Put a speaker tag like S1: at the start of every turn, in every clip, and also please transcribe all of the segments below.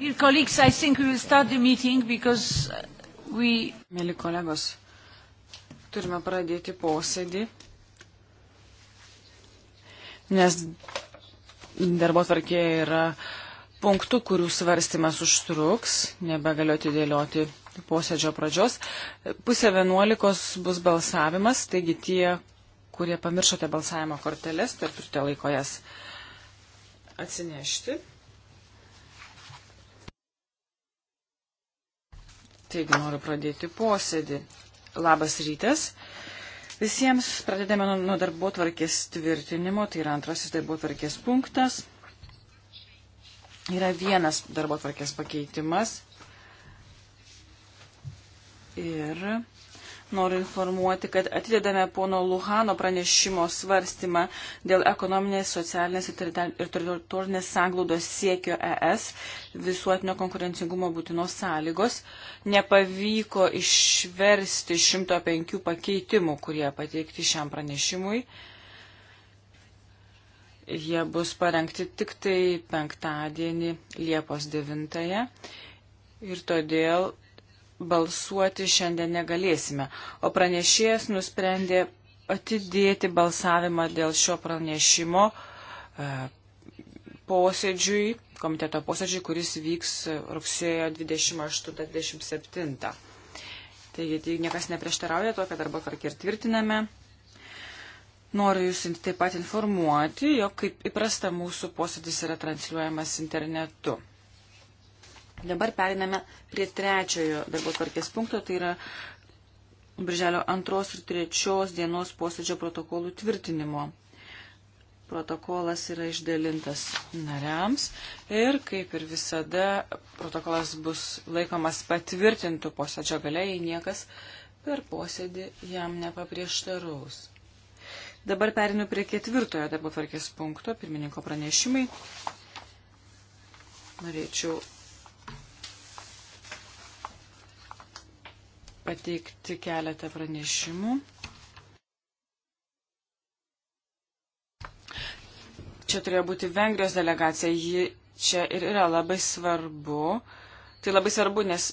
S1: Dear colleagues, I think we will start the meeting because uh, we... Mėly kolegos, turime pradėti posėdį, nes darbo tvarkė yra punktų, kurių svarstymas užtruks, nebegaliu atidėlioti posėdžio pradžios. Pusė vienuolikos bus balsavimas, taigi tie, kurie pamiršote balsavimo korteles, tai turite laiko jas atsinešti. Taigi noriu pradėti posėdį. Labas rytas. Visiems pradedame nuo, nuo darbo tvarkės tvirtinimo, tai yra antrasis darbo tvarkės punktas. Yra vienas darbo tvarkės pakeitimas. Ir noriu informuoti, kad atidedame pono Luhano pranešimo svarstymą dėl ekonominės, socialinės ir teritorinės sanglaudos siekio ES visuotinio konkurencingumo būtinos sąlygos. Nepavyko išversti 105 pakeitimų, kurie pateikti šiam pranešimui. Jie bus parengti tik tai penktadienį Liepos 9. Ir todėl balsuoti šiandien negalėsime, o pranešėjas nusprendė atidėti balsavimą dėl šio pranešimo e, posėdžiui, komiteto posėdžiui, kuris vyks rugsėjo 28-27. Taigi, tai niekas neprieštarauja to, kad darbo karkį ir tvirtiname. Noriu Jūs taip pat informuoti, jog kaip įprasta mūsų posėdis yra transliuojamas internetu. Dabar periname prie trečiojo darbo tvarkės punkto, tai yra Birželio antros ir trečios dienos posėdžio protokolų tvirtinimo. Protokolas yra išdalintas nariams ir, kaip ir visada, protokolas bus laikomas patvirtintų posėdžio gale, jei niekas per posėdį jam nepaprieštaraus. Dabar perinu prie ketvirtojo darbo tvarkės punkto, pirmininko pranešimai. Norėčiau pateikti keletą pranešimų. Čia turėjo būti Vengrijos delegacija, ji čia ir yra labai svarbu. Tai labai svarbu, nes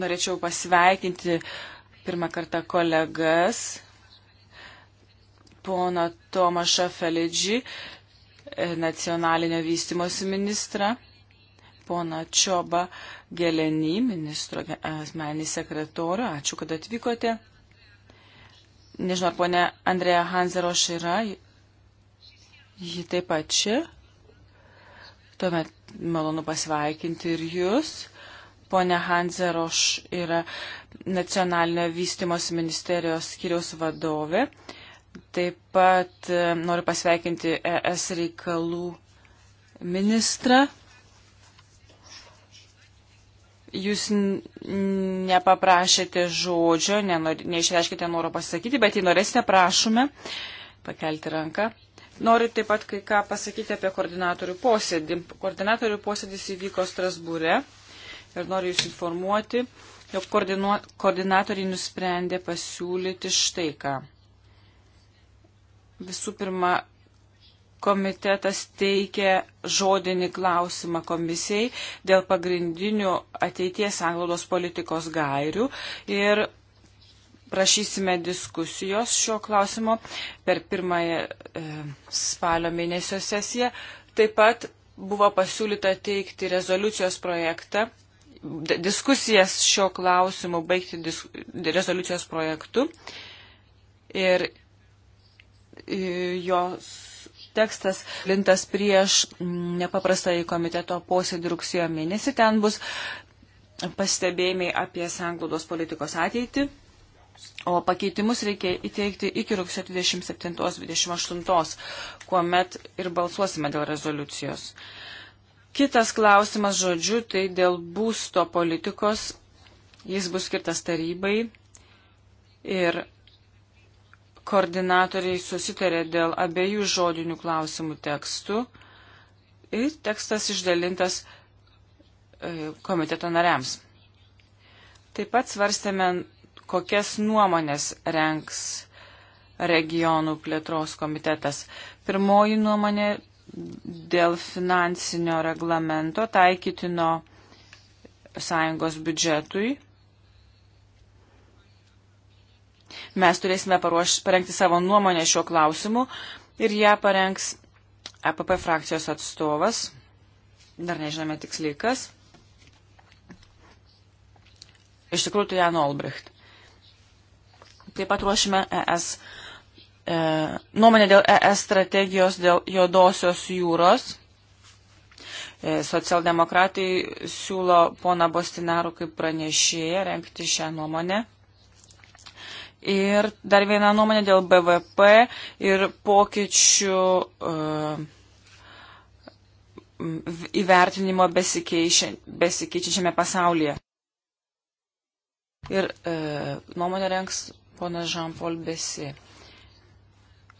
S1: norėčiau pasveikinti pirmą kartą kolegas, poną Tomą Šafelidžį, nacionalinio vystimosi ministrą pona Čioba Gelenį, ministro asmenį sekretorių. Ačiū, kad atvykote. Nežinau, ar ponė Andrėja Hanzeroš yra. Ji taip pat čia. Tuomet malonu pasveikinti ir jūs. Pone Hanzeroš yra nacionalinio vystimosi ministerijos skiriaus vadovė. Taip pat e, noriu pasveikinti ES reikalų ministrą Jūs nepaprašėte žodžio, neišreiškite noro pasakyti, bet jei norėsite, prašome pakelti ranką. Noriu taip pat kai ką pasakyti apie koordinatorių posėdį. Koordinatorių posėdis įvyko Strasbūre ir noriu Jūs informuoti, jog koordinatoriai nusprendė pasiūlyti štai ką. Visų pirma, komitetas teikė žodinį klausimą komisijai dėl pagrindinių ateities anglodos politikos gairių ir prašysime diskusijos šio klausimo per pirmąją e, spalio mėnesio sesiją. Taip pat buvo pasiūlyta teikti rezoliucijos projektą, diskusijas šio klausimu baigti disku, rezoliucijos projektu ir jos tekstas lintas prieš mm, nepaprastai komiteto posėdį rugsėjo mėnesį. Ten bus pastebėjimai apie sanglaudos politikos ateitį. O pakeitimus reikia įteikti iki rugsėjo 27-28, kuomet ir balsuosime dėl rezoliucijos. Kitas klausimas žodžiu, tai dėl būsto politikos. Jis bus skirtas tarybai ir koordinatoriai susitarė dėl abiejų žodinių klausimų tekstų ir tekstas išdalintas e, komiteto nariams. Taip pat svarstėme, kokias nuomonės renks regionų plėtros komitetas. Pirmoji nuomonė dėl finansinio reglamento taikytino sąjungos biudžetui Mes turėsime paruoš, parengti savo nuomonę šiuo klausimu ir ją parengs APP frakcijos atstovas. Dar nežinome tiksliai kas. Iš tikrųjų, tai Jan Olbricht. Taip pat ruošime ES e, nuomonę dėl ES strategijos dėl juodosios jūros. E, socialdemokratai siūlo pona Bostinarų kaip pranešėją renkti šią nuomonę. Ir dar viena nuomonė dėl BVP ir pokyčių uh, įvertinimo besikeičiančiame pasaulyje. Ir uh, nuomonę renks ponas Jean-Paul Besi.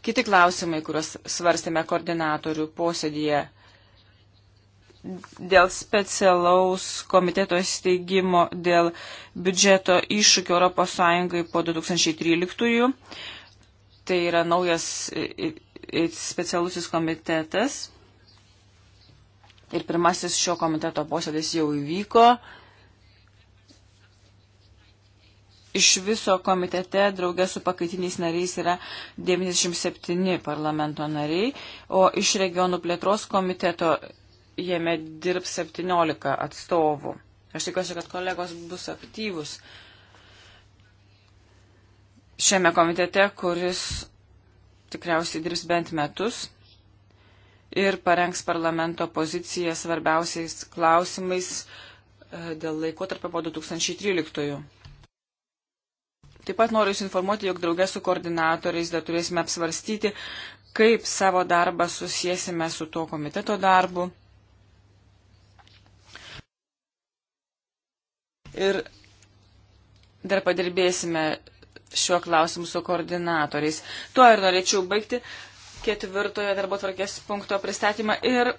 S1: Kiti klausimai, kuriuos svarstėme koordinatorių posėdėje dėl specialaus komiteto steigimo dėl biudžeto iššūkio ES po 2013-ųjų. Tai yra naujas specialusis komitetas. Ir pirmasis šio komiteto posėdis jau įvyko. Iš viso komitete draugė su pakaitiniais nariais yra 97 parlamento nariai, o iš regionų plėtros komiteto jame dirbs 17 atstovų. Aš tikiuosi, kad kolegos bus aktyvus šiame komitete, kuris tikriausiai dirbs bent metus ir parengs parlamento poziciją svarbiausiais klausimais e, dėl laikotarpio po 2013. Taip pat noriu Jūs informuoti, jog draugė su koordinatoriais dar turėsime apsvarstyti, kaip savo darbą susijęsime su tuo komiteto darbu Ir dar padirbėsime šiuo klausimu su koordinatoriais. Tuo ir norėčiau baigti ketvirtojo darbo tvarkės punkto pristatymą ir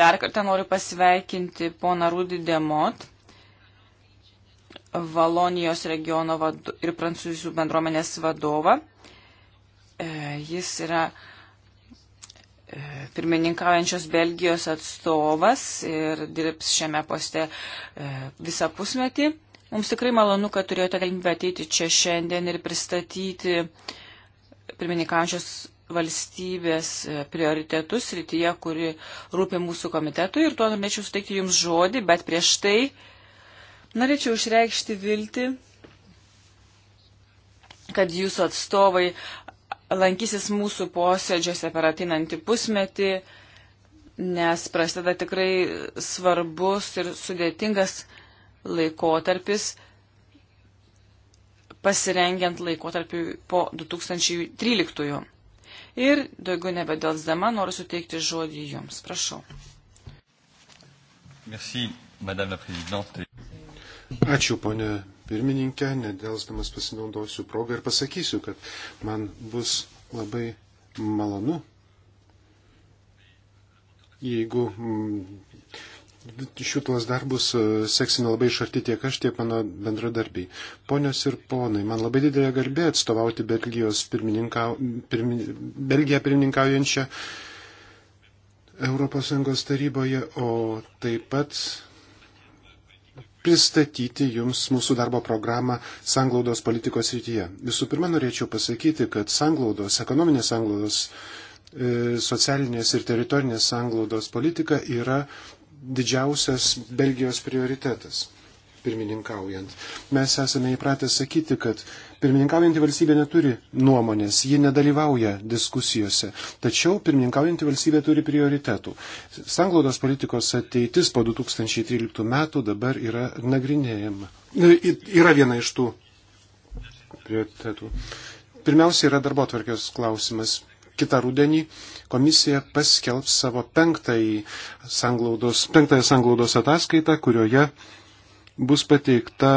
S1: dar kartą noriu pasveikinti poną Rudį Demot, Valonijos regiono vadu, ir prancūzų bendruomenės vadovą. E, jis yra E, pirmininkaujančios Belgijos atstovas ir dirbs šiame poste e, visą pusmetį. Mums tikrai malonu, kad turėjote galimybę ateiti čia šiandien ir pristatyti pirmininkaujančios valstybės e, prioritetus rytyje, kuri rūpia mūsų komitetui ir tuo norėčiau suteikti Jums žodį, bet prieš tai norėčiau išreikšti viltį, kad Jūsų atstovai lankysis mūsų posėdžiuose per ateinantį pusmetį, nes prasideda tikrai svarbus ir sudėtingas laikotarpis, pasirengiant laikotarpiu po 2013. Ir daugiau nebedelsdama noriu suteikti žodį Jums. Prašau.
S2: Merci,
S3: Ačiū, ponė pirmininkę, nedelsdamas pasinaudosiu progą ir pasakysiu, kad man bus labai malonu, jeigu mm, šitos darbus e, seksime labai iš arti tiek aš, tiek mano bendradarbiai. Ponios ir ponai, man labai didelė garbė atstovauti Belgijos pirmininkau, pirmin, Belgiją pirmininkaujančią ES taryboje, o taip pat pristatyti Jums mūsų darbo programą sanglaudos politikos rytyje. Visų pirma, norėčiau pasakyti, kad sanglaudos, ekonominės sanglaudos, e, socialinės ir teritorinės sanglaudos politika yra didžiausias Belgijos prioritetas pirmininkaujant. Mes esame įpratę sakyti, kad Pirmininkaujanti valstybė neturi nuomonės, ji nedalyvauja diskusijose, tačiau pirmininkaujanti valstybė turi prioritetų. Sanglaudos politikos ateitis po 2013 metų dabar yra nagrinėjama. E, yra viena iš tų prioritetų. Pirmiausia yra darbo tvarkės klausimas. Kita rudenį komisija paskelbs savo penktąją sanglaudos, penktąją sanglaudos ataskaitą, kurioje bus pateikta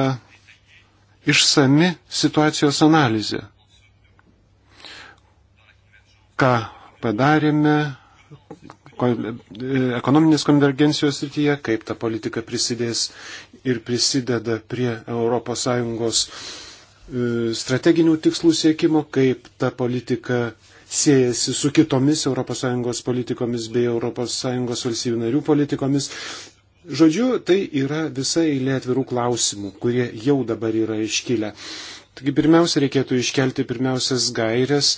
S3: išsami situacijos analizė. Ką padarėme ekonominės konvergencijos rytyje, kaip ta politika prisidės ir prisideda prie ES e, strateginių tikslų siekimo, kaip ta politika siejasi su kitomis ES politikomis bei ES valstybių narių politikomis, Žodžiu, tai yra visa eilė atvirų klausimų, kurie jau dabar yra iškilę. Taigi pirmiausia, reikėtų iškelti pirmiausias gairias,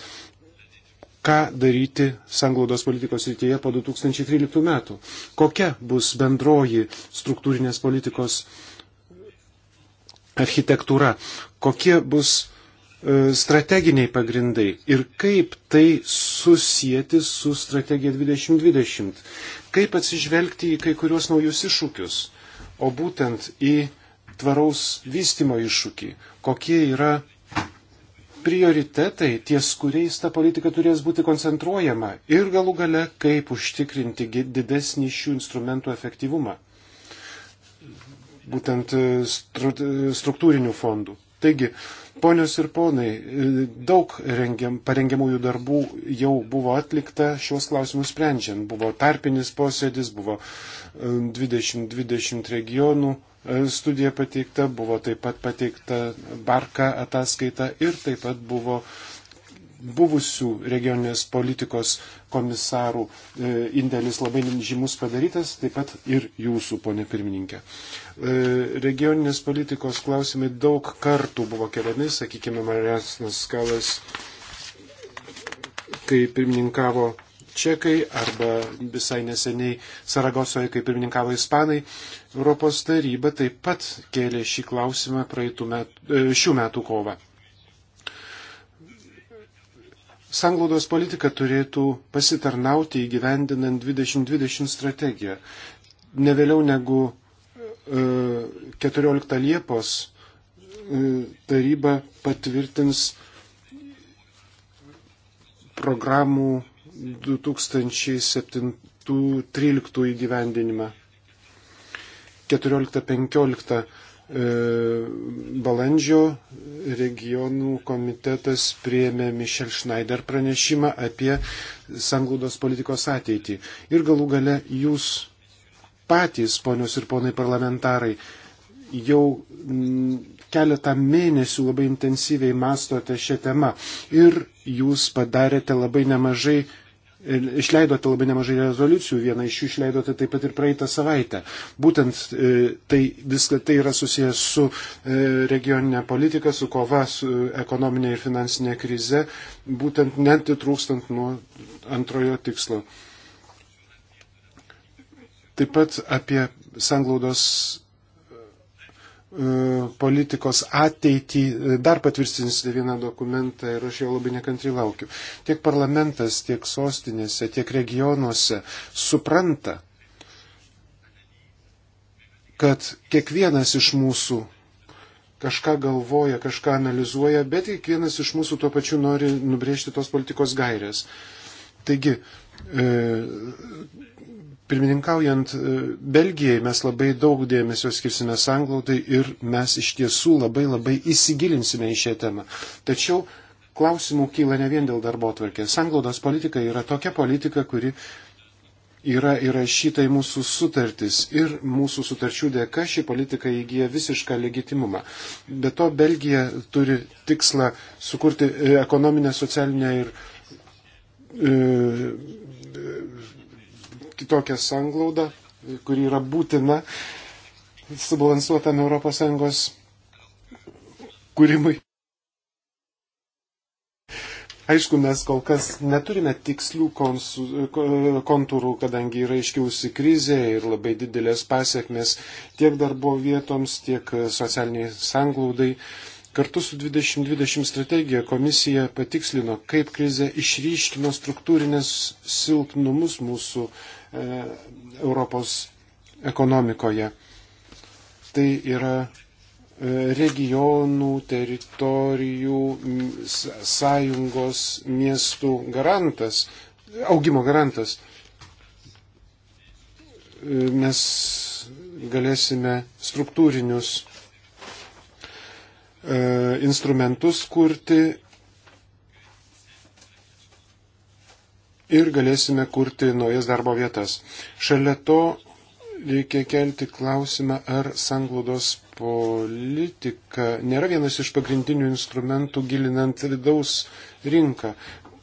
S3: ką daryti sanglaudos politikos rytyje po 2013 metų. Kokia bus bendroji struktūrinės politikos architektūra, kokie bus E, strateginiai pagrindai ir kaip tai susijęti su strategija 2020, kaip atsižvelgti į kai kuriuos naujus iššūkius, o būtent į tvaraus vystimo iššūkį, kokie yra prioritetai, ties kuriais ta politika turės būti koncentruojama ir galų gale, kaip užtikrinti didesnį šių instrumentų efektyvumą, būtent e, e, struktūrinių fondų. Taigi, ponios ir ponai, daug rengiam, parengiamųjų darbų jau buvo atlikta šios klausimus sprendžiant. Buvo tarpinis posėdis, buvo 2020 e, regionų e, studija pateikta, buvo taip pat pateikta barka ataskaita ir taip pat buvo uh, buvusių regioninės politikos komisarų e, indėlis labai žymus padarytas, taip pat ir jūsų, ponė pirmininkė. E, regioninės politikos klausimai daug kartų buvo keliami, sakykime, Marijas Naskalas, kai pirmininkavo čekai arba visai neseniai Saragosoje, kaip pirmininkavo ispanai, Europos taryba taip pat kėlė šį klausimą metų, e, šių metų kovą. Sanglaudos politika turėtų pasitarnauti įgyvendinant 2020 strategiją. Ne vėliau negu 14 e, Liepos e, taryba patvirtins programų 2007-2013 įgyvendinimą. 14-15 E, balandžio regionų komitetas prieėmė Michel Schneider pranešimą apie sanglaudos politikos ateitį. Ir galų gale jūs patys, ponios ir ponai parlamentarai, jau mm, keletą mėnesių labai intensyviai mastote šią temą ir jūs padarėte labai nemažai išleidote labai nemažai rezoliucijų, vieną iš jų išleidote taip pat ir praeitą savaitę. Būtent e, tai, viską tai yra susijęs su e, regioninė politika, su kova su ekonominė ir finansinė krize, būtent netitrūkstant nuo antrojo tikslo. Taip pat apie sanglaudos E, politikos ateitį. E, dar patvirtinsite vieną dokumentą ir aš jo labai nekantry laukiu. Tiek parlamentas, tiek sostinėse, tiek regionuose supranta, kad kiekvienas iš mūsų kažką galvoja, kažką analizuoja, bet kiekvienas iš mūsų tuo pačiu nori nubrėžti tos politikos gairės. Taigi, e, Pirmininkaujant e, Belgijai mes labai daug dėmesio skirsime sanglaudai ir mes iš tiesų labai labai įsigilinsime į šią temą. Tačiau klausimų kyla ne vien dėl darbo atvarkės. Sanglaudos politika yra tokia politika, kuri yra įrašyta į mūsų sutartis ir mūsų sutarčių dėka ši politika įgyja visišką legitimumą. Be to, Belgija turi tikslą sukurti e, ekonominę, socialinę ir e, kitokią sanglaudą, kuri yra būtina subalansuotam ES kūrimui. Aišku, mes kol kas neturime tikslių konsu, kontūrų, kadangi yra iškiausi krizė ir labai didelės pasiekmes tiek darbo vietoms, tiek socialiniai sanglaudai. Kartu su 2020 strategija komisija patikslino, kaip krizė išryškino struktūrinės silpnumus mūsų E, Europos ekonomikoje. Tai yra e, regionų, teritorijų, sąjungos, miestų garantas, augimo garantas. E, mes galėsime struktūrinius instrumentus kurti ir galėsime kurti naujas darbo vietas. Šalia to reikia kelti klausimą, ar sanglaudos politika nėra vienas iš pagrindinių instrumentų gilinant vidaus rinką.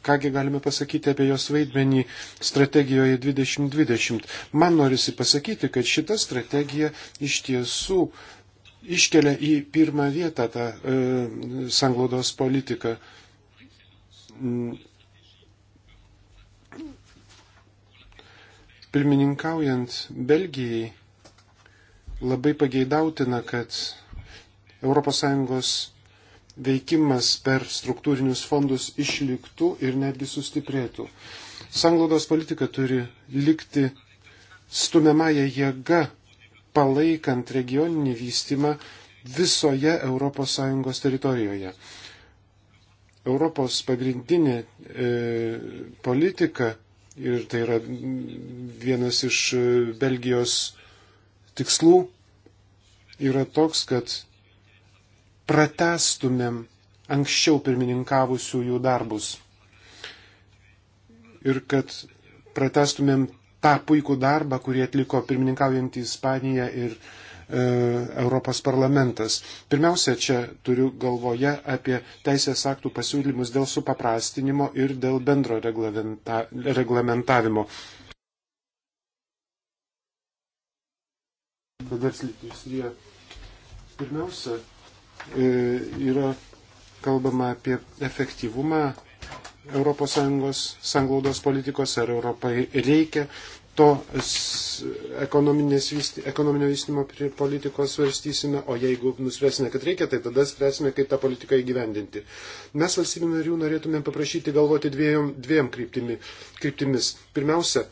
S3: Kągi galime pasakyti apie jos vaidmenį strategijoje 2020. Man norisi pasakyti, kad šita strategija iš tiesų iškelia į pirmą vietą tą e, sanglaudos politiką. Pirmininkaujant Belgijai labai pageidautina, kad ES veikimas per struktūrinius fondus išliktų ir netgi sustiprėtų. Sanglaudos politika turi likti stumiamąją jėgą palaikant regioninį vystimą visoje ES teritorijoje. Europos pagrindinė e, politika Ir tai yra vienas iš e, Belgijos tikslų yra toks, kad pratestumėm anksčiau pirmininkavusių jų darbus. Ir kad pratestumėm tą puikų darbą, kurį atliko pirmininkaujantį Ispaniją ir Belgiją E, Europos parlamentas. Pirmiausia, čia turiu galvoje apie teisės aktų pasiūlymus dėl supaprastinimo ir dėl bendro reglamenta, reglamentavimo. Pirmiausia, e, yra kalbama apie efektyvumą ES sanglaudos politikos, ar Europai reikia to ekonominio vystymo politikos svarstysime, o jeigu nuspręsime, kad reikia, tai tada spręsime, kaip tą politiką įgyvendinti. Mes valstybių narių norėtume paprašyti galvoti dviem, dviem kryptimi, kryptimis. Pirmiausia,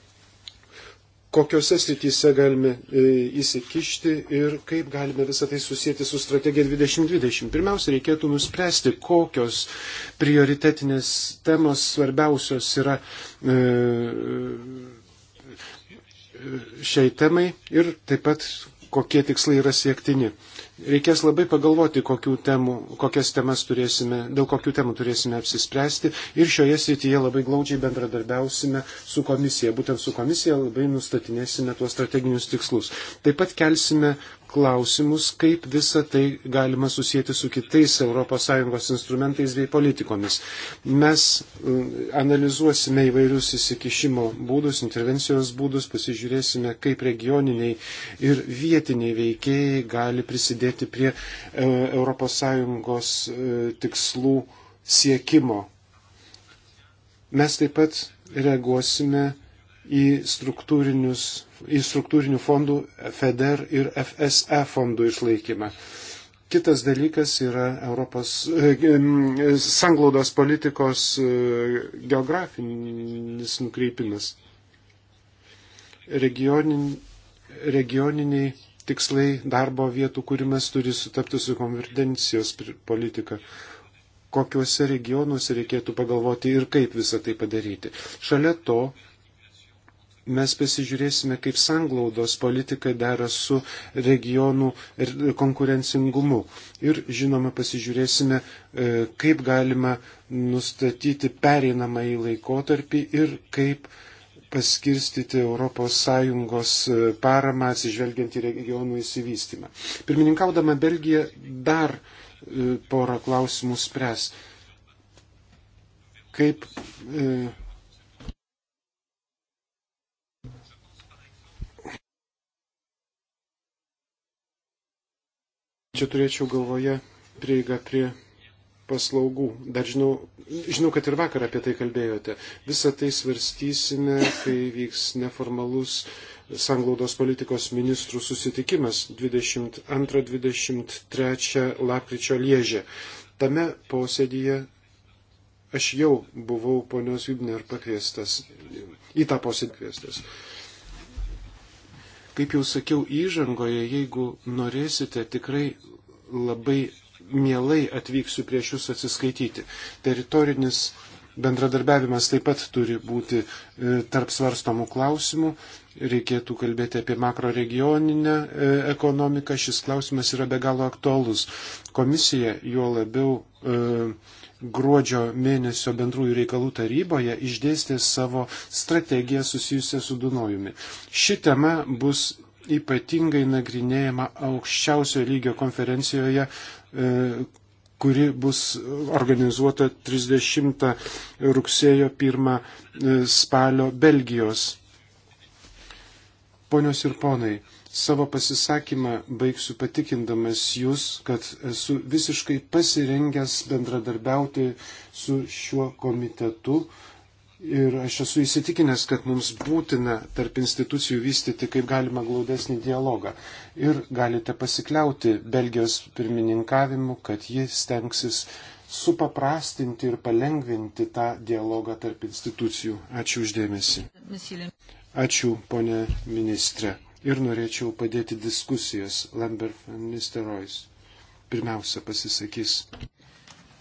S3: kokiuose srityse galime e, įsikišti ir kaip galime visą tai susijęti su strategija 2020. Pirmiausia, reikėtų nuspręsti, kokios prioritetinės temos svarbiausios yra e, šiai temai ir taip pat kokie tikslai yra siektini. Reikės labai pagalvoti, temų, kokias temas turėsime, dėl kokių temų turėsime apsispręsti ir šioje srityje labai glaudžiai bendradarbiausime su komisija. Būtent su komisija labai nustatinėsime tuos strateginius tikslus. Taip pat kelsime klausimus, kaip visą tai galima susijęti su kitais ES instrumentais bei politikomis. Mes mm, analizuosime įvairius įsikišimo būdus, intervencijos būdus, pasižiūrėsime, kaip regioniniai ir vietiniai veikėjai gali prisidėti prie ES e, tikslų siekimo. Mes taip pat reaguosime į, į struktūrinių fondų FEDER ir FSE fondų išlaikymą. Kitas dalykas yra Europos e, sanglaudos politikos e, geografinis nukreipimas. Regionin, regioniniai tikslai darbo vietų kūrimas turi sutapti su konvergencijos politika. Kokiuose regionuose reikėtų pagalvoti ir kaip visą tai padaryti. Šalia to mes pasižiūrėsime, kaip sanglaudos politika dera su regionų ir konkurencingumu. Ir žinoma, pasižiūrėsime, e, kaip galima nustatyti pereinamąjį laikotarpį ir kaip paskirstyti ES e, paramą atsižvelgiant į regionų įsivystymą. Pirmininkaudama Belgija dar e, porą klausimų spręs. Kaip e, Čia turėčiau galvoje prieigą prie paslaugų. Dar žinau, žinau, kad ir vakar apie tai kalbėjote. Visą tai svarstysime, kai vyks neformalus sanglaudos politikos ministrų susitikimas 22-23 lapkričio Liežė. Tame posėdyje aš jau buvau ponios Jubner pakviestas, į tą posėdį kviestas. Kaip jau sakiau įžangoje, jeigu norėsite, tikrai labai mielai atvyksiu prieš jūs atsiskaityti. Teritorinis bendradarbiavimas taip pat turi būti e, tarp svarstomų klausimų. Reikėtų kalbėti apie makro regioninę e, ekonomiką. Šis klausimas yra be galo aktuolus. Komisija juo labiau. E, gruodžio mėnesio bendrųjų reikalų taryboje išdėstė savo strategiją susijusią su Dunojumi. Ši tema bus ypatingai nagrinėjama aukščiausio lygio konferencijoje, e, kuri bus organizuota 30 rugsėjo 1 e, spalio Belgijos. Ponios ir ponai, Savo pasisakymą baigsiu patikindamas Jūs, kad esu visiškai pasirengęs bendradarbiauti su šiuo komitetu. Ir aš esu įsitikinęs, kad mums būtina tarp institucijų vystyti kaip galima glaudesnį dialogą. Ir galite pasikliauti Belgijos pirmininkavimu, kad ji stengsis supaprastinti ir palengvinti tą dialogą tarp institucijų. Ačiū uždėmesi. Ačiū, ponė ministrė ir norėčiau padėti diskusijas Lambert van Nisterojus. Pirmiausia pasisakys.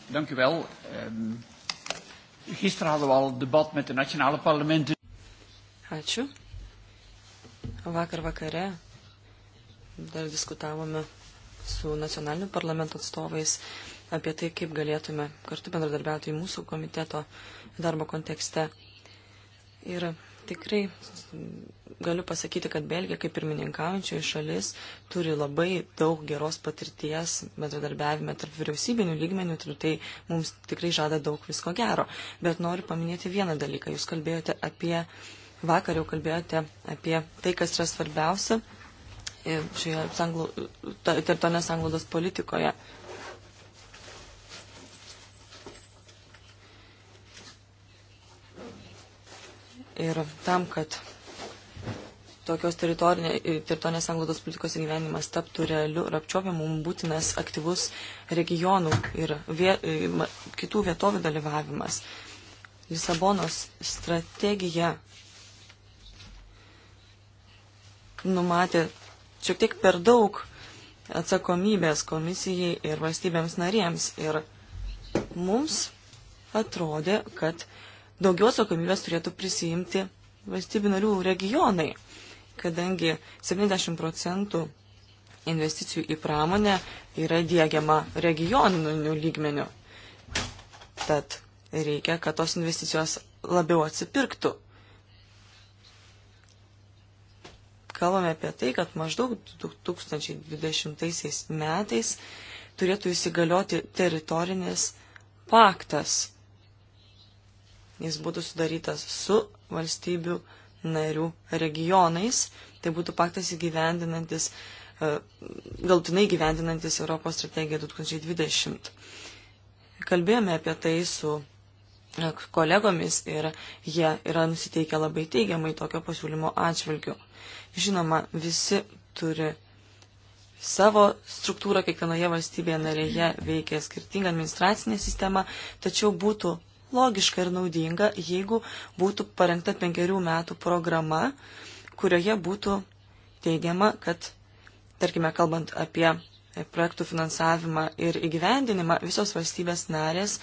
S1: Dank u wel. Um, gisteren hadden we al een debat met de nationale parlementen. Ačiū.
S2: Vakar vakare dar diskutavome su nacionaliniu parlamento atstovais apie tai, kaip galėtume kartu bendradarbiauti į mūsų komiteto darbo kontekste. Ir Tikrai galiu pasakyti, kad Belgija kaip pirmininkaujančioji šalis turi labai daug geros patirties bendradarbiavime tarp vyriausybinių lygmenių, tai, tai mums tikrai žada daug visko gero. Bet noriu paminėti vieną dalyką. Jūs kalbėjote apie, vakar jau kalbėjote apie tai, kas yra svarbiausia e, šioje tarptautinės sanglaudos politikoje. Uh, Ir tam, kad tokios teritorinės anglodos politikos įgyvenimas taptų realiu ir apčiopiamu, mums būtinas aktyvus regionų ir vie, e, kitų vietovių dalyvavimas. Lisabonos strategija numatė šiek tiek per daug atsakomybės komisijai ir valstybėms narėms. Ir mums atrodė, kad daugiau atsakomybės turėtų prisijimti valstybių narių regionai, kadangi 70 procentų investicijų į pramonę yra dėgiama regioniniu lygmeniu. Tad reikia, kad tos investicijos labiau atsipirktų. Kalbame apie tai, kad maždaug 2020 metais turėtų įsigalioti teritorinis paktas jis būtų sudarytas su valstybių narių regionais, tai būtų paktas įgyvendinantis, e, galtinai įgyvendinantis Europos strategiją 2020. Kalbėjome apie tai su e, kolegomis ir jie yra nusiteikę labai teigiamai tokio pasiūlymo atžvilgiu. Žinoma, visi turi savo struktūrą, kiekvienoje valstybėje narėje veikia skirtinga administracinė sistema, tačiau būtų logiška ir naudinga, jeigu būtų parengta penkerių metų programa, kurioje būtų teigiama, kad, tarkime, kalbant apie projektų finansavimą ir įgyvendinimą, visos valstybės narės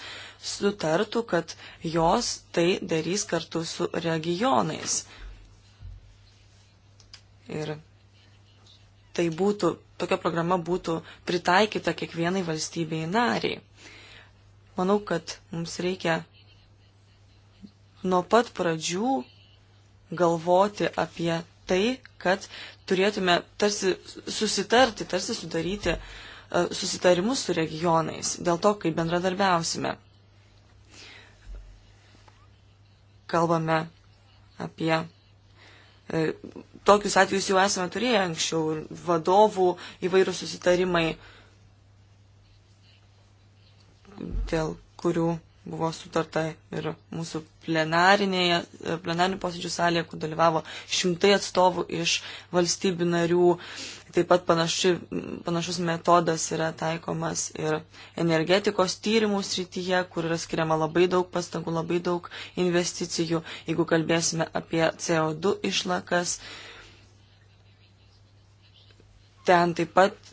S2: sutartų, kad jos tai darys kartu su regionais. Ir tai būtų, tokia programa būtų pritaikyta kiekvienai valstybei nariai. Manau, kad mums reikia nuo pat pradžių galvoti apie tai, kad turėtume tarsi susitarti, tarsi sudaryti e, susitarimus su regionais dėl to, kaip bendradarbiausime. Kalbame apie e, tokius atvejus jau esame turėję anksčiau, vadovų įvairių susitarimai, dėl kurių buvo sutarta ir mūsų plenarinėje, plenarinių posėdžių salėje, kur dalyvavo šimtai atstovų iš valstybių narių. Taip pat panaši, panašus metodas yra taikomas ir energetikos tyrimų srityje, kur yra skiriama labai daug pastangų, labai daug investicijų. Jeigu kalbėsime apie CO2 išlakas, ten taip pat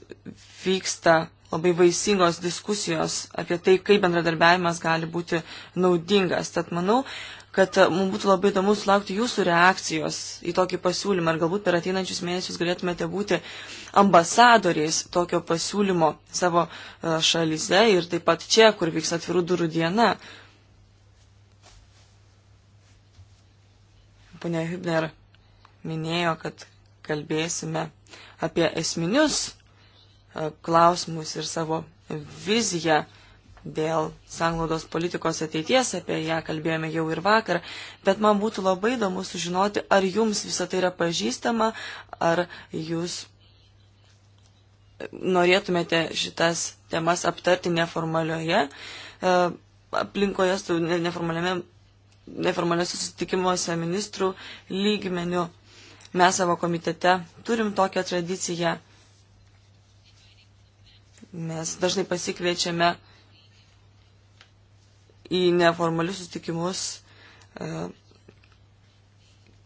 S2: vyksta labai vaisingos diskusijos apie tai, kaip bendradarbiavimas gali būti naudingas. Tad manau, kad e, mums būtų labai įdomu sulaukti jūsų reakcijos į tokį pasiūlymą ir galbūt per ateinančius mėnesius galėtumėte būti ambasadoriais tokio pasiūlymo savo e, šalyse ir taip pat čia, kur vyks atvirų durų diena. Pane Hübner minėjo, kad kalbėsime apie esminius E, klausimus ir savo viziją dėl sanglaudos politikos ateities, apie ją kalbėjome jau ir vakar, bet man būtų labai įdomu sužinoti, ar jums visą tai yra pažįstama, ar jūs norėtumėte šitas temas aptarti neformalioje e, aplinkoje, neformaliuose susitikimuose ministrų lygmenių. Mes savo komitete turim tokią tradiciją Mes dažnai pasikviečiame į neformalius sustikimus e,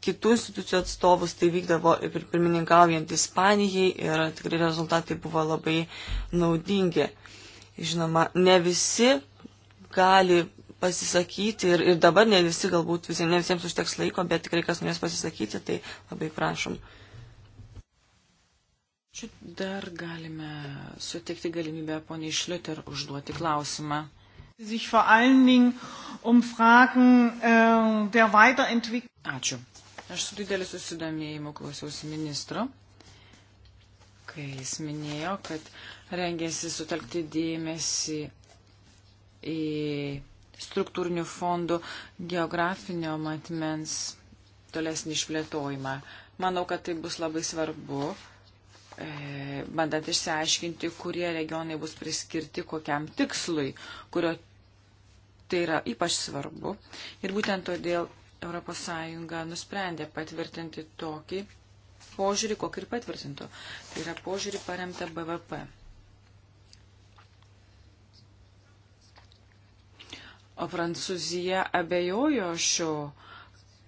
S2: kitų institucijų atstovus, tai vykdavo ir pirmininkaujant Ispanijai ir tikrai rezultatai buvo labai naudingi. Žinoma, ne visi gali pasisakyti ir, ir dabar ne visi galbūt visi, ne visiems užteks laiko, bet tikrai kas norės pasisakyti, tai labai prašom. Uh,
S1: Čia dar galime suteikti galimybę poniai Šlioter užduoti klausimą. Um äh, Ačiū. Aš su dideliu susidomėjimu klausiausi ministro, kai jis minėjo, kad rengėsi sutelkti dėmesį į struktūrinių fondų geografinio matmens tolesnį išplėtojimą. Manau, kad tai bus labai svarbu E, bandant išsiaiškinti, kurie regionai bus priskirti kokiam tikslui, kurio tai yra ypač svarbu. Ir būtent todėl ES nusprendė patvirtinti tokį požiūrį, kokį ir patvirtintų. Tai yra požiūrį paremta BVP. O Prancūzija abejojo šio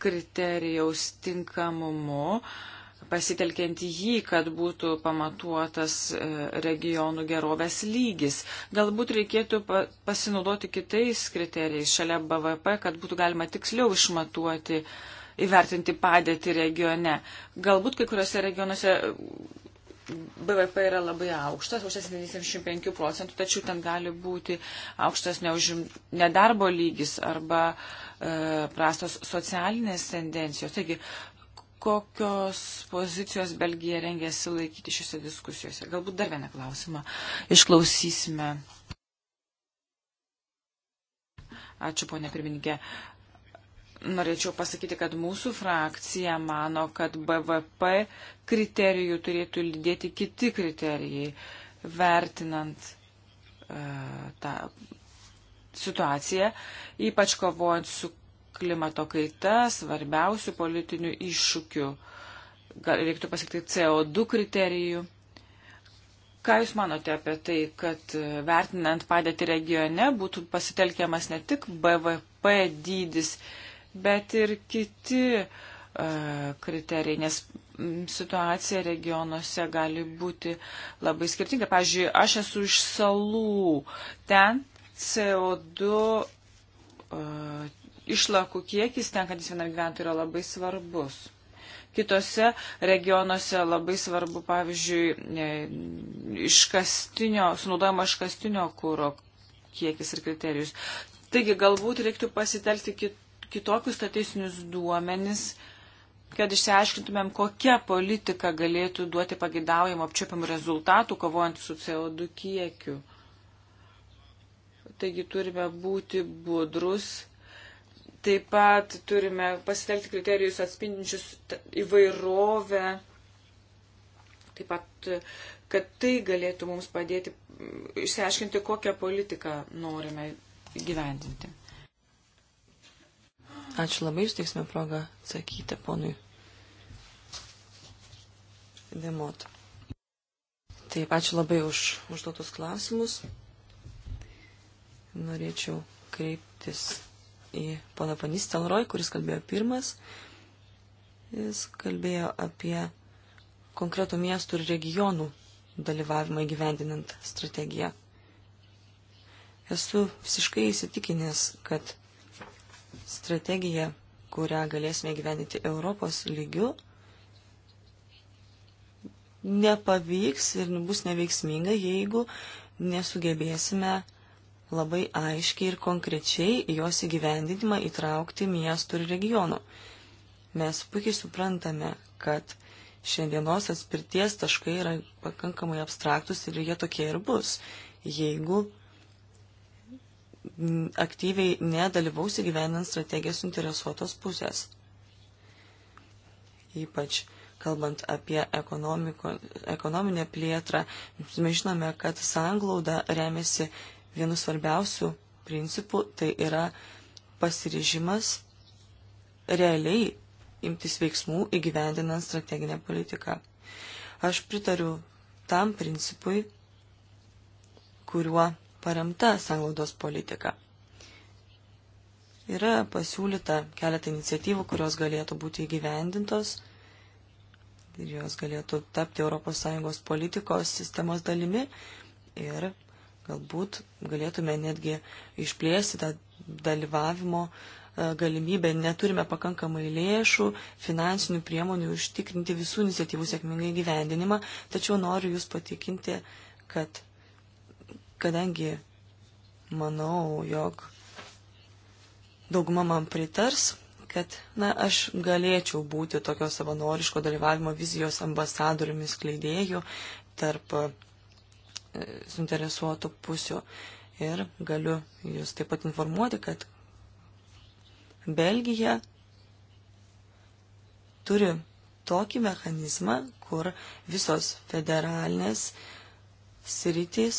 S1: kriterijaus tinkamumu. Uh, pasitelkiant jį, kad būtų pamatuotas e, regionų gerovės lygis. Galbūt reikėtų pasinaudoti kitais kriterijais šalia BVP, kad būtų galima tiksliau išmatuoti, įvertinti padėtį regione. Galbūt kai kuriuose regionuose BVP yra labai aukštas, aukštas 75 procentų, tačiau ten gali būti aukštas neužim, nedarbo lygis arba e, prastos socialinės tendencijos. Taigi, kokios pozicijos Belgija rengėsi laikyti šiuose diskusijose. Galbūt dar vieną klausimą išklausysime. Ačiū, ponė pirmininkė. Norėčiau pasakyti, kad mūsų frakcija mano, kad BVP kriterijų turėtų lydėti kiti kriterijai, vertinant uh, tą situaciją, ypač kovojant su klimato kaita svarbiausių politinių iššūkių. Gal reiktų pasakyti CO2 kriterijų. Ką Jūs manote apie tai, kad e, vertinant padėti regione būtų pasitelkiamas ne tik BVP dydis, bet ir kiti uh, kriterijai, nes situacija regionuose gali būti labai skirtinga. Pavyzdžiui, aš esu iš salų. Ten CO2 uh, išlakų kiekis tenkantis vienam gyventojui yra labai svarbus. Kitose regionuose labai svarbu, pavyzdžiui, e, iškastinio, sunaudojama iškastinio kūro kiekis ir kriterijus. Taigi galbūt reiktų pasitelkti kitokius statistinius duomenis, kad išsiaiškintumėm, kokia politika galėtų duoti pagidaujamų apčiopiamų rezultatų, kovojant su CO2 kiekiu. Taigi turime būti budrus Taip pat turime pasitelkti kriterijus atspindinčius įvairovę. Taip pat, kad tai galėtų mums padėti mm, išsiaiškinti, kokią politiką norime
S2: gyvendinti. Ačiū labai, išteiksime progą atsakyti ponui Demot. Taip, ačiū labai už užduotus klausimus. Norėčiau kreiptis į poną Panis Telroj, kuris kalbėjo pirmas. Jis kalbėjo apie konkretų miestų ir regionų dalyvavimą įgyvendinant strategiją. Esu visiškai įsitikinęs, kad strategija, kurią galėsime gyveninti Europos lygiu, nepavyks ir bus neveiksminga, jeigu nesugebėsime labai aiškiai ir konkrečiai jos įgyvendinimą įtraukti miestų ir regionų. Mes puikiai suprantame, kad šiandienos atspirties taškai yra pakankamai abstraktus ir jie tokie ir bus, jeigu aktyviai nedalyvaus įgyvendant strategiją suinteresuotos pusės. Ypač kalbant apie ekonominę plėtrą, mes žinome, kad sanglauda remiasi vienu svarbiausių principų tai yra pasiryžimas realiai imtis veiksmų įgyvendinant strateginę politiką. Aš pritariu tam principui, kuriuo paremta sanglaudos politika. Yra pasiūlyta keletą iniciatyvų, kurios galėtų būti įgyvendintos ir jos galėtų tapti ES politikos sistemos dalimi ir Galbūt galėtume netgi išplėsti tą dalyvavimo e, galimybę. Neturime pakankamai lėšų, finansinių priemonių užtikrinti visų iniciatyvų sėkmingai gyvendinimą, tačiau noriu Jūs patikinti, kad kadangi manau, jog dauguma man pritars, kad, na, aš galėčiau būti tokio savanoriško dalyvavimo vizijos ambasadoriumi skleidėjų tarp E, suinteresuotų pusių. Ir galiu jūs taip pat informuoti, kad Belgija turi tokį mechanizmą, kur visos federalinės sritys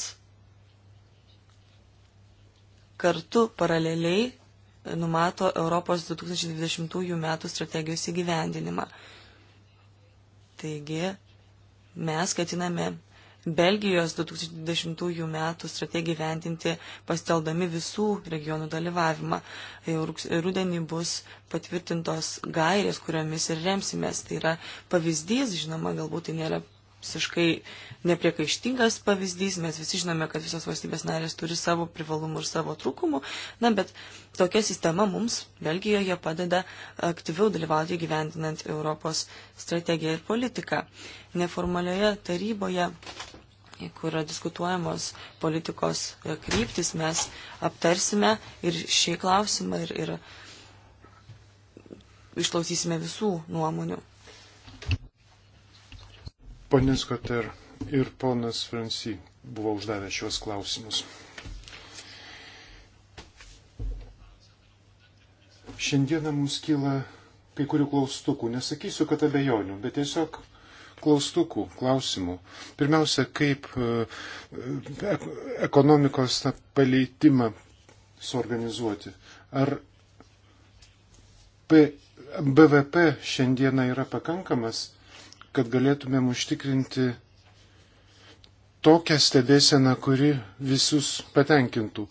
S2: kartu paraleliai numato Europos 2020 metų strategijos įgyvendinimą. Taigi mes ketiname Belgijos 2020 metų strategiją ventinti pasteldami visų regionų dalyvavimą. Rūdienį bus patvirtintos gairės, kuriomis ir remsimės. Tai yra pavyzdys, žinoma, galbūt tai nėra visiškai nepriekaištingas pavyzdys, mes visi žinome, kad visos valstybės narės turi savo privalumų ir savo trūkumų, na, bet tokia sistema mums Belgijoje padeda aktyviau dalyvauti gyventinant Europos strategiją ir politiką. Neformalioje taryboje kur yra diskutuojamos politikos kryptis, mes aptarsime ir šį klausimą ir, ir išklausysime visų nuomonių.
S3: Ponis Koter ir ponas Fransi buvo uždavę šios klausimus. Šiandieną mums kyla kai kurių klaustukų, nesakysiu, kad abejonių, bet tiesiog klaustukų, klausimų. Pirmiausia, kaip e, e, ekonomikos paleitimą suorganizuoti. Ar P, BVP šiandieną yra pakankamas kad galėtumėm užtikrinti tokią stebėseną, kuri visus patenkintų.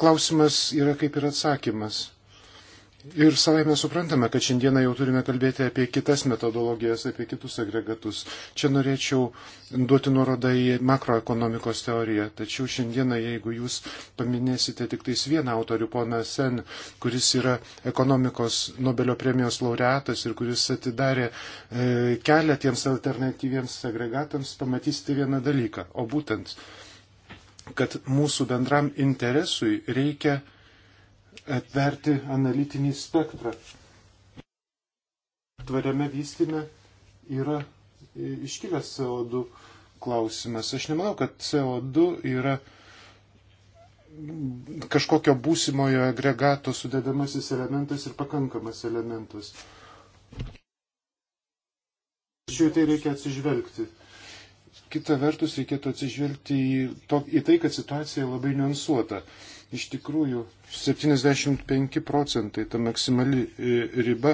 S3: Klausimas yra kaip ir atsakymas. Ir savai mes suprantame, kad šiandieną jau turime kalbėti apie kitas metodologijas, apie kitus agregatus. Čia norėčiau duoti nuorodą į makroekonomikos teoriją. Tačiau šiandieną, jeigu jūs paminėsite tik tais vieną autorių, poną Sen, kuris yra ekonomikos Nobelio premijos laureatas ir kuris atidarė e, kelią tiems alternatyviems agregatams, pamatysite vieną dalyką. O būtent, kad mūsų bendram interesui reikia atverti analitinį spektrą. Tvariame vystime yra iškilęs CO2 klausimas. Aš nemanau, kad CO2 yra kažkokio būsimojo agregato sudedamasis elementas ir pakankamas elementas. Tačiau tai reikia atsižvelgti. Kita vertus, reikėtų atsižvelgti į, to, į tai, kad situacija labai niuansuota. Iš tikrųjų, 75 procentai ta maksimali e, riba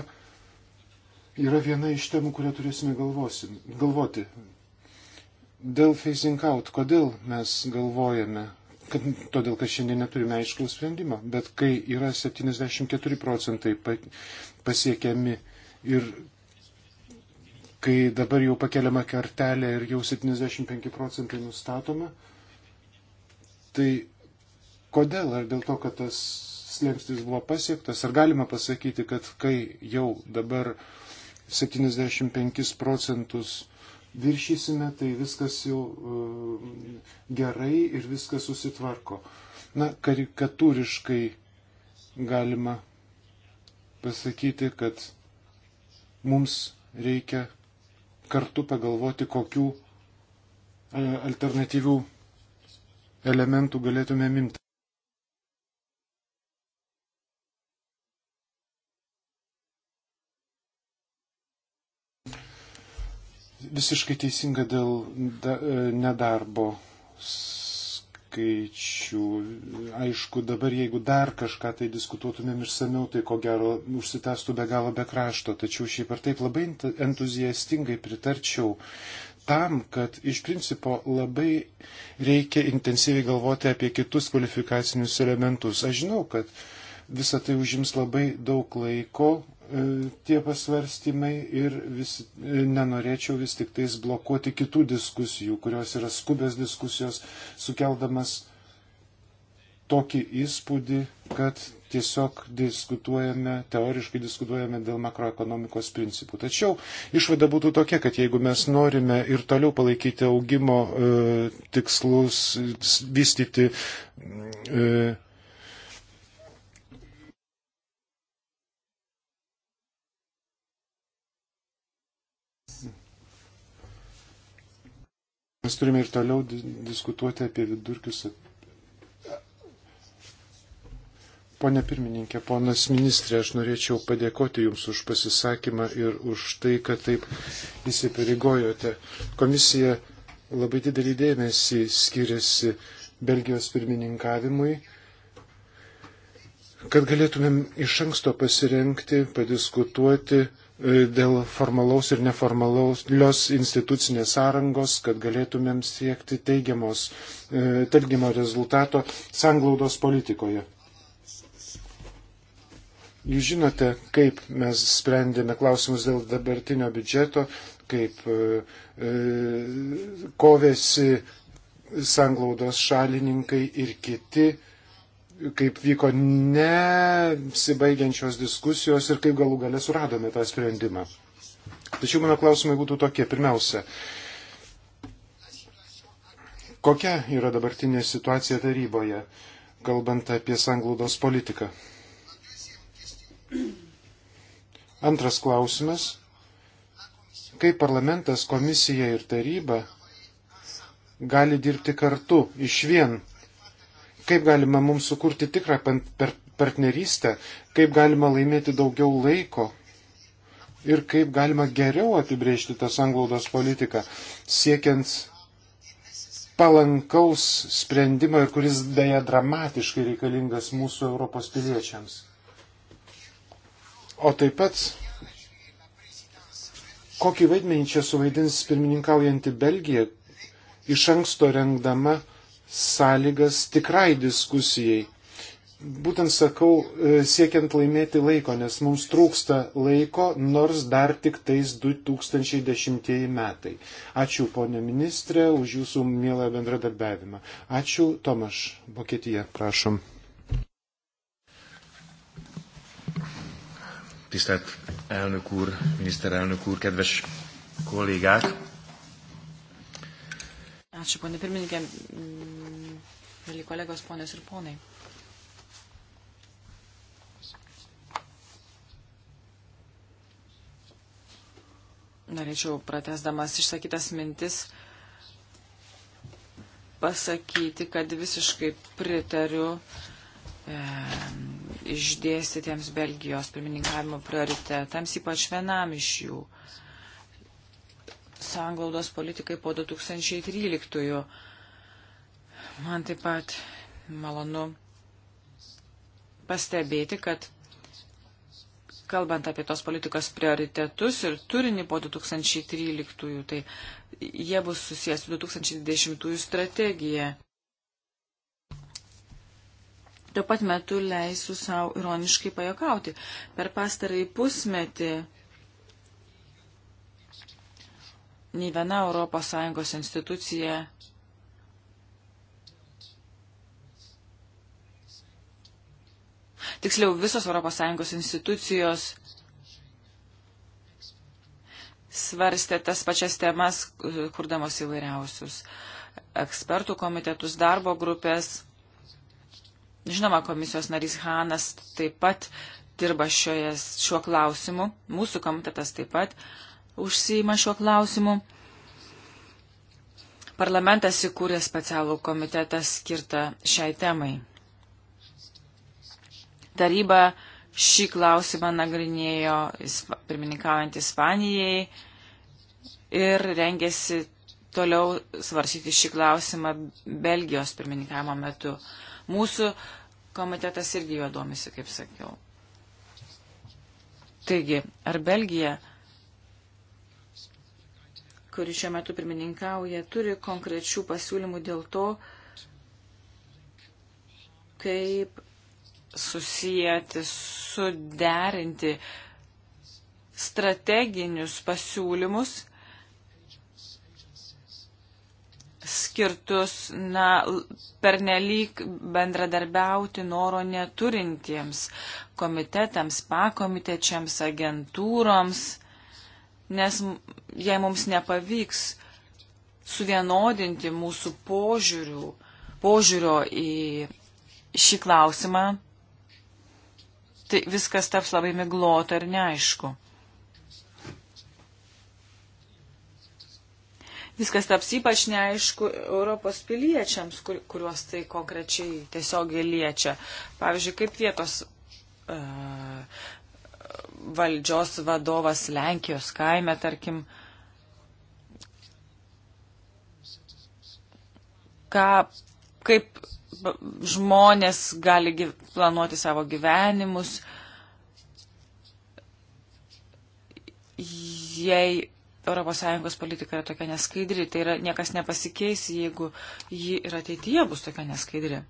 S3: yra viena iš temų, kurią turėsime galvosi, galvoti. Dėl phasing out, kodėl mes galvojame, kad, todėl kad šiandien neturime aiškaus sprendimo, bet kai yra 74 procentai pasiekiami ir kai dabar jau pakeliama kartelė ir jau 75 procentai nustatoma, tai Kodėl? Ar dėl to, kad tas slėpstis buvo pasiektas? Ar galima pasakyti, kad kai jau dabar 75 procentus viršysime, tai viskas jau uh, gerai ir viskas susitvarko? Na, karikatūriškai galima pasakyti, kad mums reikia kartu pagalvoti, kokių e, alternatyvių elementų galėtume imti. visiškai teisinga dėl da, e, nedarbo skaičių. Aišku, dabar jeigu dar kažką tai diskutuotumėm išsameu, tai ko gero užsitęstų be galo be krašto. Tačiau šiaip ar taip labai entuziastingai pritarčiau tam, kad iš principo labai reikia intensyviai galvoti apie kitus kvalifikacinius elementus. Aš žinau, kad uh, Visą tai užims labai daug laiko e, tie pasvarstymai ir vis, e, nenorėčiau vis tik tais blokuoti kitų diskusijų, kurios yra skubės diskusijos, sukeldamas tokį įspūdį, kad tiesiog diskutuojame, teoriškai diskutuojame dėl makroekonomikos principų. Tačiau išvada būtų tokia, kad jeigu mes norime ir toliau palaikyti augimo e, tikslus, vystyti e, Mes turime ir toliau diskutuoti apie vidurkius. Pone pirmininkė, ponas ministrė, aš norėčiau padėkoti Jums už pasisakymą ir už tai, kad taip įsipareigojote. Komisija labai didelį dėmesį skiriasi Belgijos pirmininkavimui kad galėtumėm iš anksto pasirenkti, padiskutuoti E, dėl formalaus ir neformalaus institucinės sąrangos, kad galėtumėm siekti teigiamos, e, teigiamo rezultato sanglaudos politikoje. Jūs žinote, kaip mes sprendėme klausimus dėl dabartinio biudžeto, kaip e, e kovėsi sanglaudos šalininkai ir kiti kaip vyko nesibaigiančios diskusijos ir kaip galų galę suradome tą sprendimą. Tačiau mano klausimai būtų tokie. Pirmiausia, kokia yra dabartinė situacija taryboje, kalbant apie sanglaudos politiką? Antras klausimas. Kaip parlamentas, komisija ir taryba gali dirbti kartu iš vien kaip galima mums sukurti tikrą partnerystę, kaip galima laimėti daugiau laiko ir kaip galima geriau apibrėžti tą sanglaudos politiką, siekiant palankaus sprendimo ir kuris dėja dramatiškai reikalingas mūsų Europos piliečiams. O taip pat, kokį vaidmenį čia suvaidins pirmininkaujanti Belgija, iš anksto rengdama sąlygas tikrai diskusijai. Būtent sakau, e, siekiant laimėti laiko, nes mums trūksta laiko, nors dar tik tais 2010 metai. Ačiū, ponė ministrė, už jūsų mielą bendradarbiavimą. Ačiū, Tomaš, Vokietija, prašom. Tisztelt elnök úr, miniszterelnök úr, kedves kollégák!
S1: Ačiū, ponė pirmininkė, mėly kolegos, ponės ir ponai. Norėčiau, pratesdamas išsakytas mintis, pasakyti, kad visiškai pritariu e, išdėstytiems Belgijos pirmininkavimo prioritetams, ypač vienam iš jų. E, sanglaudos politikai po 2013. Man taip pat malonu pastebėti, kad kalbant apie tos politikos prioritetus ir turinį po 2013, tai jie bus susijęs su 2020 strategija. Tuo pat metu leisiu savo ironiškai pajokauti. Per pastarąjį pusmetį nei viena ES institucija tiksliau visos ES institucijos svarstė tas pačias temas, kurdamos įvairiausius ekspertų komitetus, darbo grupės. Žinoma, komisijos narys Hanas taip pat dirba šioje, šiuo klausimu, mūsų komitetas taip pat. Uh, užsima šiuo klausimu. Parlamentas įkūrė specialų komitetą skirtą šiai temai. Taryba šį klausimą nagrinėjo pirmininkaujant Ispanijai ir rengėsi toliau svarsyti šį klausimą Belgijos pirmininkavimo metu. Mūsų komitetas irgi juo domisi, kaip sakiau. Taigi, ar Belgija kuri šiuo metu pirmininkauja, turi konkrečių pasiūlymų dėl to, kaip susijęti, suderinti strateginius pasiūlymus skirtus na, pernelyg bendradarbiauti noro neturintiems komitetams, pakomitečiams, agentūroms nes jei mums nepavyks suvienodinti mūsų požiūrių, požiūrio į šį klausimą, tai viskas taps labai miglota ir neaišku. Viskas taps ypač neaišku Europos piliečiams, kur, kuriuos tai konkrečiai tiesiogiai liečia. Pavyzdžiui, kaip vietos uh, valdžios vadovas Lenkijos kaime, tarkim, ką, kaip žmonės gali planuoti savo gyvenimus, jei ES politika yra tokia neskaidri, tai yra niekas nepasikeis, jeigu ji ir ateityje bus tokia neskaidri.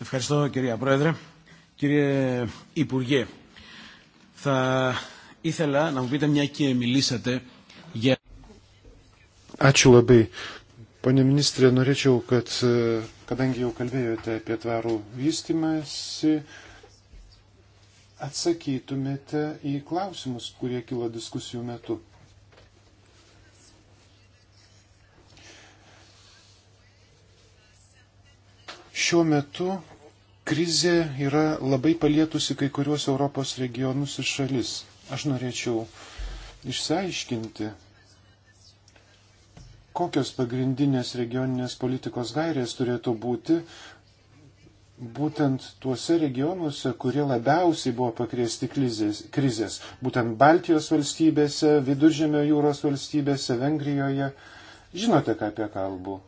S3: Ευχαριστώ κυρία Πρόεδρε. Κύριε Υπουργέ, Θα ήθελα να μου πείτε μια και μιλήσατε για... Ačiū labai. Pone ministrė, norėčiau, kad, e, kadangi jau kalbėjote apie tvarų vystimąsi, atsakytumėte į klausimus, kurie kilo diskusijų metu. Šiuo metu Krizė yra labai palietusi kai kuriuos Europos regionus ir šalis. Aš norėčiau išsiaiškinti, kokios pagrindinės regioninės politikos gairės turėtų būti būtent tuose regionuose, kurie labiausiai buvo pakviesti krizės. Būtent Baltijos valstybėse, Viduržėmio jūros valstybėse, Vengrijoje. Žinote, ką apie kalbu.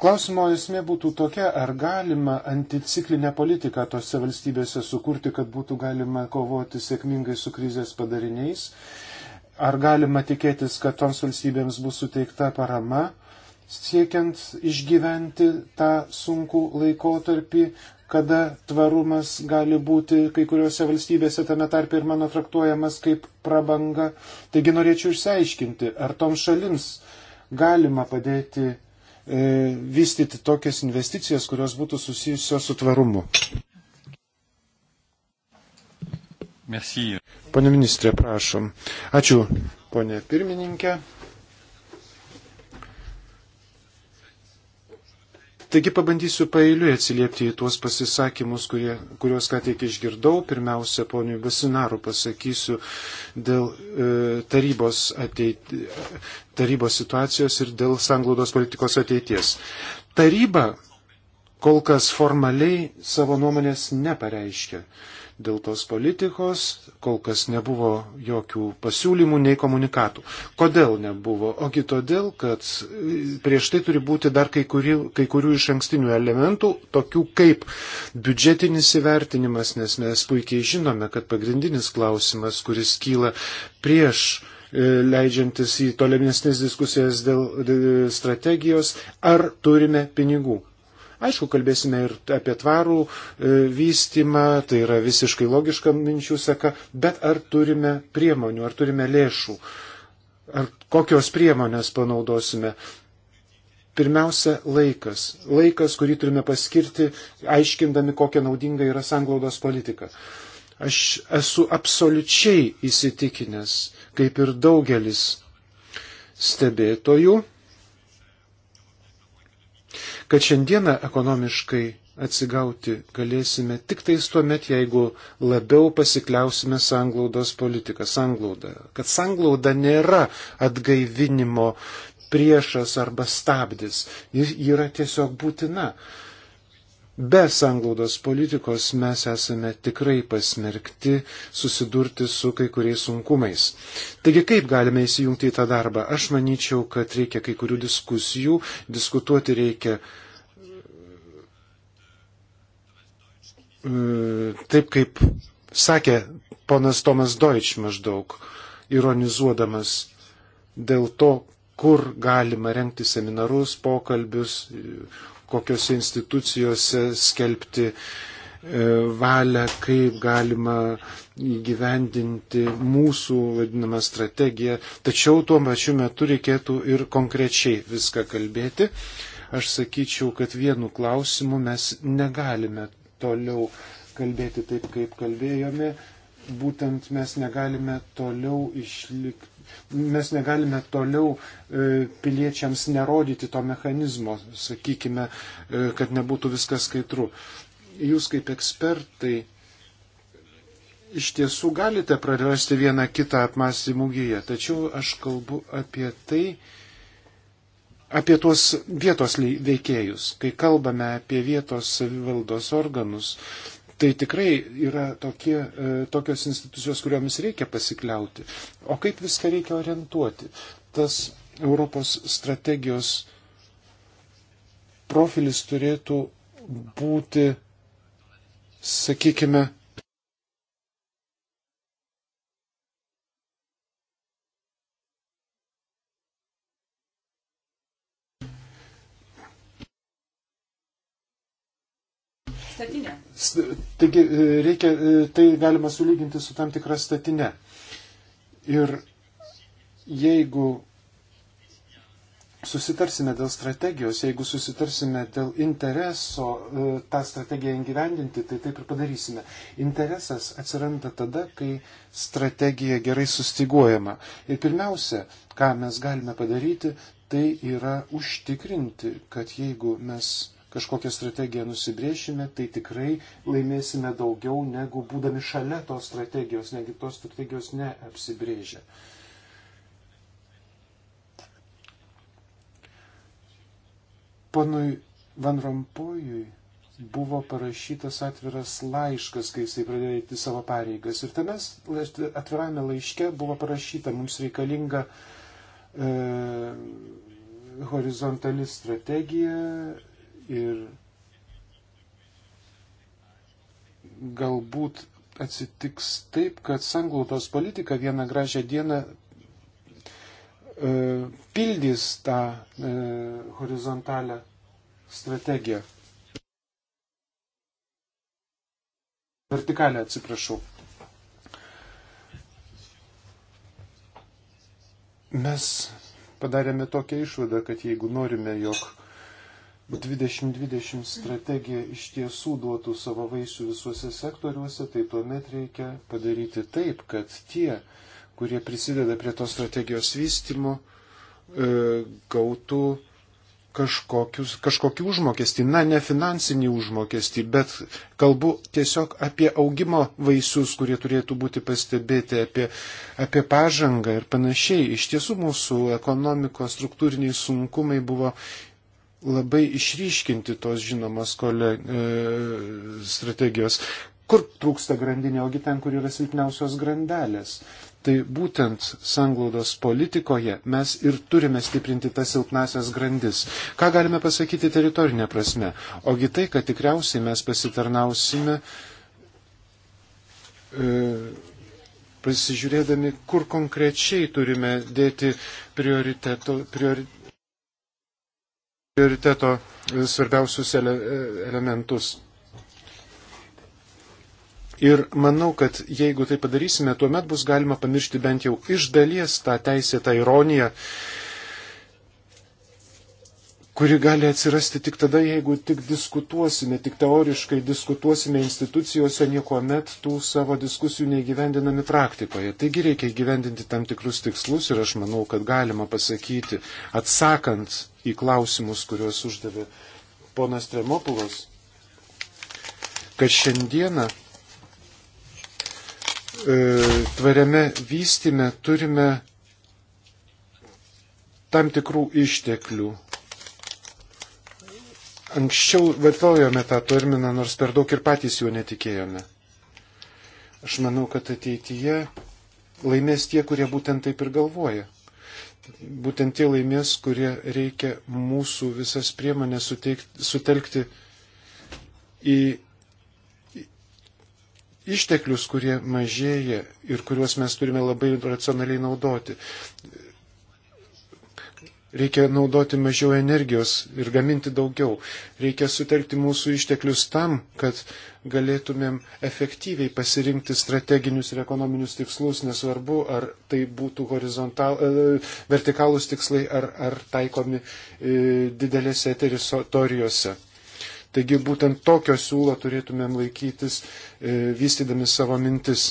S3: Klausimo esmė būtų tokia, ar galima anticiklinę politiką tose valstybėse sukurti, kad būtų galima kovoti sėkmingai su krizės padariniais, ar galima tikėtis, kad toms valstybėms bus suteikta parama, siekiant išgyventi tą sunkų laikotarpį, kada tvarumas gali būti kai kuriuose valstybėse tame tarpe ir mano traktuojamas kaip prabanga. Taigi norėčiau išsiaiškinti, ar toms šalims galima padėti E, vystyti tokias investicijas, kurios būtų susijusios su tvarumu. Merci. Pone ministrė, prašom. Ačiū, ponė pirmininkė. Taigi pabandysiu paeiliui atsiliepti į tuos pasisakymus, kurie, kuriuos ką tik išgirdau. Pirmiausia, poniui Basinaru pasakysiu dėl e, tarybos, ateit, tarybos situacijos ir dėl sanglaudos politikos ateities. Taryba kol kas formaliai savo nuomonės nepareiškia dėl tos politikos, kol kas nebuvo jokių pasiūlymų nei komunikatų. Kodėl nebuvo? Ogi todėl, kad prieš tai turi būti dar kai, kuri, kai kurių iš ankstinių elementų, tokių kaip biudžetinis įvertinimas, nes mes puikiai žinome, kad pagrindinis klausimas, kuris kyla prieš e, leidžiantis į tolimesnės diskusijas dėl strategijos, ar turime pinigų. Aišku, kalbėsime ir apie tvarų e, vystimą, tai yra visiškai logiška minčių seka, bet ar turime priemonių, ar turime lėšų, ar kokios priemonės panaudosime. Pirmiausia, laikas. Laikas, kurį turime paskirti, aiškindami, kokia naudinga yra sanglaudos politika. Aš esu absoliučiai įsitikinęs, kaip ir daugelis stebėtojų, kad šiandieną ekonomiškai atsigauti galėsime tik tais tuo met, jeigu labiau pasikliausime sanglaudos politiką. Sanglauda. Kad sanglauda nėra atgaivinimo priešas arba stabdis. Ji yra tiesiog būtina. Be sanglaudos politikos mes esame tikrai pasmerkti susidurti su kai kuriais sunkumais. Taigi kaip galime įsijungti į tą darbą? Aš manyčiau, kad reikia kai kurių diskusijų, diskutuoti reikia e, taip kaip sakė ponas Tomas Deutsch maždaug, ironizuodamas dėl to, kur galima renkti seminarus, pokalbius, kokiose institucijose skelbti e, valią, kaip galima įgyvendinti mūsų vadinamą strategiją. Tačiau tuo pačiu metu reikėtų ir konkrečiai viską kalbėti. Aš sakyčiau, kad vienu klausimu mes negalime toliau kalbėti taip, kaip kalbėjome. Būtent mes negalime toliau išlikti mes negalime toliau e, piliečiams nerodyti to mechanizmo, sakykime, e, kad nebūtų viskas skaidru. Jūs kaip ekspertai iš tiesų galite prarasti vieną kitą apmąstymų gyją, tačiau aš kalbu apie tai, apie tuos vietos veikėjus. Kai kalbame apie vietos savivaldos organus, tai tikrai yra tokie, e, tokios institucijos, kuriomis reikia pasikliauti. O kaip viską reikia orientuoti? Tas Europos strategijos profilis turėtų būti, sakykime, statinė. Taigi e, reikia, e, tai galima sulyginti su tam tikra statinė. Ir jeigu susitarsime dėl strategijos, jeigu susitarsime dėl intereso e, tą strategiją įgyvendinti, tai taip ir padarysime. Interesas atsiranda tada, kai strategija gerai sustiguojama. Ir pirmiausia, ką mes galime padaryti, tai yra užtikrinti, kad jeigu mes kažkokią strategiją nusibriešime, tai tikrai laimėsime daugiau, negu būdami šalia tos strategijos, negi tos strategijos neapsibrėžę. Ponui Van Rompojui buvo parašytas atviras laiškas, kai jisai pradėjo eiti savo pareigas. Ir tame atvirame laiške buvo parašyta, mums reikalinga e, horizontali strategija, Ir galbūt atsitiks taip, kad sanglautos politika vieną gražią dieną e, pildys tą e, horizontalę strategiją. Vertikalę atsiprašau. Mes padarėme tokią išvadą, kad jeigu norime, jog 2020 strategija iš tiesų duotų savo vaisių visuose sektoriuose, tai tuomet reikia padaryti taip, kad tie, kurie prisideda prie tos strategijos vystimo, e, gautų kažkokius, kažkokį užmokestį, na, ne finansinį užmokestį, bet kalbu tiesiog apie augimo vaisius, kurie turėtų būti pastebėti, apie, apie pažangą ir panašiai. Iš tiesų mūsų ekonomikos struktūriniai sunkumai buvo labai išryškinti tos žinomos kole, e, strategijos. Kur trūksta grandinė, ogi ten, kur yra silpniausios grandelės. Tai būtent sanglaudos politikoje mes ir turime stiprinti tas silpnasias grandis. Ką galime pasakyti teritorinė prasme? Ogi tai, kad tikriausiai mes pasitarnausime. E, Pasižiūrėdami, kur konkrečiai turime dėti prioriteto, priori, prioriteto e, svarbiausius ele e, elementus. Ir manau, kad jeigu tai padarysime, tuomet bus galima pamiršti bent jau iš dalies tą teisėtą ironiją, kuri gali atsirasti tik tada, jeigu tik diskutuosime, tik teoriškai diskutuosime institucijose, nieko met tų savo diskusijų neįgyvendinami praktikoje. Taigi reikia įgyvendinti tam tikrus tikslus ir aš manau, kad galima pasakyti, atsakant į klausimus, kuriuos uždavė ponas Tremopulas, kad šiandieną e, tvariame vystime turime tam tikrų išteklių. Anksčiau vartojome tą terminą, nors per daug ir patys juo netikėjome. Aš manau, kad ateityje laimės tie, kurie būtent taip ir galvoja būtent tie laimės, kurie reikia mūsų visas priemonės suteikti, sutelkti į išteklius, kurie mažėja ir kuriuos mes turime labai racionaliai naudoti. Reikia naudoti mažiau energijos ir gaminti daugiau. Reikia sutelkti mūsų išteklius tam, kad galėtumėm efektyviai pasirinkti strateginius ir ekonominius tikslus, nesvarbu, ar tai būtų e, vertikalūs tikslai, ar, ar taikomi e, didelėse teritorijose. Taigi būtent tokio siūlo turėtumėm laikytis, e, vystydami savo mintis.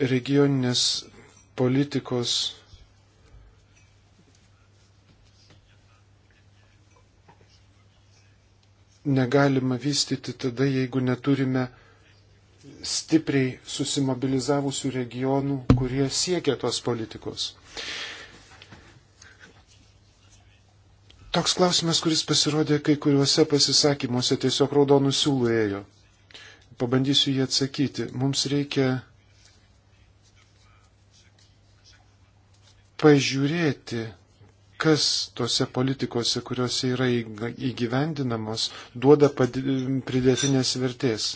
S3: regioninės politikos negalima vystyti tada, jeigu neturime stipriai susimobilizavusių regionų, kurie siekia tos politikos. Toks klausimas, kuris pasirodė kai kuriuose pasisakymuose, tiesiog raudonų siūlų ėjo. Pabandysiu jį atsakyti. Mums reikia pažiūrėti, kas tose politikose, kuriuose yra įgyvendinamos, duoda pridėtinės vertės.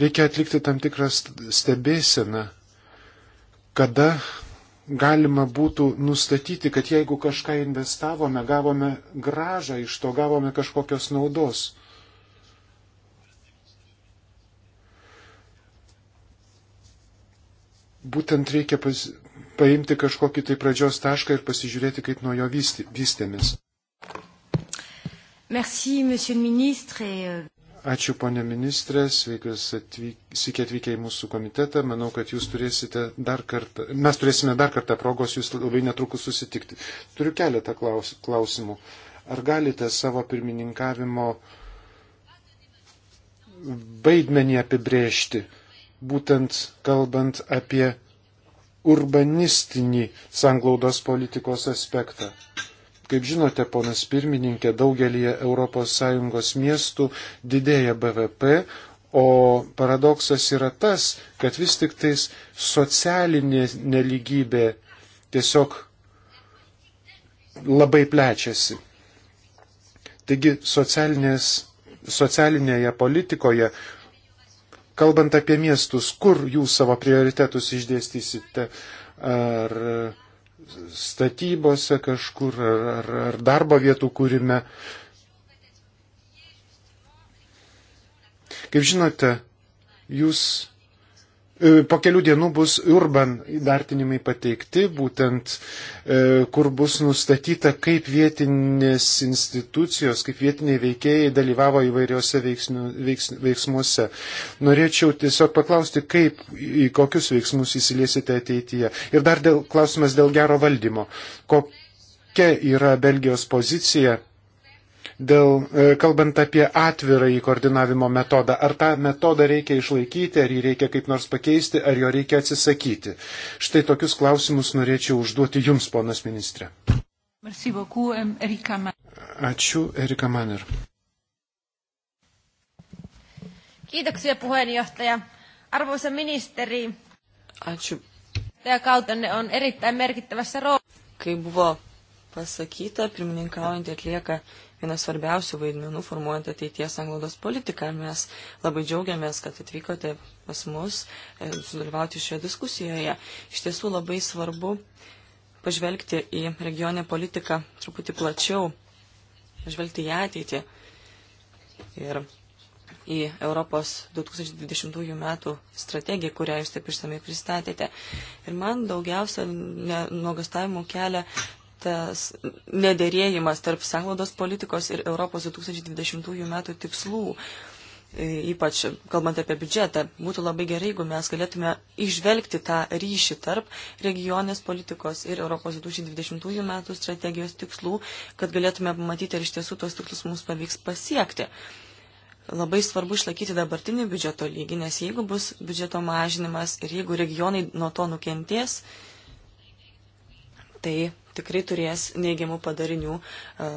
S3: Reikia atlikti tam tikrą stebėseną, kada galima būtų nustatyti, kad jeigu kažką investavome, gavome gražą iš to, gavome kažkokios naudos. būtent reikia pas, paimti kažkokį tai pradžios tašką ir pasižiūrėti, kaip nuo jo vysty, vystėmės.
S1: Merci, ministre. Euh,
S3: Ačiū, ponė ministrė, sveikas atvykę atvykę į mūsų komitetą. Manau, kad jūs turėsite dar kartą, mes turėsime dar kartą progos jūs labai netrukus susitikti. Turiu keletą klaus, klausimų. Ar galite savo pirmininkavimo vaidmenį apibrėžti? būtent kalbant apie urbanistinį sanglaudos politikos aspektą. Kaip žinote, ponas pirmininkė, daugelį ES miestų didėja BVP, o paradoksas yra tas, kad vis tik tais socialinė neligybė tiesiog labai plečiasi. Taigi socialinėje politikoje kalbant apie miestus, kur jūs savo prioritetus išdėstysite? Ar statybose kažkur, ar, ar, ar darbo vietų kūrime? Kaip žinote, jūs E, po kelių dienų bus urban vertinimai pateikti, būtent e, kur bus nustatyta, kaip vietinės institucijos, kaip vietiniai veikėjai dalyvavo įvairiuose veiksniu, veiks, veiksmuose. Norėčiau tiesiog paklausti, kaip į kokius veiksmus įsiliesite ateityje. Ir dar dėl, klausimas dėl gero valdymo. Kokia yra Belgijos pozicija dėl, e, kalbant apie atvirąjį koordinavimo metodą, ar tą metodą reikia išlaikyti, ar jį reikia kaip nors pakeisti, ar jo reikia atsisakyti. Štai tokius klausimus norėčiau užduoti Jums, ponas ministrė.
S1: Ačiū,
S3: Erika Maner.
S1: Kiitoksia puheenjohtaja. Arvoisa ministeri. Ačiū. Teidän kautenne on erittäin merkittävässä roolissa.
S2: Kai buvo pasakyta, pirmininkaujant atlieka vienas svarbiausių vaidmenų formuojant ateities anglodos politiką. Mes labai džiaugiamės, kad atvykote pas mus e, sudalyvauti šioje diskusijoje. Iš tiesų labai svarbu pažvelgti į regionę politiką truputį plačiau, pažvelgti į ateitį ir į Europos 2020 metų strategiją, kurią jūs taip išsamei pristatėte. Ir man daugiausia nuogastavimų kelia tas nederėjimas tarp sąnaudos politikos ir Europos 2020 metų tikslų, e, ypač kalbant apie biudžetą, būtų labai gerai, jeigu mes galėtume išvelgti tą ryšį tarp regionės politikos ir Europos 2020 metų strategijos tikslų, kad galėtume pamatyti, ar iš tiesų tuos tikslus mums pavyks pasiekti. Labai svarbu išlaikyti dabartinį biudžeto lygį, nes jeigu bus biudžeto mažinimas ir jeigu regionai nuo to nukentės, tai tikrai turės neigiamų padarinių, e,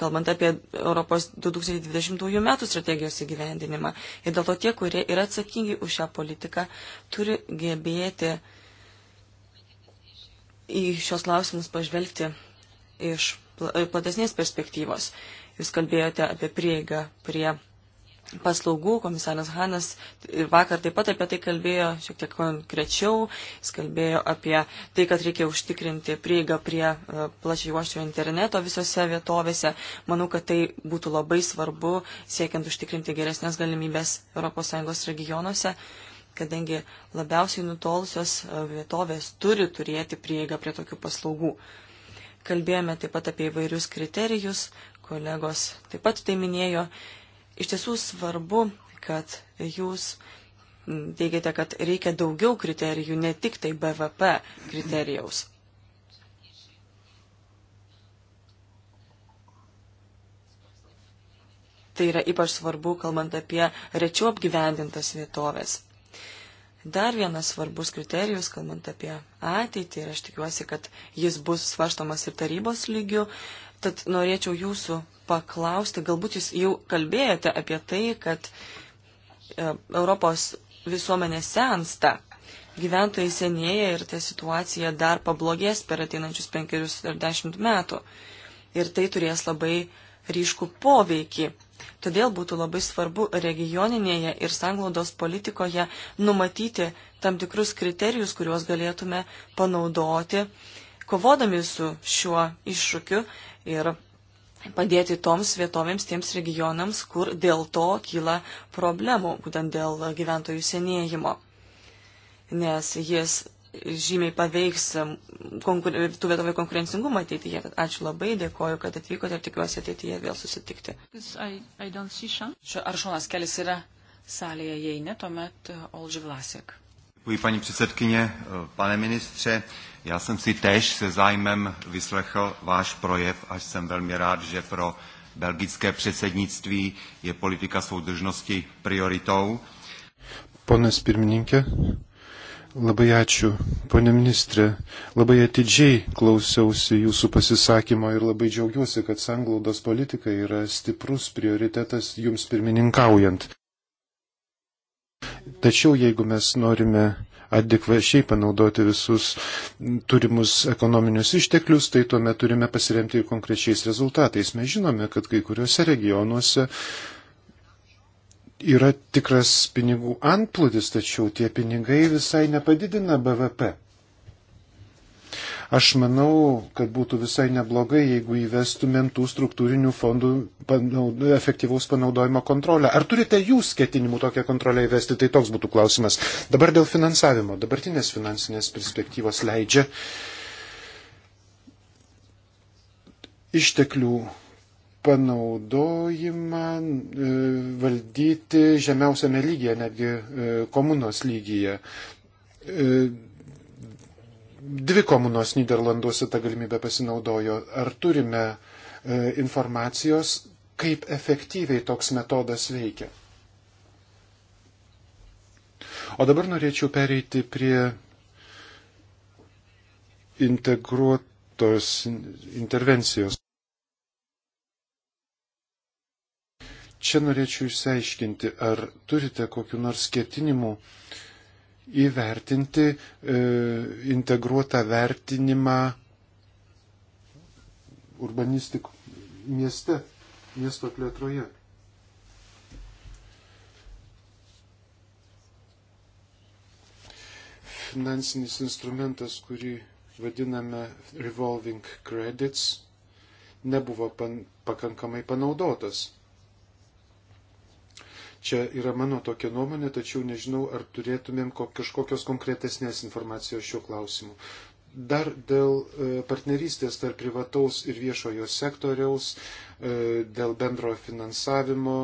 S2: kalbant apie Europos 2020 metų strategijos įgyvendinimą. Ir dėl to tie, kurie yra atsakingi už šią politiką, turi gebėti į šios klausimus pažvelgti iš platesnės perspektyvos. Jūs kalbėjote apie prieigą prie paslaugų. Komisaras Hanas vakar taip pat apie tai kalbėjo šiek tiek konkrečiau. Jis kalbėjo apie tai, kad reikia užtikrinti prieigą prie e, plačiai juoščio interneto visose vietovėse. Manau, kad tai būtų labai svarbu siekiant užtikrinti geresnės galimybės ES regionuose kadangi labiausiai nutolusios e, vietovės turi turėti prieigą prie tokių paslaugų. Kalbėjome taip pat apie įvairius kriterijus, kolegos taip pat tai minėjo, Iš tiesų svarbu, kad jūs teigiate, kad reikia daugiau kriterijų, ne tik tai BVP kriterijaus. Tai yra ypač svarbu, kalbant apie rečiau apgyvendintas vietovės. Dar vienas svarbus kriterijus, kalbant apie ateitį, ir aš tikiuosi, kad jis bus svarstomas ir tarybos lygių, Tad norėčiau jūsų paklausti, galbūt jūs jau kalbėjote apie tai, kad e, Europos visuomenė sensta, gyventojai senėja ir ta situacija dar pablogės per ateinančius penkerius ar dešimt metų. Ir tai turės labai ryškų poveikį. Todėl būtų labai svarbu regioninėje ir sanglaudos politikoje numatyti tam tikrus kriterijus, kuriuos galėtume panaudoti kovodami su šiuo iššūkiu ir padėti toms vietovėms, tiems regionams, kur dėl to kyla problemų, būtent dėl gyventojų senėjimo. Nes jis žymiai paveiks konkur... tų vietovių konkurencingumą ateityje. Tad ačiū labai, dėkoju, kad atvykote ir tikiuosi ateityje vėl susitikti.
S1: I, I Ar šonas kelis yra salėje, jei ne, tuomet Olži Vlasek.
S3: Děkuji, paní předsedkyně. Pane ministře, já jsem si též se zájmem vyslechl váš projev a jsem velmi rád, že pro belgické předsednictví je politika soudržnosti prioritou. Ponas pirmininkė, labai ačiū. Pone ministrė, labai atidžiai klausiausi jūsų pasisakymo ir labai džiaugiuosi, kad sanglaudos politika yra stiprus prioritetas jums pirmininkaujant. Tačiau jeigu mes norime adekvačiai panaudoti visus turimus ekonominius išteklius, tai tuomet turime pasiremti ir konkrečiais rezultatais. Mes žinome, kad kai kuriuose regionuose yra tikras pinigų antplūdis, tačiau tie pinigai visai nepadidina BVP. Aš manau, kad būtų visai neblogai, jeigu įvestumėm tų struktūrinių fondų panaud... efektyvaus panaudojimo kontrolę. Ar turite jūs ketinimų tokią kontrolę įvesti? Tai toks būtų klausimas. Dabar dėl finansavimo. Dabartinės finansinės perspektyvos leidžia išteklių panaudojimą e, valdyti žemiausiame lygyje, netgi e, komunos lygyje e, dvi komunos Niderlanduose tą galimybę pasinaudojo. Ar turime e, informacijos, kaip efektyviai toks metodas veikia? O dabar norėčiau pereiti prie integruotos intervencijos. Čia norėčiau išsiaiškinti, ar turite kokiu nors ketinimu uh, įvertinti e, integruotą vertinimą urbanistikų mieste, miesto plėtroje. Finansinis instrumentas, kurį vadiname revolving credits, nebuvo pan, pakankamai panaudotas. Čia yra mano tokia nuomonė, tačiau nežinau, ar turėtumėm kažkokios konkretesnės informacijos šiuo klausimu. Dar dėl e, partnerystės tarp privataus ir viešojo sektoriaus, e, dėl bendrojo finansavimo,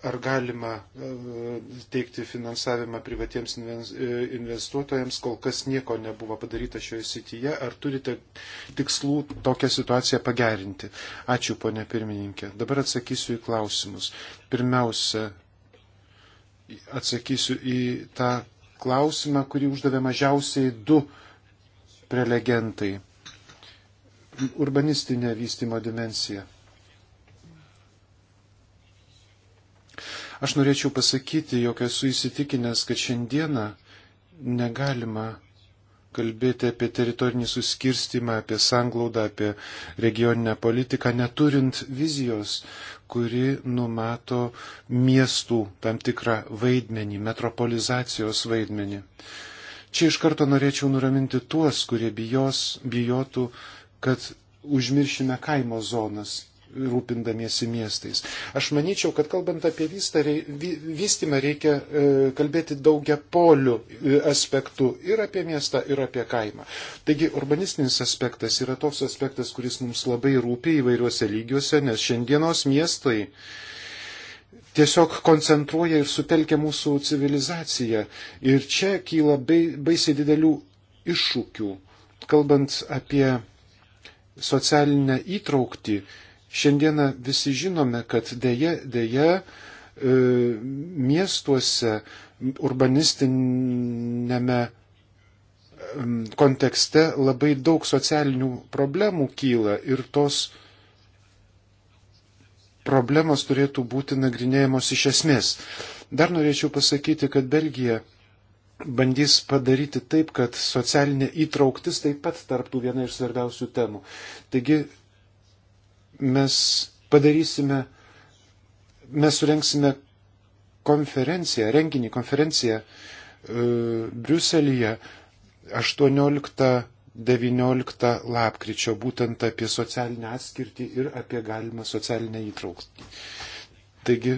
S3: ar galima e, teikti finansavimą privatiems e, investuotojams, kol kas nieko nebuvo padaryta šioje sityje, ar turite tikslų tokią situaciją pagerinti. Ačiū, ponė pirmininkė. Dabar atsakysiu į klausimus. Pirmiausia, atsakysiu į tą klausimą, kurį uždavė mažiausiai du prelegentai. Urbanistinė vystimo dimensija. Aš norėčiau pasakyti, jog esu įsitikinęs, kad šiandieną negalima kalbėti apie teritorinį suskirstimą, apie sanglaudą, apie regioninę politiką, neturint vizijos, kuri numato miestų tam tikrą vaidmenį, metropolizacijos vaidmenį. Čia iš karto norėčiau nuraminti tuos, kurie bijos, bijotų, kad užmiršime kaimo zonas rūpindamiesi miestais. Aš manyčiau, kad kalbant apie vystymą reikia e, kalbėti daugia polių e, aspektų ir apie miestą, ir apie kaimą. Taigi urbanistinis aspektas yra toks aspektas, kuris mums labai rūpi įvairiuose lygiuose, nes šiandienos miestai tiesiog koncentruoja ir sutelkia mūsų civilizaciją. Ir čia kyla baisiai didelių iššūkių. Kalbant apie socialinę įtraukti, Šiandieną visi žinome, kad dėje, dėje e, miestuose urbanistinėme kontekste labai daug socialinių problemų kyla ir tos problemos turėtų būti nagrinėjamos iš esmės. Dar norėčiau pasakyti, kad Belgija bandys padaryti taip, kad socialinė įtrauktis taip pat tarptų viena iš svarbiausių temų. Taigi mes padarysime, mes surenksime konferenciją, renginį konferenciją e, Briuselėje 18-19 lapkričio, būtent apie socialinę atskirtį ir apie galimą socialinę įtraukti. Taigi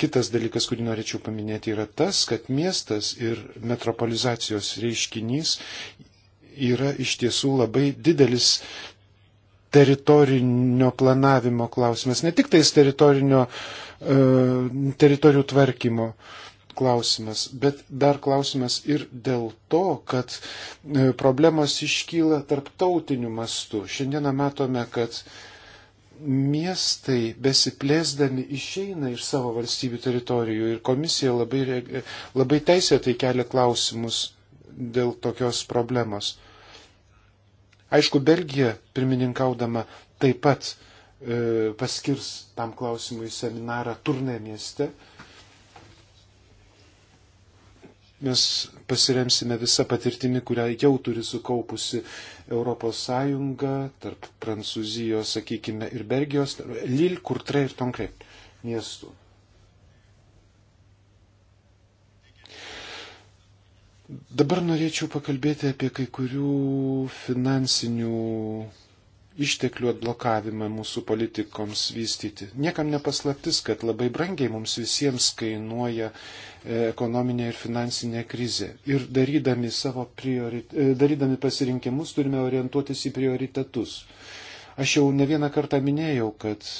S3: Kitas dalykas, kurį norėčiau paminėti, yra tas, kad miestas ir metropolizacijos reiškinys yra iš tiesų labai didelis teritorinio planavimo klausimas, ne tik tais teritorinio, e, teritorijų tvarkymo klausimas, bet dar klausimas ir dėl to, kad e, problemos iškyla tarptautiniu mastu. Šiandieną matome, kad miestai besiplėsdami išeina iš savo valstybių teritorijų ir komisija labai, labai teisėtai kelia klausimus dėl tokios problemos. Aišku, Belgija, pirmininkaudama, taip pat e, paskirs tam klausimui seminarą Turne mieste. Mes pasiremsime visą patirtimį, kurią jau turi sukaupusi ES tarp Prancūzijos, sakykime, ir Belgijos, Lille, Kurtre ir Tonkre miestų. Dabar norėčiau pakalbėti apie kai kurių finansinių išteklių atblokavimą mūsų politikoms vystyti. Niekam nepaslaptis, kad labai brangiai mums visiems kainuoja e, ekonominė ir finansinė krizė. Ir darydami, priorit... E, darydami pasirinkimus turime orientuotis į prioritetus. Aš jau ne vieną kartą minėjau, kad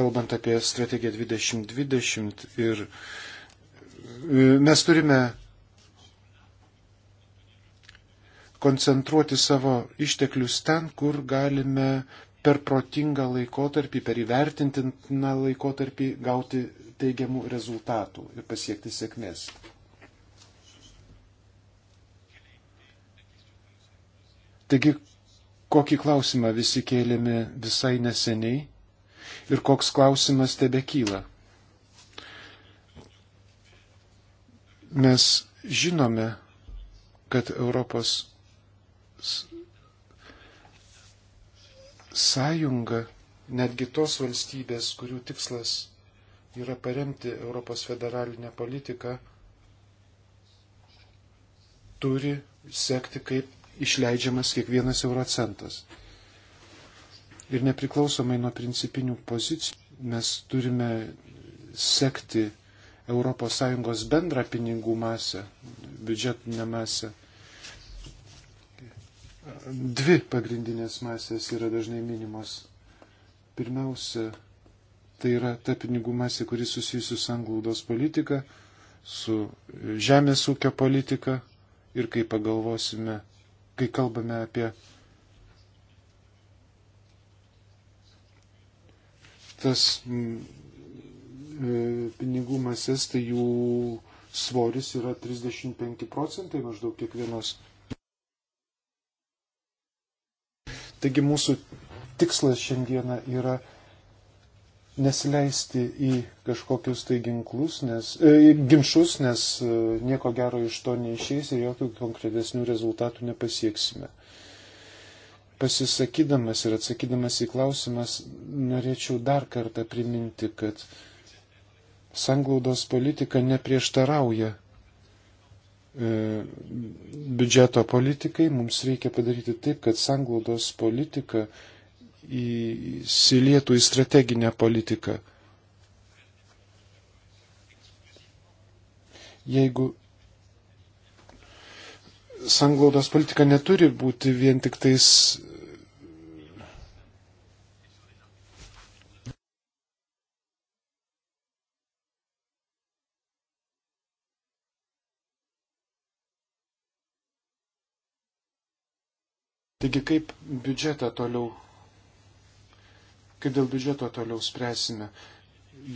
S3: kalbant apie strategiją 2020 ir e, mes turime koncentruoti savo išteklius ten, kur galime per protingą laikotarpį, per įvertintiną laikotarpį gauti teigiamų rezultatų ir pasiekti sėkmės. Taigi, kokį klausimą visi kėlėme visai neseniai ir koks klausimas tebe kyla? Mes žinome, kad Europos sąjunga, netgi tos valstybės, kurių tikslas yra paremti Europos federalinę politiką, turi sekti, kaip išleidžiamas kiekvienas eurocentas. Ir nepriklausomai nuo principinių pozicijų mes turime sekti ES bendrą pinigų masę, biudžetinę masę. Dvi pagrindinės masės yra dažnai minimos. Pirmiausia, tai yra ta pinigų masė, kuri susijusi su sanglaudos politika, su žemės ūkio politika ir kai pagalvosime, kai kalbame apie tas mm, e, pinigų masės, tai jų svoris yra 35 procentai maždaug kiekvienos Taigi mūsų tikslas šiandieną yra nesileisti į kažkokius tai ginklus, nes, e, ginčius, nes e, nieko gero iš to neišeis ir jokių konkretesnių rezultatų nepasieksime. Pasisakydamas ir atsakydamas į klausimas, norėčiau dar kartą priminti, kad sanglaudos politika neprieštarauja E, biudžeto politikai, mums reikia padaryti taip, kad sanglaudos politika įsilietų į strateginę politiką. Jeigu sanglaudos politika neturi būti vien tik tais Taigi kaip biudžetą toliau, kaip dėl biudžeto toliau spręsime.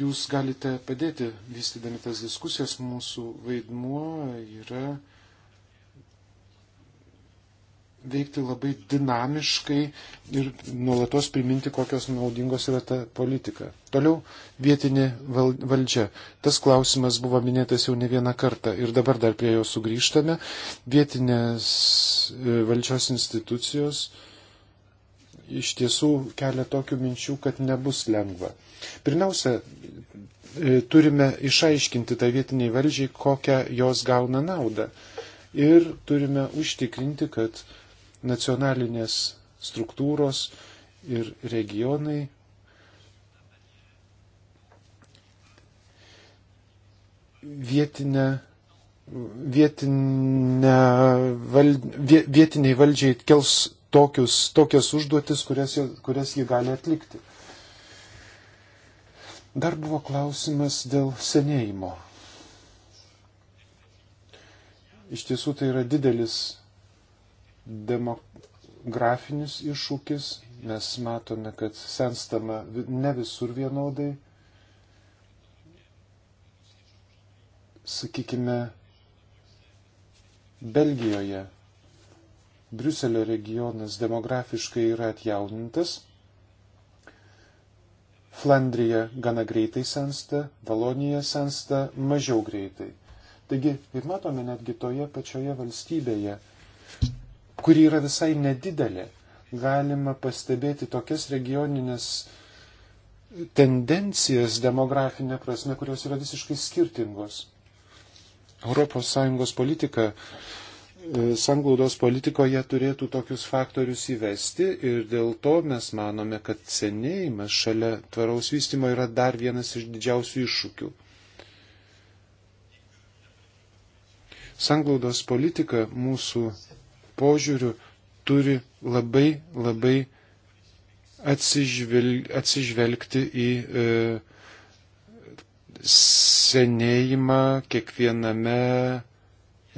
S3: Jūs galite padėti vystydami tas diskusijas, mūsų vaidmuo yra veikti labai dinamiškai ir nuolatos priminti, kokios naudingos yra ta politika. Toliau vietinė valdžia. Tas klausimas buvo minėtas jau ne vieną kartą ir dabar dar prie jo sugrįžtame. Vietinės e, valdžios institucijos iš tiesų kelia tokių minčių, kad nebus lengva. Pirmiausia, e, turime išaiškinti tą tai vietiniai valdžiai, kokią jos gauna naudą. Ir turime užtikrinti, kad nacionalinės struktūros ir regionai vietinę, vietinę val, vietiniai valdžiai kels tokius, tokias užduotis, kurias, kurias jie gali atlikti. Dar buvo klausimas dėl senėjimo. Iš tiesų tai yra didelis demografinis iššūkis, mes matome, kad senstama ne visur vienodai. Sakykime, Belgijoje Briuselio regionas demografiškai yra atjaunintas, Flandrija gana greitai sensta, Valonija sensta mažiau greitai. Taigi, kaip matome, netgi toje pačioje valstybėje kuri yra visai nedidelė, galima pastebėti tokias regioninės tendencijas demografinė prasme, kurios yra visiškai skirtingos. ES politika, e, sanglaudos politikoje turėtų tokius faktorius įvesti ir dėl to mes manome, kad senėjimas šalia tvaraus vystimo yra dar vienas iš didžiausių iššūkių. Sanglaudos politika mūsų požiūriu turi labai labai atsižvelg, atsižvelgti į e, senėjimą kiekviename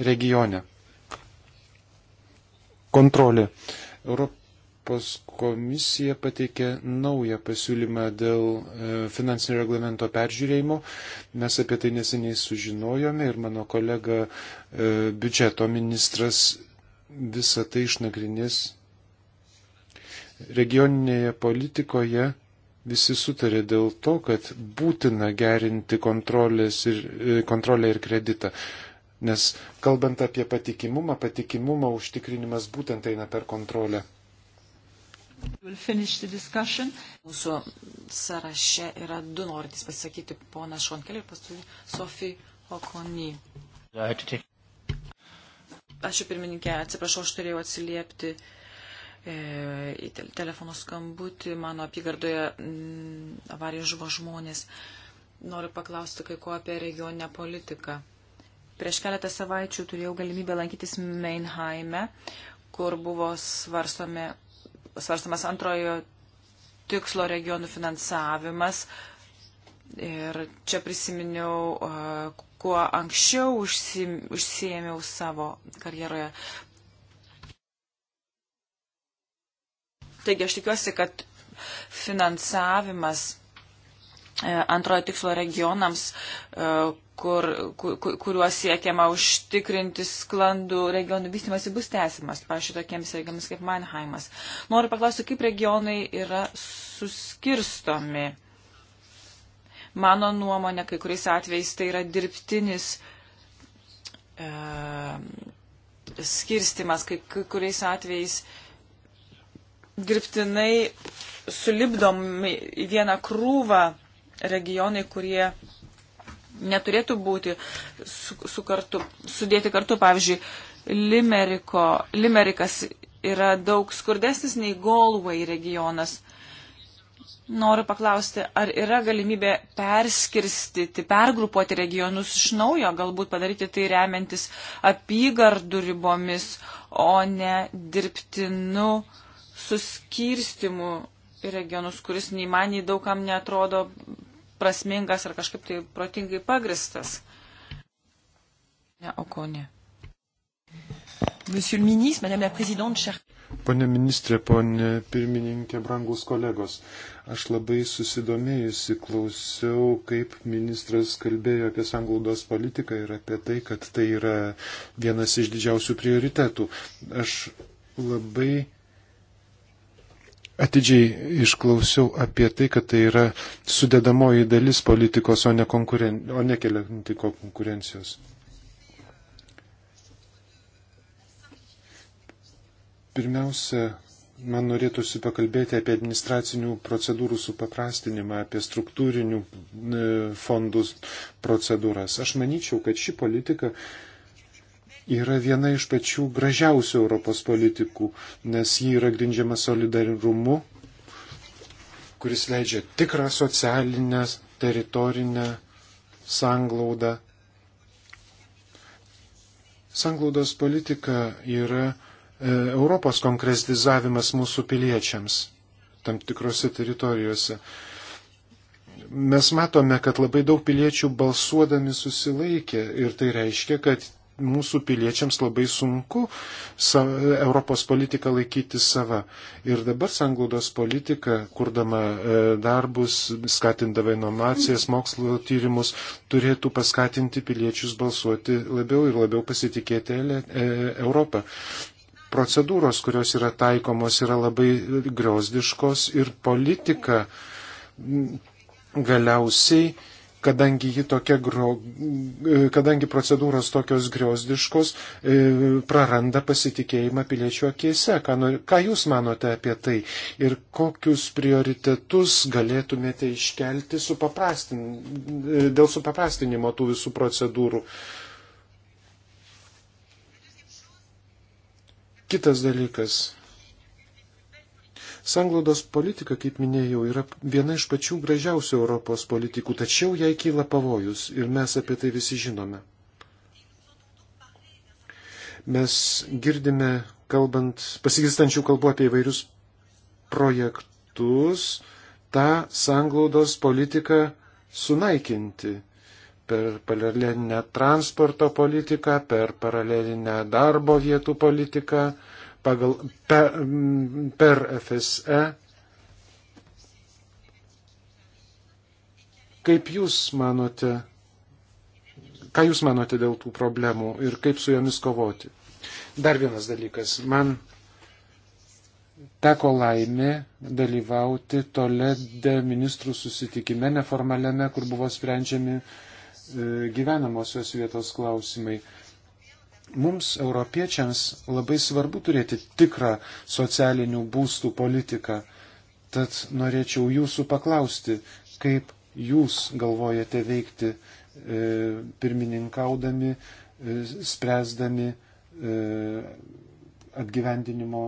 S3: regione. Kontrolė. Europos komisija pateikė naują pasiūlymą dėl e, finansinio reglamento peržiūrėjimo. Mes apie tai neseniai sužinojome ir mano kolega e, biudžeto ministras visą tai išnagrinės. Regioninėje politikoje visi sutarė dėl to, kad būtina gerinti ir, e, kontrolę ir kreditą. Nes kalbant apie patikimumą, patikimumo užtikrinimas būtent eina per kontrolę.
S1: Mūsų sąraše yra du norintys pasakyti, ponas Šonkelė ir paskui Sofija Okony. Aš jau pirmininkė, atsiprašau, aš turėjau atsiliepti e, į telefono skambutį. Mano apygardoje mm, avarija žuvo žmonės. Noriu paklausti kai ko apie regioninę politiką. Prieš keletą savaičių turėjau galimybę lankytis Mainheime, kur buvo svarstome, svarstamas antrojo tikslo regionų finansavimas Ir čia prisiminiau, kuo anksčiau užsiemiau savo karjeroje. Taigi aš tikiuosi, kad finansavimas e, antrojo tikslo regionams, e, kur, kur, kuriuos siekiama užtikrinti sklandų regionų vystimasi, bus tęsimas, pavyzdžiui, tokiems regionams kaip Mannheimas. Noriu paklausti, kaip regionai yra suskirstomi Mano nuomonė, kai kuriais atvejais tai yra dirbtinis e, skirstimas, kai kuriais atvejais dirbtinai sulibdomi į vieną krūvą regionai, kurie neturėtų būti su, su kartu, sudėti kartu. Pavyzdžiui, Limeriko, Limerikas yra daug skurdesnis nei Galway regionas. Noriu paklausti, ar yra galimybė perskirstyti, pergrupuoti regionus iš naujo, galbūt padaryti tai remiantis apygardų ribomis, o ne dirbtinu suskirstimu regionus, kuris nei man, nei daugam netrodo prasmingas ar kažkaip tai protingai pagristas. Ne, o ko ne. Monsieur le ministre, Madame la Présidente, cher.
S3: Pone ministrė, pone pirmininkė, brangus kolegos. Uh, Aš labai susidomėjusi klausiau, kaip ministras kalbėjo apie sanglaudos politiką ir apie tai, kad tai yra vienas iš didžiausių prioritetų. Aš labai atidžiai išklausiau apie tai, kad tai yra sudedamoji dalis politikos, o ne, konkuren... o ne kelianti konkurencijos. Pirmiausia, man norėtųsi pakalbėti apie administracinių procedūrų supaprastinimą, apie struktūrinių e, fondų procedūras. Aš manyčiau, kad ši politika yra viena iš pačių gražiausių Europos politikų, nes ji yra grindžiama solidarumu, kuris leidžia tikrą socialinę, teritorinę sanglaudą. Sanglaudos politika yra E, Europos konkretizavimas mūsų piliečiams tam tikrose teritorijose. Mes matome, kad labai daug piliečių balsuodami susilaikė ir tai reiškia, kad mūsų piliečiams labai sunku sa, Europos politiką laikyti sava. Ir dabar sanglaudos politika, kurdama e, darbus, skatindama inovacijas, mokslo tyrimus, turėtų paskatinti piliečius balsuoti labiau ir labiau pasitikėti e, Europą procedūros, kurios yra taikomos, yra labai griozdiškos ir politika galiausiai, kadangi, gro, kadangi procedūros tokios griozdiškos, e, praranda pasitikėjimą piliečių akėse. Ką, ką Jūs manote apie tai ir kokius prioritetus galėtumėte iškelti su dėl supaprastinimo tų visų procedūrų? Uh, Kitas dalykas. Sanglaudos politika, kaip minėjau, yra viena iš pačių gražiausių Europos politikų, tačiau jai kyla pavojus ir mes apie tai visi žinome. Mes girdime, kalbant, pasigirstančių kalbų apie įvairius projektus, tą sanglaudos politiką sunaikinti per paralelinę transporto politiką, per paralelinę darbo vietų politiką, pagal, pe, per FSE. Kaip Jūs manote, ką Jūs manote dėl tų problemų ir kaip su jomis kovoti? Dar vienas dalykas. Man teko laimė dalyvauti toledė ministrų susitikime neformaliame, kur buvo sprendžiami uh, E, gyvenamosios vietos klausimai. Mums, europiečiams, labai svarbu turėti tikrą socialinių būstų politiką. Tad norėčiau jūsų paklausti, kaip jūs galvojate veikti e, pirmininkaudami, e, spręsdami e, apgyvendinimo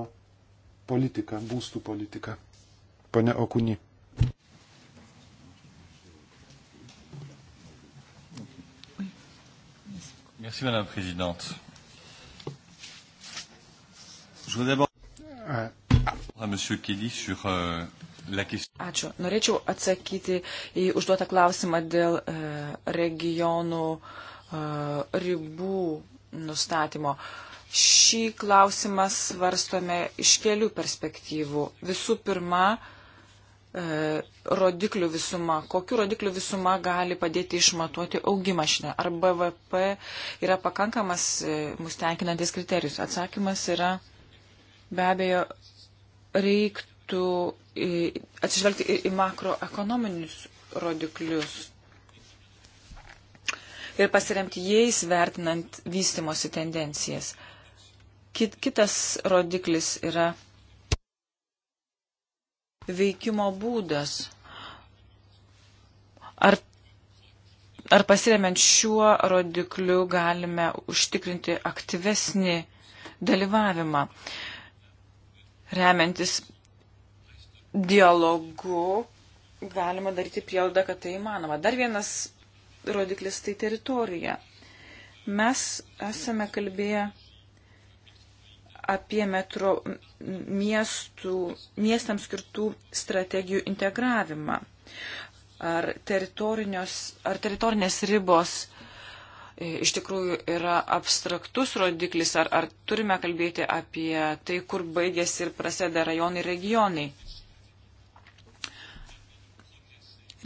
S3: politiką, būstų politiką. Pane Okuni. Merci, Madame la Présidente.
S2: Je voudrais d'abord à Monsieur Kelly sur euh, la question.
S1: Ačiū. Norėčiau atsakyti į užduotą klausimą dėl uh, regionų uh, ribų nustatymo. Šį klausimą svarstome iš kelių perspektyvų. Visų pirma, uh, E, rodiklių visuma, kokiu rodiklių visuma gali padėti išmatuoti augimą šiandien. Ar BVP yra pakankamas e, mus tenkinantis kriterijus? Atsakymas yra be abejo reiktų e, atsižvelgti į, į makroekonominius rodiklius ir pasiremti jais vertinant vystimosi tendencijas. Kit, kitas rodiklis yra veikimo būdas. Ar, ar pasiremiant šiuo rodikliu galime užtikrinti aktyvesnį dalyvavimą, remiantis dialogu, galima daryti prielaidą, kad tai įmanoma. Dar vienas rodiklis tai teritorija. Mes esame kalbėję apie metro miestų, miestams skirtų strategijų integravimą. Ar, ar teritorinės ribos e, iš tikrųjų yra abstraktus rodiklis, ar, ar turime kalbėti apie tai, kur baigėsi ir prasideda rajonai ir regionai.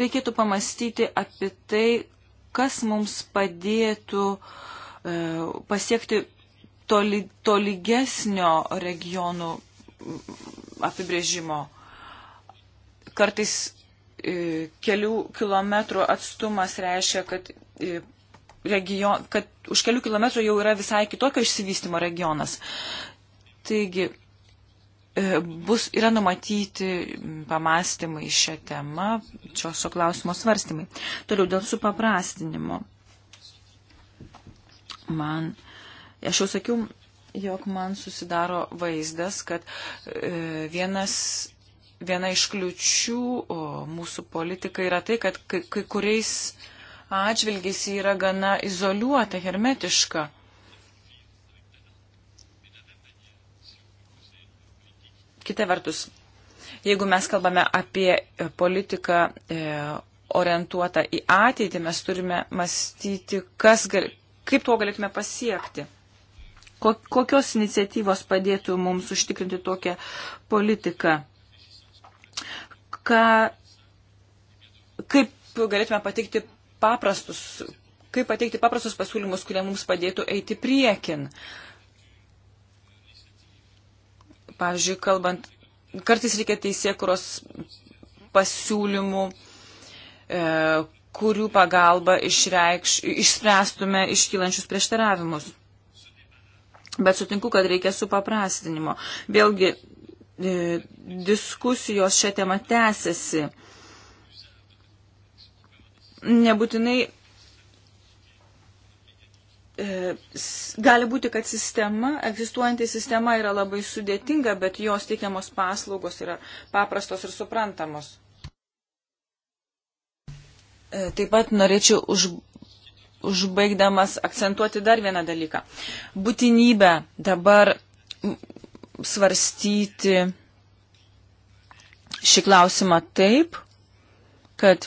S1: Reikėtų pamastyti apie tai, kas mums padėtų e, pasiekti toli, tolygesnio regionų mm, apibrėžimo. Kartais e, kelių kilometrų atstumas reiškia, kad, e, region, kad už kelių kilometrų jau yra visai kitokio išsivystimo regionas. Taigi, e, bus, yra numatyti pamastymai šią temą, šios klausimo svarstymai. Toliau dėl supaprastinimo. Man uh, Aš jau sakiau, jog man susidaro vaizdas, kad e, vienas, viena iš kliučių mūsų politika yra tai, kad kai, kai kuriais atžvilgiais yra gana izoliuota, hermetiška. Kita vertus, jeigu mes kalbame apie e, politiką e, orientuotą į ateitį, mes turime mąstyti, kas gal, kaip tuo galėtume pasiekti. Kokios iniciatyvos padėtų mums užtikrinti tokią politiką? Ką, kaip galėtume patikti paprastus, kaip pateikti paprastus pasiūlymus, kurie mums padėtų eiti priekin? Pavyzdžiui, kalbant, kartais reikia teisėkuros pasiūlymų, e, kurių pagalba išreikš, išspręstume iškylančius prieštaravimus. Bet sutinku, kad reikia supaprastinimo. Vėlgi, e, diskusijos šią temą tęsiasi. Nebūtinai e, gali būti, kad sistema, egzistuojanti sistema yra labai sudėtinga, bet jos teikiamos paslaugos yra paprastos ir suprantamos. E, taip pat norėčiau už, užbaigdamas akcentuoti dar vieną dalyką. Būtinybę dabar svarstyti šį klausimą taip, kad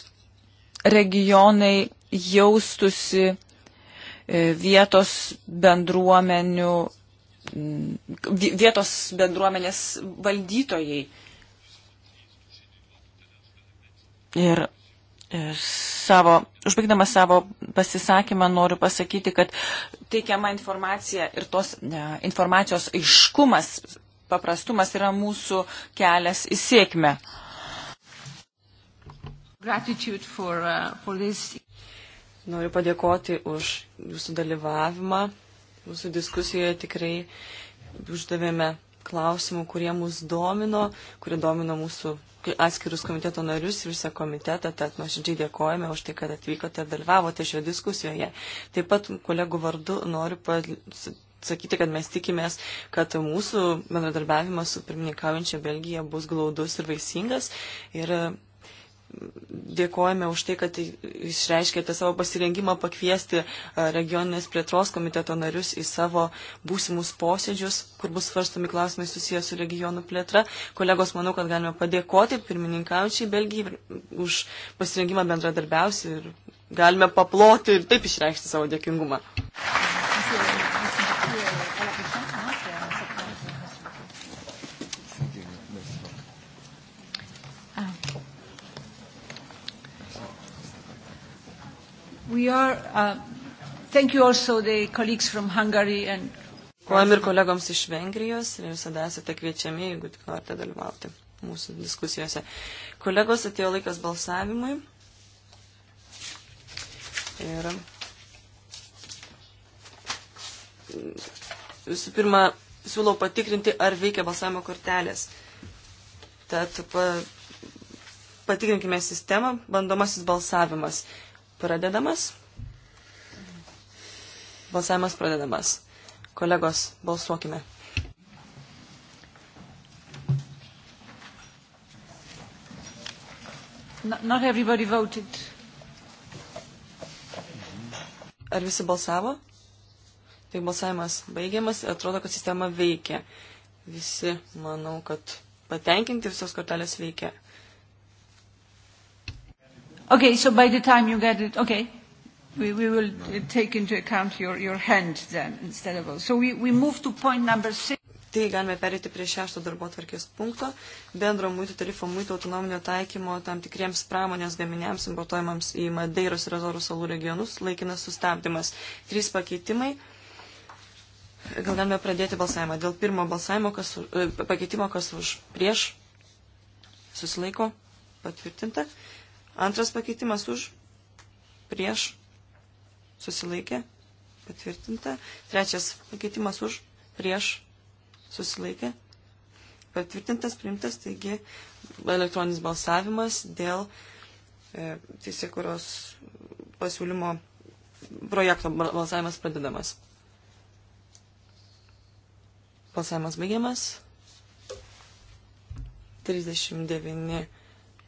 S1: regionai jaustusi e, vietos bendruomenių, vietos bendruomenės valdytojai. Ir E, savo, užbaigdama savo pasisakymą noriu pasakyti, kad teikiama informacija ir tos ne, informacijos aiškumas, paprastumas yra mūsų kelias į sėkmę. For, uh, for this.
S2: Noriu padėkoti už jūsų dalyvavimą. Mūsų diskusijoje tikrai uždavėme klausimų, kurie mus domino, kurie domino mūsų atskirus komiteto narius ir visą komitetą, tad nuoširdžiai dėkojame už tai, kad atvykote ir dalyvavote šioje diskusijoje. Taip pat kolegų vardu noriu sakyti, kad mes tikimės, kad mūsų bendradarbiavimas su pirmininkaujančia Belgija bus glaudus ir vaisingas ir dėkojame už tai, kad išreiškėte savo pasirengimą pakviesti e, regioninės plėtros komiteto narius į savo būsimus posėdžius, kur bus svarstomi klausimai susijęs su regionų plėtra. Kolegos, manau, kad galime padėkoti pirmininkaučiai Belgijai už pasirengimą bendradarbiausi ir galime paploti ir taip išreikšti savo dėkingumą.
S1: Ačiū. We are, uh, thank you also the colleagues from Hungary and Kuom ir
S2: kolegoms iš Vengrijos ir visada esate kviečiami, jeigu tik norite dalyvauti mūsų diskusijose. Kolegos atėjo laikas balsavimui. Ir visų pirma, siūlau patikrinti, ar veikia balsavimo kortelės. Tad pa, patikrinkime sistemą, bandomasis balsavimas pradedamas. Balsavimas pradedamas. Kolegos,
S1: balsuokime. Not everybody voted.
S2: Ar visi balsavo? Tai balsavimas baigiamas ir atrodo, kad sistema veikia. Visi, manau, kad patenkinti visos
S1: kortelės veikia. Okay, so by the time you get it, okay, we, we will take into account your, your hand then instead of... So we,
S2: we move to point number six. Tai galime perėti prie šešto darbo tvarkės punkto - bendro muitų tarifo muitų autonominio taikymo tam tikriems pramonės gaminiams importuojamams į Madeiros ir Azorų salų regionus laikinas sustabdymas. Trys pakeitimai. Gal galime pradėti balsavimą. Dėl pirmo balsavimo, kas, e, pakeitimo, kas už prieš, susilaiko, patvirtinta. Antras pakeitimas už, prieš, susilaikė, patvirtinta. Trečias pakeitimas už, prieš, susilaikė, patvirtintas, priimtas, taigi elektroninis balsavimas dėl e, teisėkuros pasiūlymo projekto balsavimas pradedamas. Balsavimas baigiamas. 39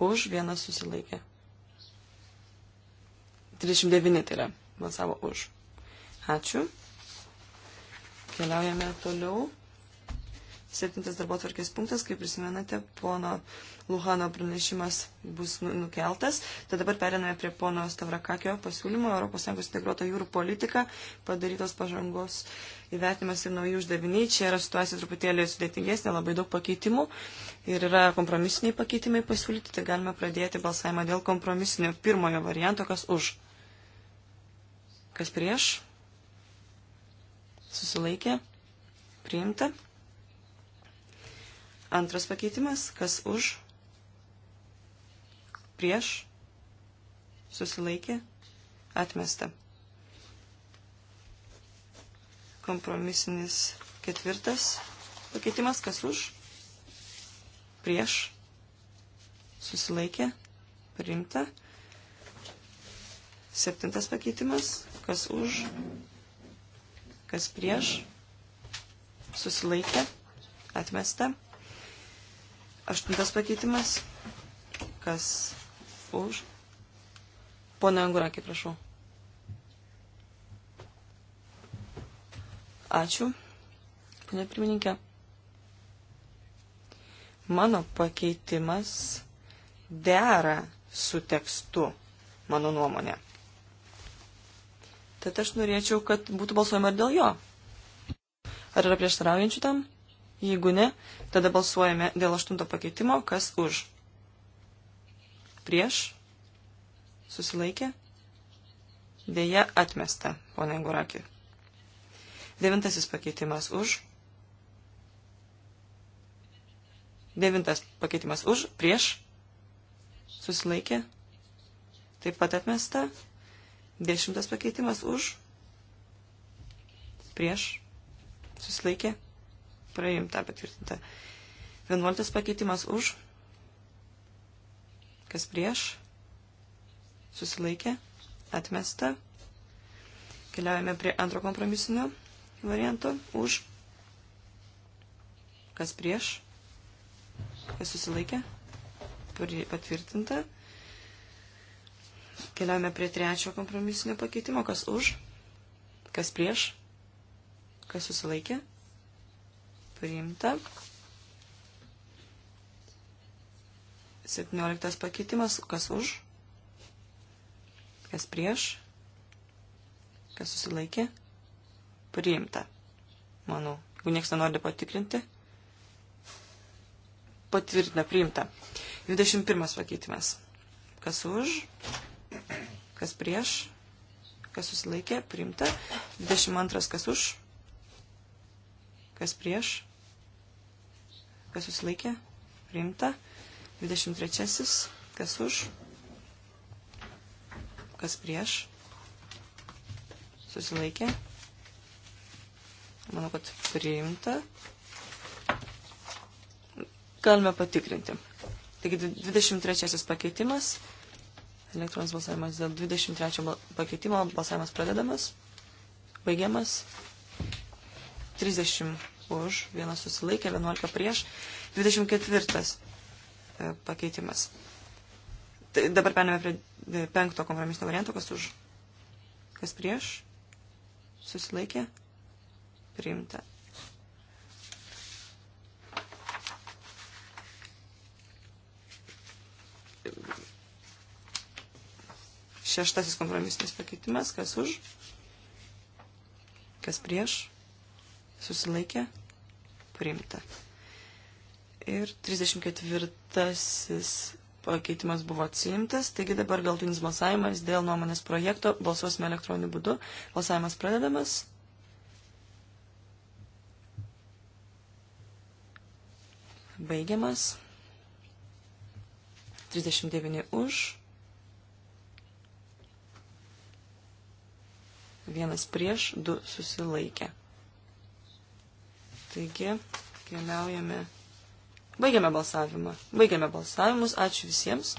S2: už, vienas susilaikė. 39 tai yra balsavo už. Ačiū. Keliaujame toliau. Septintas darbo tvarkės punktas, kaip prisimenate, pono Luhano pranešimas bus nu, nukeltas. Tad dabar periname prie pono Stavrakakio pasiūlymo ES integruoto jūrų politika, padarytos pažangos įvertimas ir naujų uždaviniai. Čia yra situacija truputėlį sudėtingesnė, labai daug pakeitimų ir yra kompromisiniai pakeitimai pasiūlyti, tai galime pradėti balsavimą dėl kompromisinio pirmojo varianto, kas už. Kas prieš? Susilaikė. Priimta. Antras pakeitimas. Kas už? Prieš? Susilaikė. Atmesta. Kompromisinis ketvirtas pakeitimas. Kas už? Prieš? Susilaikė. Priimta. Septintas pakeitimas kas už, kas prieš, susilaikė, atmesta. Aštuntas pakeitimas, kas už. Pone Angurakė, prašau. Ačiū, ponė pirmininkė. Mano pakeitimas dera su tekstu, mano nuomonė. Tad aš norėčiau, kad būtų balsuojama ir dėl jo. Ar yra prieštaraujančių tam? Jeigu ne, tada balsuojame dėl aštunto pakeitimo, kas už. Prieš? Susilaikė? Deja atmesta, ponia Gurakė. Devintasis pakeitimas už. Devintas pakeitimas už, prieš, susilaikė, taip pat atmesta. Dešimtas pakeitimas už, prieš, susilaikė, praimta, patvirtinta. Vienuoltas pakeitimas už, kas prieš, susilaikė, atmesta. Keliaujame prie antro kompromisinio varianto už, kas prieš, kas susilaikė, patvirtinta. Keliaujame prie trečio kompromisinio pakeitimo. Kas už? Kas prieš? Kas susilaikė? Priimta. 17 pakeitimas. Kas už? Kas prieš? Kas susilaikė? Priimta. Manau, jeigu niekas nenori patikrinti, patvirtina, priimta. 21 pakeitimas. Kas už? kas prieš, kas susilaikė, priimta. 22 kas už, kas prieš, kas susilaikė, priimta. 23 kas už, kas prieš, susilaikė. Manau, kad priimta. Galime patikrinti. Taigi 23 pakeitimas. Elektroninis balsavimas dėl 23 pakeitimo. Balsavimas pradedamas. Baigiamas. 30 už, vienas susilaikė, 11 prieš. 24 e, pakeitimas. Tai dabar perėmėme prie e, penkto kompromisinio varianto, kas už, kas prieš, susilaikė, priimta. Šeštasis kompromisinis pakeitimas, kas už, kas prieš, susilaikė, priimta. Ir 34 pakeitimas buvo atsiimtas, taigi dabar galtinis balsavimas dėl nuomonės projekto, balsuosime elektroniniu būdu, balsavimas pradedamas. Baigiamas. 39 už, vienas prieš, du susilaikę. Taigi, keliaujame. Baigiame balsavimą. Baigiame balsavimus. Ačiū visiems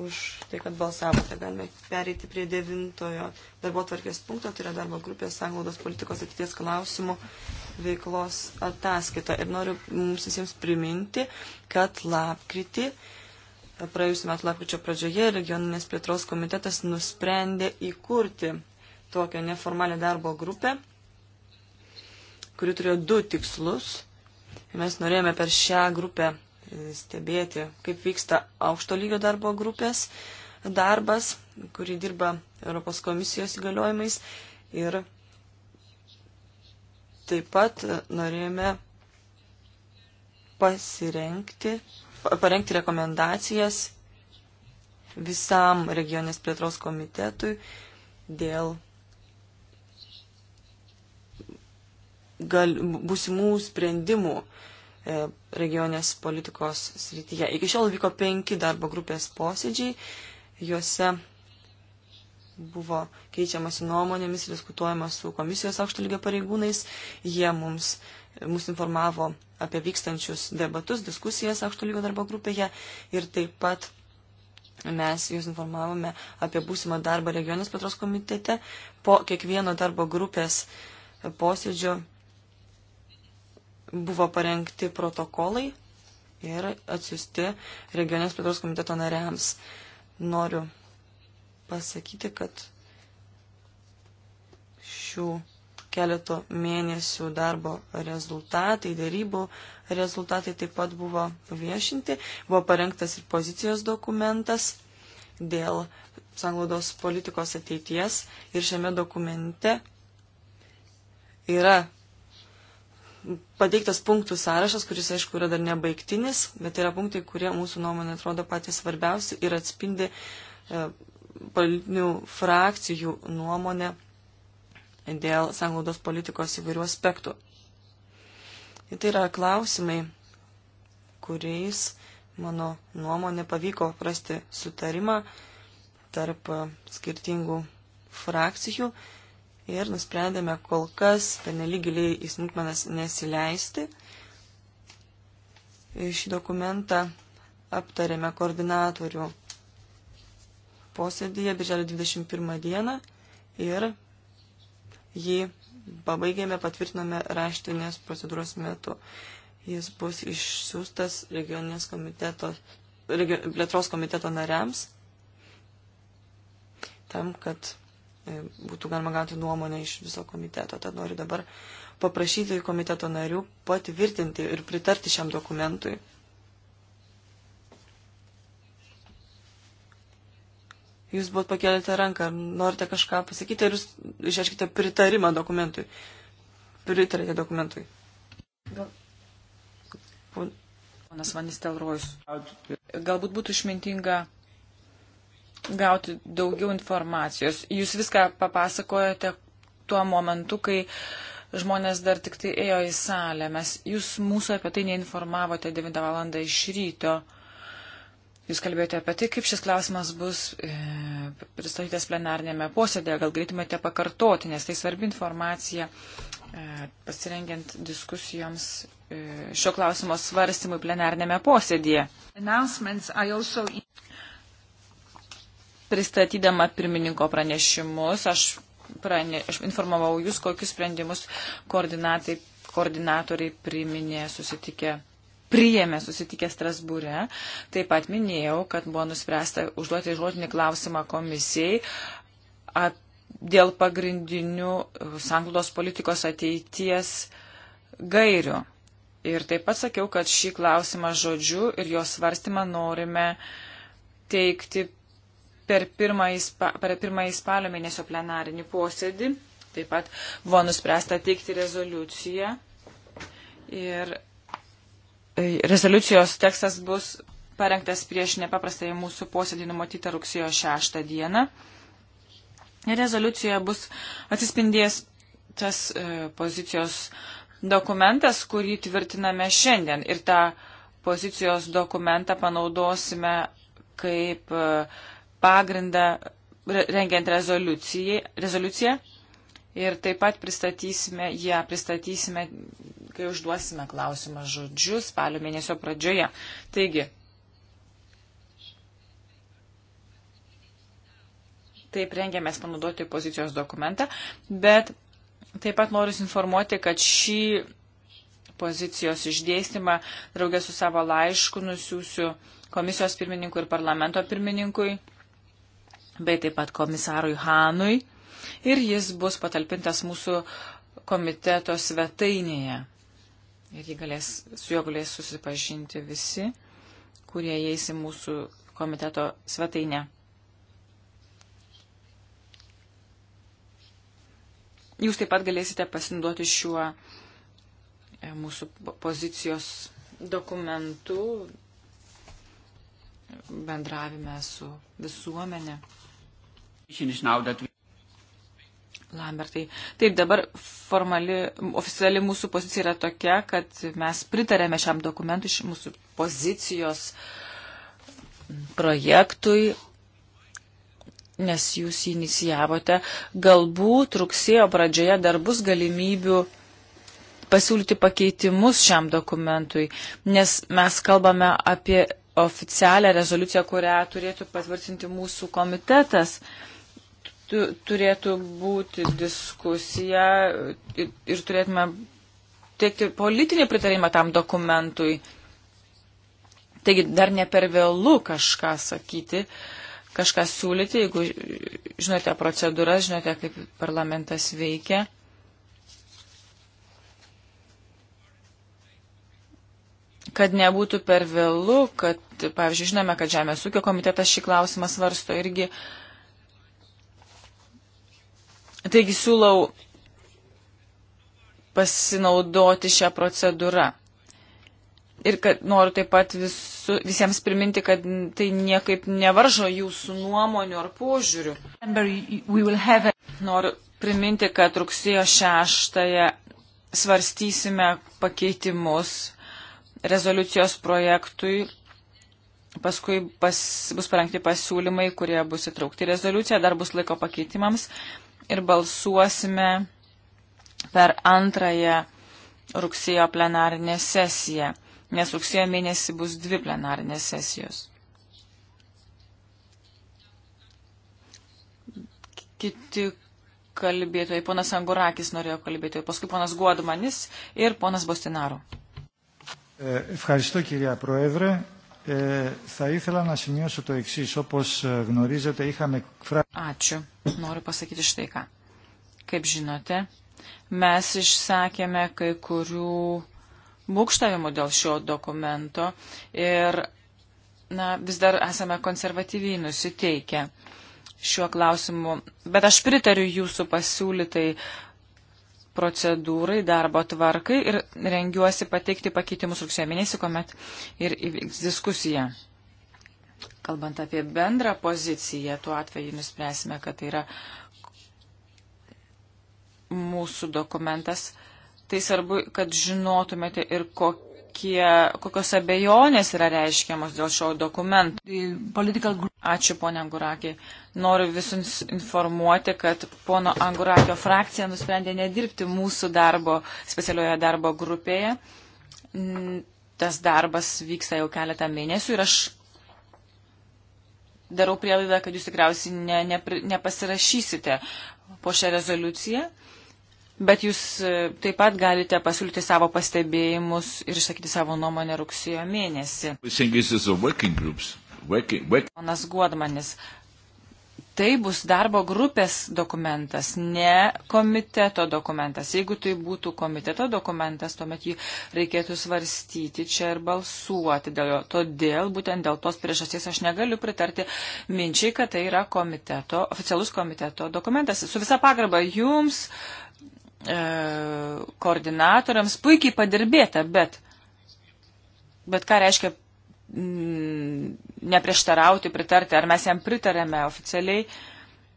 S2: už tai, kad balsavote. Galime pereiti prie devintojo darbo tvarkės punkto, tai yra darbo grupės sanglaudos politikos ateities klausimų veiklos ataskaita. Ir noriu mums visiems priminti, kad lapkritį praėjusiu metu lapkričio pradžioje regioninės plėtros komitetas nusprendė įkurti tokią neformalią darbo grupę, kuri turėjo du tikslus. Mes norėjome per šią grupę e, stebėti, kaip vyksta aukšto lygio darbo grupės darbas, kuri dirba Europos komisijos įgaliojimais. Ir taip pat norėjome pasirenkti parengti rekomendacijas visam regionės plėtros komitetui dėl gal, būsimų sprendimų e, regionės politikos srityje. Iki šiol vyko penki darbo grupės posėdžiai, juose buvo keičiamasi nuomonėmis, diskutuojama su komisijos aukšto lygio pareigūnais, jie mums e, mus informavo apie vykstančius debatus, diskusijas aukšto lygio darbo grupėje ir taip pat mes jūs informavome apie būsimą darbą regionės plėtros komitete. Po kiekvieno darbo grupės posėdžio buvo parengti protokolai ir atsiusti regionės plėtros komiteto nariams. Noriu pasakyti, kad šių keleto mėnesių darbo rezultatai, darybų rezultatai taip pat buvo viešinti. Buvo parengtas ir pozicijos dokumentas dėl sanglaudos politikos ateities ir šiame dokumente yra pateiktas punktų sąrašas, kuris aišku yra dar nebaigtinis, bet yra punktai, kurie mūsų nuomonė atrodo patys svarbiausi ir atspindi e, politinių frakcijų nuomonę dėl sanglaudos politikos įvairių aspektų. Ir tai yra klausimai, kuriais, mano nuomonė, pavyko rasti sutarimą tarp skirtingų frakcijų ir nusprendėme kol kas penelygiliai į smulkmenas nesileisti. Šį dokumentą aptarėme koordinatorių posėdėje birželio 21 dieną ir jį pabaigėme, patvirtinome raštinės procedūros metu. Jis bus išsiųstas regioninės komiteto, regio, plėtros komiteto nariams, tam, kad e, būtų galima gauti nuomonę iš viso komiteto. Tad noriu dabar paprašyti komiteto narių patvirtinti ir pritarti šiam dokumentui. Jūs buvot pakelėte ranką, ar norite kažką pasakyti, ar jūs išreiškite pritarimą dokumentui. Pritarėte dokumentui.
S1: Gal... Ponas Vanis Telrojus. Galbūt būtų išmintinga gauti daugiau informacijos. Jūs viską papasakojate tuo momentu, kai žmonės dar tik tai ėjo į salę. Mes, jūs mūsų apie tai neinformavote 9 val. iš ryto. Jūs kalbėjote apie tai, kaip šis klausimas bus e, pristatytas plenarnėme posėdėje. Gal galėtumėte pakartoti, nes tai svarbi informacija e, pasirengiant diskusijoms e, šio klausimo svarstymui plenarnėme posėdėje. Also... Pristatydama pirmininko pranešimus, aš, prane, aš informavau jūs, kokius sprendimus koordinatoriai priminė susitikę priėmė susitikę Strasbūre. Taip pat minėjau, kad buvo nuspręsta užduoti žodinį klausimą komisijai dėl pagrindinių uh, sanglaudos politikos ateities gairių. Ir taip pat sakiau, kad šį klausimą žodžiu ir jo svarstymą norime teikti per pirmąjį, spa, per pirmąjį spalio mėnesio plenarinį posėdį. Taip pat buvo nuspręsta teikti rezoliuciją ir E, rezoliucijos tekstas bus parengtas prieš nepaprastai mūsų posėdį numatytą rugsėjo 6 dieną. Rezoliucijoje bus atsispindės tas e, pozicijos dokumentas, kurį tvirtiname šiandien. Ir tą pozicijos dokumentą panaudosime kaip e, pagrindą rengiant rezoliuciją. Ir taip pat pristatysime ją, pristatysime kai užduosime klausimą žodžiu spalio mėnesio pradžioje. Taigi, taip rengiamės panaudoti pozicijos dokumentą, bet taip pat noriu informuoti, kad šį pozicijos išdėstymą draugė su savo laišku nusiųsiu komisijos pirmininkui ir parlamento pirmininkui, bei taip pat komisarui Hanui ir jis bus patalpintas mūsų komiteto svetainėje ir galės, su juo galės susipažinti visi, kurie eis į mūsų komiteto svetainę. Jūs taip pat galėsite pasinduoti šiuo e, mūsų pozicijos dokumentu bendravime su visuomenė. Lambertai. Taip, dabar formali, oficiali mūsų pozicija yra tokia, kad mes pritarėme šiam dokumentui, iš mūsų pozicijos projektui, nes jūs jį inicijavote. Galbūt rugsėjo pradžioje dar bus galimybių pasiūlyti pakeitimus šiam dokumentui, nes mes kalbame apie oficialią rezoliuciją, kurią turėtų patvirtinti mūsų komitetas. Uh, tu, turėtų būti diskusija ir, ir turėtume teikti politinį pritarimą tam dokumentui. Taigi dar ne per vėlų kažką sakyti, kažką siūlyti, jeigu žinote procedūras, žinote, kaip parlamentas veikia. Kad nebūtų per vėlų, kad, pavyzdžiui, žinome, kad Žemės ūkio komitetas šį klausimą svarsto irgi uh, Taigi siūlau pasinaudoti šią procedūrą. Ir kad noriu taip pat visu, visiems priminti, kad tai niekaip nevaržo jūsų nuomonių ar požiūrių. Noriu priminti, kad rugsėjo 6 svarstysime pakeitimus rezoliucijos projektui. Paskui pas, bus parengti pasiūlymai, kurie bus įtraukti į rezoliuciją, dar bus laiko pakeitimams ir balsuosime per antrąją rugsėjo plenarinę sesiją, nes rugsėjo mėnesį bus dvi plenarinės sesijos. Kiti kalbėtojai, ponas Angurakis norėjo kalbėti, paskui ponas Guodmanis ir ponas Bostinaru.
S3: Ευχαριστώ κυρία Πρόεδρε. Ε, θα ήθελα να σημειώσω το εξή. Όπω γνωρίζετε, είχαμε εκφράσει. Ačiū.
S1: Noriu pasakyti štai ką. Kaip žinote, mes išsakėme kai kurių būkštavimų dėl šio dokumento ir na, vis dar esame konservatyviai nusiteikę šiuo klausimu. Bet aš pritariu jūsų pasiūlytai uh, procedūrai, darbo tvarkai ir rengiuosi pateikti pakeitimus rugsėjo mėnesį, kuomet ir įvyks diskusija. Kalbant apie bendrą poziciją, tuo atveju nuspręsime, kad tai yra mūsų dokumentas. Tai svarbu, kad žinotumėte ir kokie kokie, kokios abejonės yra reiškiamos dėl šio dokumento. Ačiū, ponia Angurakė. Noriu visus informuoti, kad pono Angurakio frakcija nusprendė nedirbti mūsų darbo, specialioje darbo grupėje. Tas darbas vyksta jau keletą mėnesių ir aš darau prielaidą, kad jūs tikriausiai ne, ne, nepasirašysite po šią rezoliuciją. Bet jūs e, taip pat galite pasiūlyti savo pastebėjimus ir išsakyti savo nuomonę rugsėjo mėnesį. Ponas Guodmanis, tai bus darbo grupės dokumentas, ne komiteto dokumentas. Jeigu tai būtų komiteto dokumentas, tuomet jį reikėtų svarstyti čia ir balsuoti dėl jo. Todėl, būtent dėl tos priežasties aš negaliu pritarti minčiai, kad tai yra komiteto, oficialus komiteto dokumentas. Su visa pagarba jums, E, koordinatoriams puikiai padirbėta, bet, bet ką reiškia m, mm, neprieštarauti, pritarti, ar mes jam pritarėme oficialiai,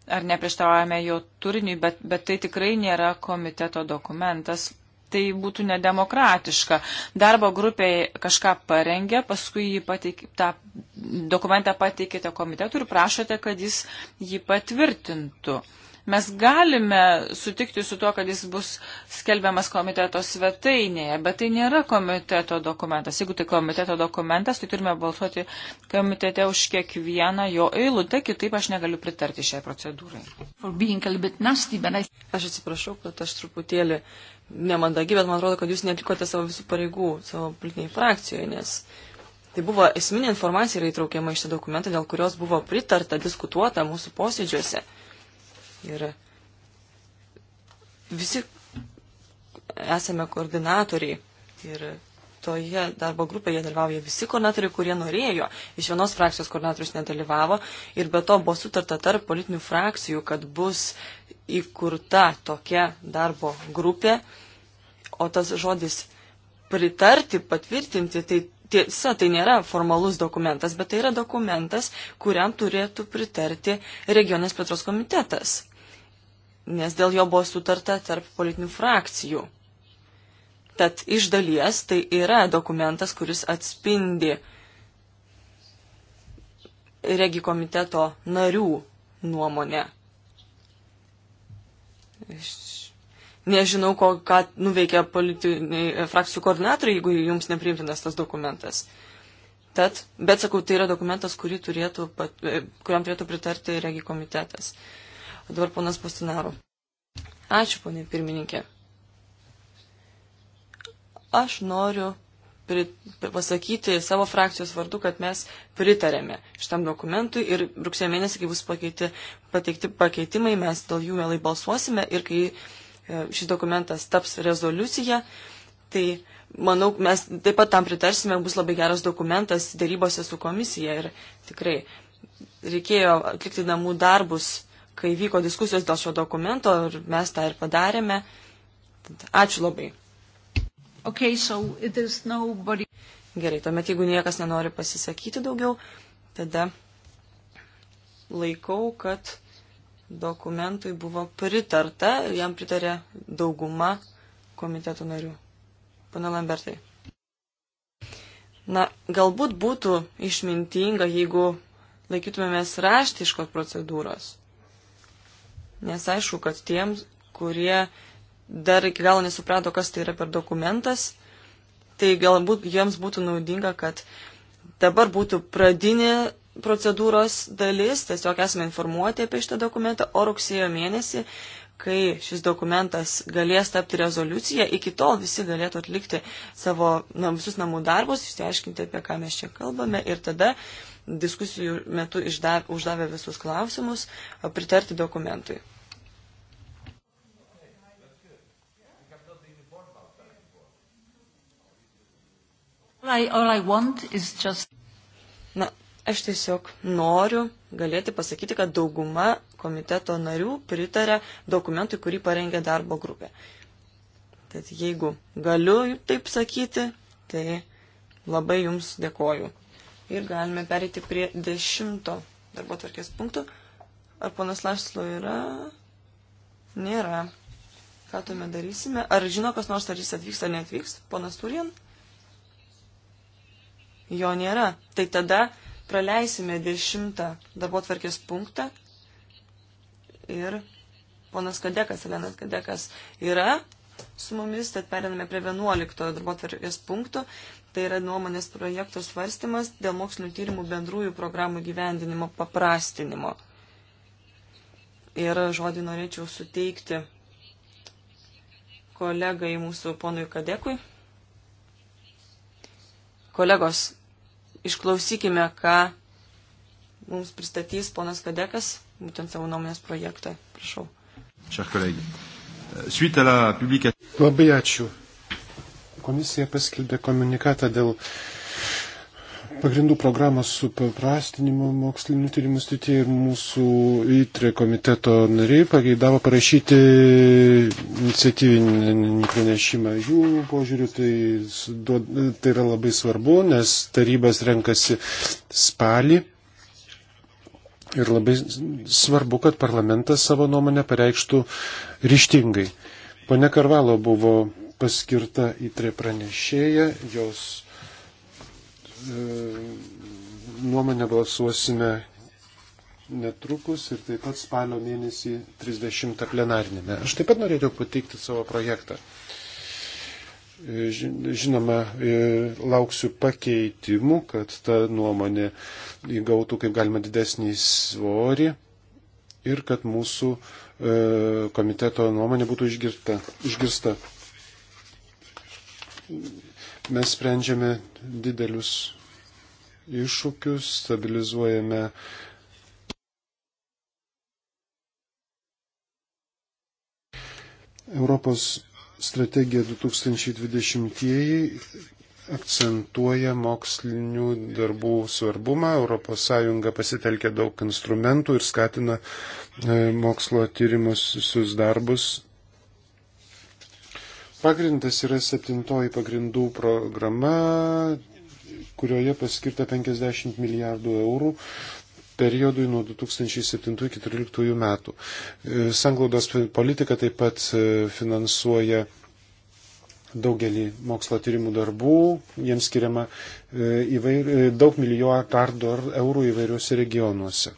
S1: ar neprieštaraujame jo turiniui, bet, bet tai tikrai nėra komiteto dokumentas. Tai būtų nedemokratiška. Darbo grupė kažką parengė, paskui pateik, tą dokumentą pateikėte komitetui ir prašote, kad jis jį patvirtintų. Uh, Mes galime sutikti su tuo, kad jis bus skelbiamas komiteto svetainėje, bet tai nėra komiteto dokumentas. Jeigu tai komiteto dokumentas, tai turime balsuoti komitete už kiekvieną jo eilutę, kitaip aš negaliu pritarti šiai procedūrai. Aš atsiprašau, kad aš truputėlį nemandagi,
S2: bet man atrodo, kad jūs netlikote savo visų pareigų savo politinėje frakcijoje, nes Tai buvo esminė informacija yra įtraukiama iš šį dokumentą, dėl kurios buvo pritarta, diskutuota mūsų posėdžiuose. Ir visi esame koordinatoriai. Ir toje darbo grupėje dalyvauja visi koordinatoriai, kurie norėjo. Iš vienos frakcijos koordinatorius nedalyvavo ir be to buvo sutarta tarp politinių frakcijų, kad bus įkurta tokia darbo grupė, o tas žodis pritarti, patvirtinti, tai tiesa, tai nėra formalus dokumentas, bet tai yra dokumentas, kuriam turėtų pritarti regionės plėtros komitetas nes dėl jo buvo sutarta tarp politinių frakcijų. Tad iš dalies tai yra dokumentas, kuris atspindi regi komiteto narių nuomonę. Nežinau, ko, ką nuveikia politiniai e, frakcijų koordinatoriai, jeigu jums nepriimtinas tas dokumentas. Tad, bet sakau, tai yra dokumentas, turėtų pat, e, kuriam turėtų pritarti regi komitetas. Uh, O dabar ponas Pustinaro. Ačiū, ponė pirmininkė. Aš noriu prit, pasakyti savo frakcijos vardu, kad mes pritarėme šitam dokumentui ir rugsėjo mėnesį, kai bus pakeiti, pateikti pakeitimai, mes dėl jų mielai balsuosime ir kai e, šis dokumentas taps rezoliucija, tai manau, mes taip pat tam pritarsime, bus labai geras dokumentas dėrybose su komisija ir tikrai reikėjo atlikti namų darbus kai vyko diskusijos dėl šio dokumento ir mes tą ir padarėme. Ačiū labai. Okay, so nobody... Gerai, tuomet jeigu niekas nenori pasisakyti daugiau, tada laikau, kad dokumentui buvo pritarta ir jam pritarė dauguma komiteto narių. Pana Lambertai. Na, galbūt būtų išmintinga, jeigu laikytumėmės raštiškos procedūros. Nes aišku, kad tiems, kurie dar iki galo nesuprato, kas tai yra per dokumentas, tai galbūt jiems būtų naudinga, kad dabar būtų pradinė procedūros dalis, tiesiog esame informuoti apie šitą dokumentą, o rugsėjo mėnesį, kai šis dokumentas galės tapti rezoliuciją, iki tol visi galėtų atlikti savo na, visus namų darbus, išsiaiškinti, apie ką mes čia kalbame ir tada diskusijų metu išdav, uždavę visus klausimus, pritarti dokumentui. I, all I want is just... Na, aš tiesiog noriu galėti pasakyti, kad dauguma komiteto narių pritarė dokumentui, kurį parengė darbo grupė. Tad jeigu galiu taip sakyti, tai labai jums dėkoju. Ir galime perėti prie dešimto darbo tvarkės punktų. Ar ponas Lašlo yra? Nėra. Ką tuomet darysime? Ar žino kas nors, ar jis atvyks ar neatvyks? Ponas Turien? jo nėra. Tai tada praleisime dešimtą darbo tvarkės punktą ir ponas Kadekas, Elenas Kadekas yra su mumis, tad periname prie 11 darbo tvarkės punkto. Tai yra nuomonės projektų svarstymas dėl mokslinio tyrimų bendrųjų programų gyvendinimo paprastinimo. Ir žodį norėčiau suteikti kolegai mūsų ponui Kadekui. Kolegos, išklausykime, ką mums pristatys ponas Kadekas, būtent savo nuomonės projektą. Prašau.
S3: Euh, Labai ačiū. Komisija paskelbė komunikatą dėl pagrindų programos supaprastinimo mokslininių tyrimų srityje ir mūsų įtrė e komiteto nariai pageidavo parašyti iniciatyvinį pranešimą. Jų požiūrių tai, tai yra labai svarbu, nes tarybas renkasi spalį. Ir labai svarbu, kad parlamentas savo nuomonę pareikštų ryštingai. Pone Karvalo buvo paskirta įtrė e pranešėja, jos E, nuomonę balsuosime netrukus ir taip pat spalio mėnesį 30 plenarinėme. Aš taip pat norėčiau pateikti savo projektą. E, žinoma, e, lauksiu pakeitimų, kad ta nuomonė įgautų kaip galima didesnį svorį ir kad mūsų komiteto nuomonė būtų išgirta. išgirsta. Mes sprendžiame didelius iššūkius, stabilizuojame Europos strategija 2020-ieji akcentuoja mokslinių darbų svarbumą. ES pasitelkia daug instrumentų ir skatina e, mokslo tyrimus darbus Pagrindas yra septintoji pagrindų programa, kurioje paskirta 50 milijardų eurų periodui nuo 2007-2014 metų. E, sanglaudos politika taip pat e, finansuoja daugelį mokslo tyrimų darbų, jiems skiriama e, įvair, daug milijardų eurų įvairiuose regionuose.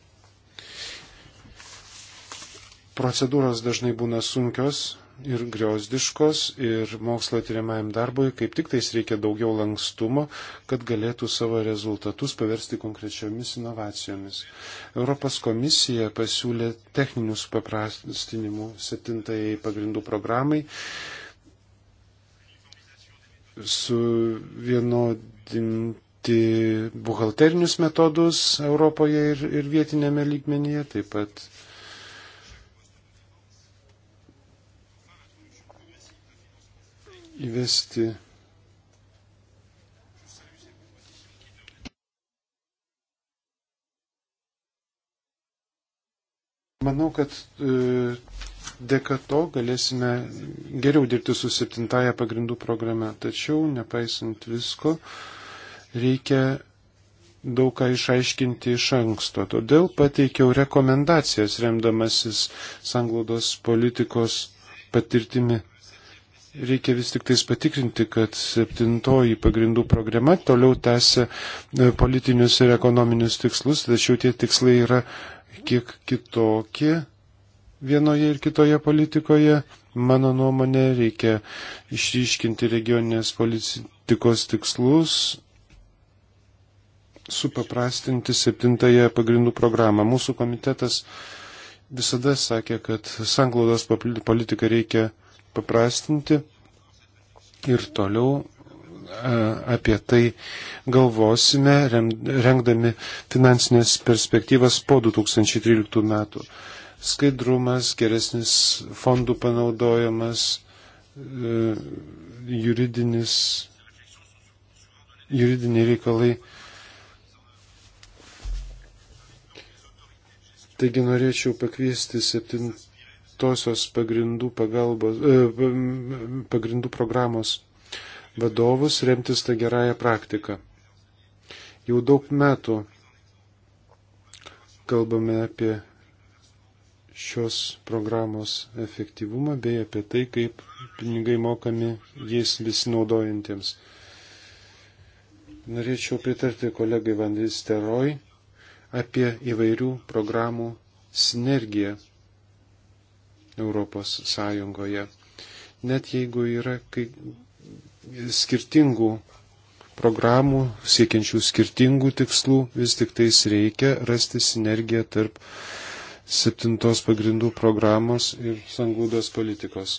S3: Procedūros dažnai būna sunkios, ir griozdiškos ir mokslo tyriamajam darbui kaip tik tais reikia daugiau lankstumo, kad galėtų savo rezultatus paversti konkrečiomis inovacijomis. Europos komisija pasiūlė techninius paprastinimų septintai pagrindų programai su vienodinti buhalterinius metodus Europoje ir, ir vietinėme lygmenyje, taip pat įvesti Manau, kad e, dėka to galėsime geriau dirbti su septintaja pagrindų programa. Tačiau, nepaisant visko, reikia daug ką išaiškinti iš anksto. Todėl pateikiau rekomendacijas remdamasis sanglaudos politikos patirtimi reikia vis tik tais patikrinti, kad septintoji pagrindų programa toliau tęsia e, politinius ir ekonominius tikslus, tačiau tie tikslai yra kiek kitokie vienoje ir kitoje politikoje. Mano nuomonė, reikia išryškinti regioninės politikos tikslus, supaprastinti septintąją pagrindų programą. Mūsų komitetas visada sakė, kad sanglaudos politiką reikia paprastinti ir toliau e, apie tai galvosime, rengdami finansinės perspektyvas po 2013 metų. Skaidrumas, geresnis fondų panaudojimas, e, juridinis, juridiniai reikalai. Taigi norėčiau pakviesti septintą penktosios pagrindų, pagalbos, e, pagrindų programos vadovus remtis tą gerąją praktiką. Jau daug metų kalbame apie šios programos efektyvumą bei apie tai, kaip pinigai mokami jais visi naudojantiems. Norėčiau pritarti kolegai Vandys Teroj apie įvairių programų sinergiją Europos Sąjungoje. Net jeigu yra kai, skirtingų programų, siekiančių skirtingų tikslų, vis tik tais reikia rasti sinergiją tarp septintos pagrindų programos ir sanglūdos politikos.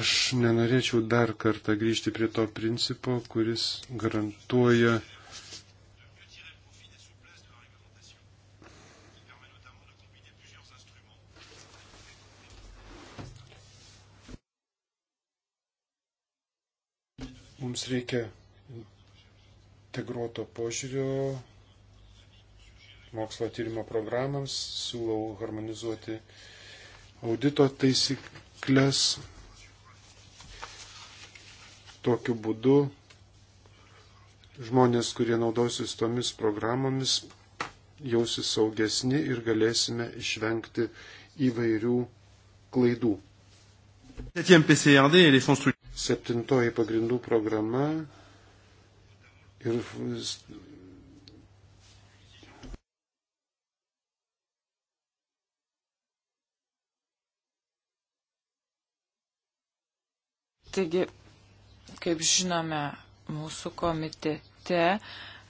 S3: Aš nenorėčiau dar kartą grįžti prie to principo, kuris garantuoja Mums reikia integruoto požiūrio mokslo tyrimo programams, siūlau harmonizuoti audito taisyklės. Tokiu būdu žmonės, kurie naudosis tomis programomis, jausis saugesni ir galėsime išvengti įvairių klaidų septintoji pagrindų programa ir
S1: Taigi, kaip žinome, mūsų komitete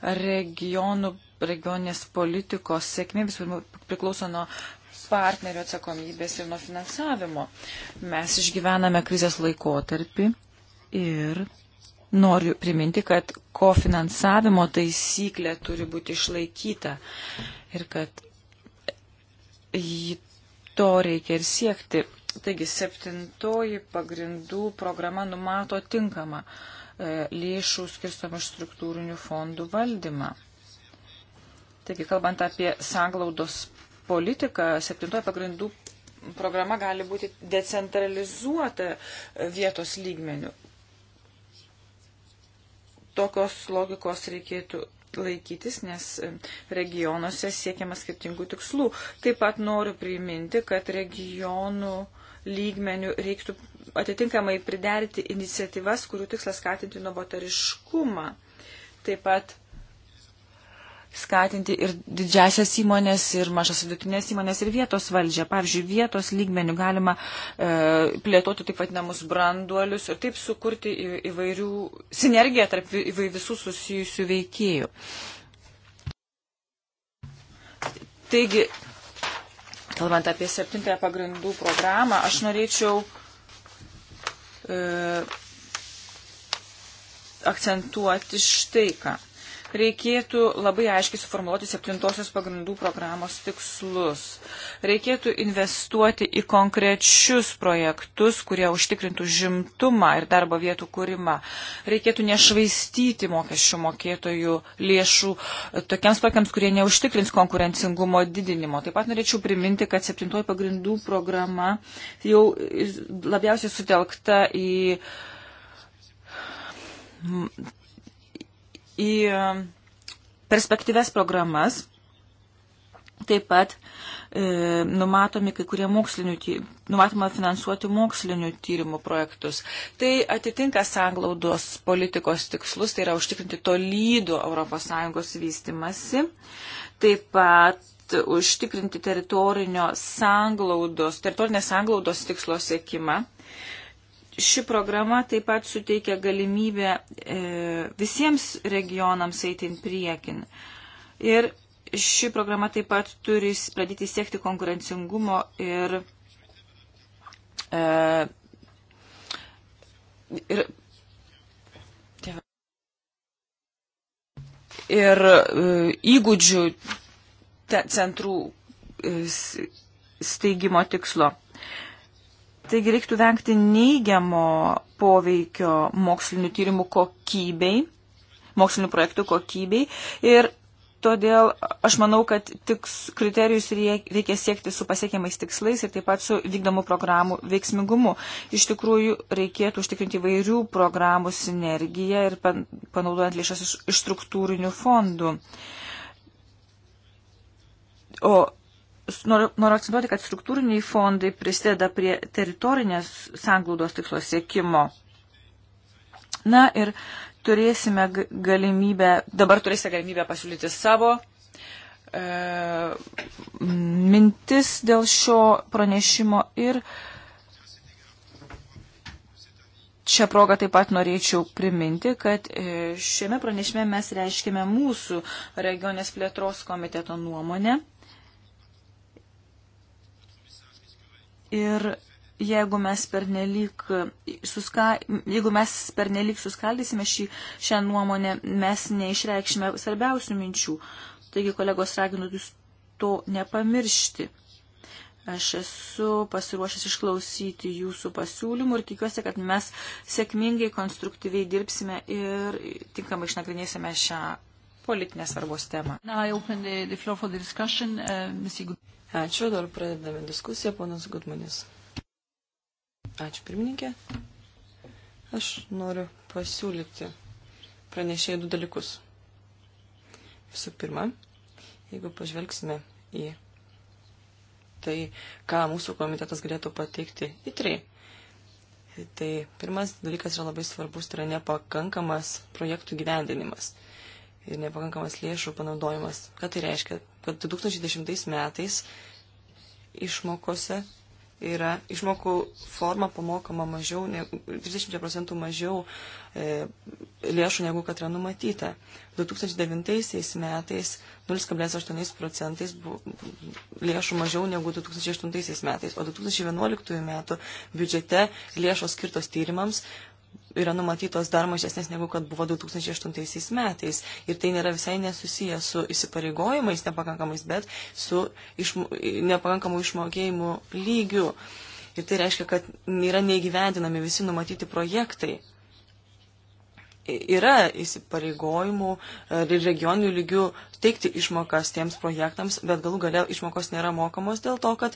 S1: regionų, regioninės politikos sėkmė visų pirma priklauso nuo partnerių atsakomybės ir nuo finansavimo. Mes išgyvename krizės laikotarpį ir noriu priminti, kad kofinansavimo taisyklė turi būti išlaikyta ir kad jį to reikia ir siekti. Taigi septintoji pagrindų programa numato tinkamą e, lėšų skirstamą iš struktūrinių fondų valdymą. Taigi, kalbant apie sanglaudos politika, septintoji pagrindų programa gali būti decentralizuota vietos lygmenių. Tokios logikos reikėtų laikytis, nes regionuose siekiama skirtingų tikslų. Taip pat noriu priminti, kad regionų lygmenių reiktų atitinkamai priderti iniciatyvas, kurių tikslas skatinti novatariškumą. Taip pat skatinti ir didžiasias įmonės, ir mažas vidutinės įmonės, ir vietos valdžią. Pavyzdžiui, vietos lygmenių galima e, plėtoti taip vadinamus branduolius ir taip sukurti į, įvairių sinergiją tarp įvairių visų susijusių veikėjų. Taigi, kalbant apie septintąją pagrindų programą, aš norėčiau e, akcentuoti štai ką reikėtų labai aiškiai suformuoluoti septintosios pagrindų programos tikslus. Reikėtų investuoti į konkrečius projektus, kurie užtikrintų žimtumą ir darbo vietų kūrimą. Reikėtų nešvaistyti mokesčių mokėtojų lėšų e, tokiems projektams, kurie neužtikrins konkurencingumo didinimo. Taip pat norėčiau priminti, kad septintoji pagrindų programa jau labiausiai sutelkta į į e, perspektyves programas. Taip pat e, numatomi kai kurie mokslinių, numatoma finansuoti mokslinių tyrimų projektus. Tai atitinka sanglaudos politikos tikslus, tai yra užtikrinti tolydų ES vystimasi. Taip pat užtikrinti teritorinio sanglaudos, teritorinės sanglaudos tikslo sėkimą ši programa taip pat suteikia galimybę e, visiems regionams eitin priekin. Ir ši programa taip pat turi pradėti siekti konkurencingumo ir, e, ir, ir e, įgūdžių centrų steigimo tikslo. Taigi reiktų vengti neigiamo poveikio mokslinių tyrimų kokybei, mokslinių projektų kokybei ir Todėl aš manau, kad tiks kriterijus reikia siekti su pasiekiamais tikslais ir taip pat su vykdomų programų veiksmingumu. Iš tikrųjų, reikėtų užtikrinti vairių programų sinergiją ir panaudojant lėšas iš, iš struktūrinių fondų. O noriu, noriu akcentuoti, kad struktūriniai fondai prisideda prie teritorinės sanglaudos tikslo siekimo. Na ir turėsime galimybę, dabar turėsite galimybę pasiūlyti savo e, mintis dėl šio pranešimo ir Šią progą taip pat norėčiau priminti, kad e, šiame pranešime mes reiškime mūsų regionės plėtros komiteto nuomonę Ir jeigu mes pernelyg, suska, jeigu mes pernelyg suskaldysime šį, šią nuomonę, mes neišreikšime svarbiausių minčių. Taigi, kolegos, raginu jūs to nepamiršti. Aš esu pasiruošęs išklausyti jūsų pasiūlymų ir tikiuosi, kad mes sėkmingai, konstruktyviai dirbsime ir tinkamai išnagrinėsime šią politinės svarbos temą. Uh, Ačiū, dar pradedame diskusiją, ponas Gudmanis. Ačiū, pirmininkė.
S2: Aš noriu pasiūlyti pranešėjai du dalykus. Visų pirma, jeigu pažvelgsime į tai, ką mūsų komitetas galėtų pateikti į trį. Tai pirmas dalykas yra labai svarbus, tai yra nepakankamas projektų gyvendinimas ir nepakankamas lėšų panaudojimas. Ką tai reiškia? Kad 2010 metais išmokose yra išmokų forma pamokama mažiau, ne, 30 procentų mažiau e, lėšų negu kad yra numatyta. 2009 metais 0,8 procentais lėšų mažiau negu 2008 metais, o 2011 metų biudžete lėšos skirtos tyrimams yra numatytos dar mažesnės negu kad buvo 2008 metais. Ir tai nėra visai nesusiję su įsipareigojimais nepakankamais, bet su išmo, nepakankamu išmokėjimu lygiu. Ir tai reiškia, kad yra neįgyvendinami visi numatyti projektai. Yra įsipareigojimų ir e, regionių lygių teikti išmokas tiems projektams, bet galų gale išmokos nėra mokamos dėl to, kad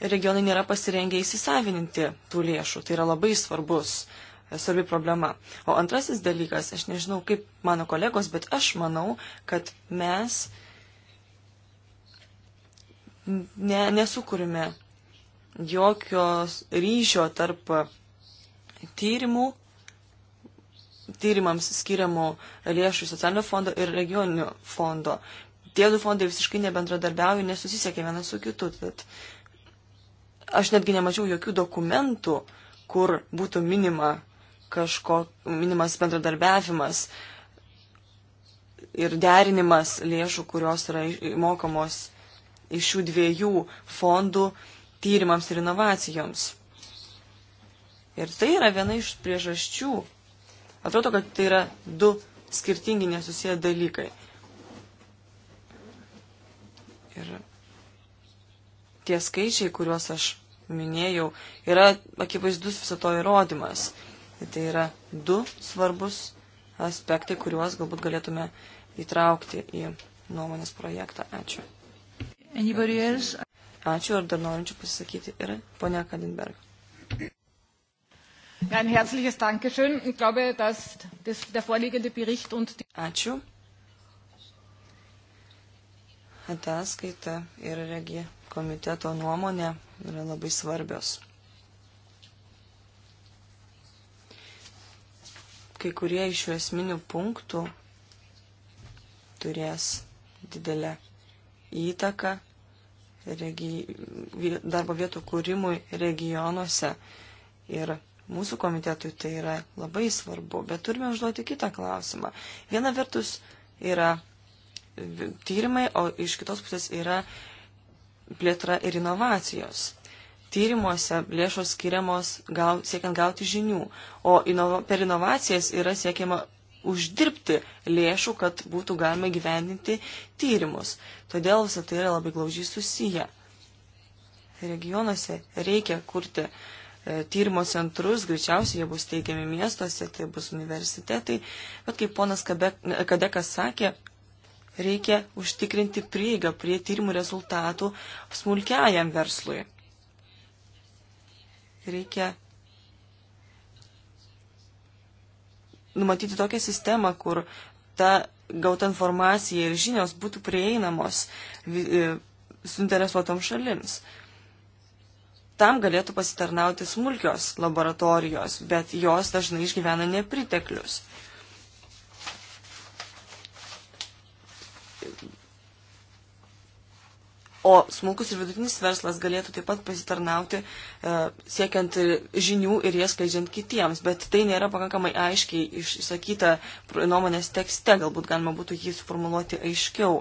S2: regionai nėra pasirengę įsisavininti tų lėšų. Tai yra labai svarbus uh, svarbi problema. O antrasis dalykas, aš nežinau kaip mano kolegos, bet aš manau, kad mes ne, nesukūrime jokios ryšio tarp tyrimų, tyrimams skiriamų lėšų socialinio fondo ir regioninio fondo. Tie du fondai visiškai nebendradarbiauja, nesusisiekia vienas su kitu. Tad aš netgi nemačiau jokių dokumentų, kur būtų minima kažko minimas bendradarbiavimas ir derinimas lėšų, kurios yra mokamos iš šių dviejų fondų tyrimams ir inovacijoms. Ir tai yra viena iš priežasčių. Atrodo, kad tai yra du skirtingi nesusiję dalykai. Ir tie skaičiai, kuriuos aš minėjau, yra akivaizdus viso to įrodymas. Tai, tai yra du svarbus aspektai, kuriuos galbūt galėtume įtraukti į nuomonės projektą. Ačiū. Ačiū, ar dar norinčių pasisakyti yra ponia Kadinberg.
S1: Ein herzliches Dankeschön. Ich glaube, dass das, der vorliegende Bericht und die Ačiū.
S2: Ataskaita ir regi komiteto nuomonė yra labai svarbios. kai kurie iš šių esminių punktų turės didelę įtaką regi... darbo vietų kūrimui regionuose. Ir mūsų komitetui tai yra labai svarbu, bet turime užduoti kitą klausimą. Viena vertus yra tyrimai, o iš kitos pusės yra plėtra ir inovacijos tyrimuose lėšos skiriamos gau, siekiant gauti žinių, o inova, per inovacijas yra siekiama uždirbti lėšų, kad būtų galima gyvendinti tyrimus. Todėl visą tai yra labai glaužiai susiję. Regionuose reikia kurti e, tyrimo centrus, greičiausiai jie bus teikiami miestuose, tai bus universitetai, bet kaip ponas Kadekas sakė, reikia užtikrinti prieigą prie tyrimų rezultatų smulkiajam verslui. Reikia numatyti tokią sistemą, kur ta gauta informacija ir žinios būtų prieinamos e, suinteresuotoms šalims. Tam galėtų pasitarnauti smulkios laboratorijos, bet jos dažnai išgyvena nepriteklius. o smulkus ir vidutinis verslas galėtų taip pat pasitarnauti e, siekiant žinių ir jas skleidžiant kitiems, bet tai nėra pakankamai aiškiai išsakyta nuomonės tekste, galbūt galima būtų jį suformuoluoti aiškiau.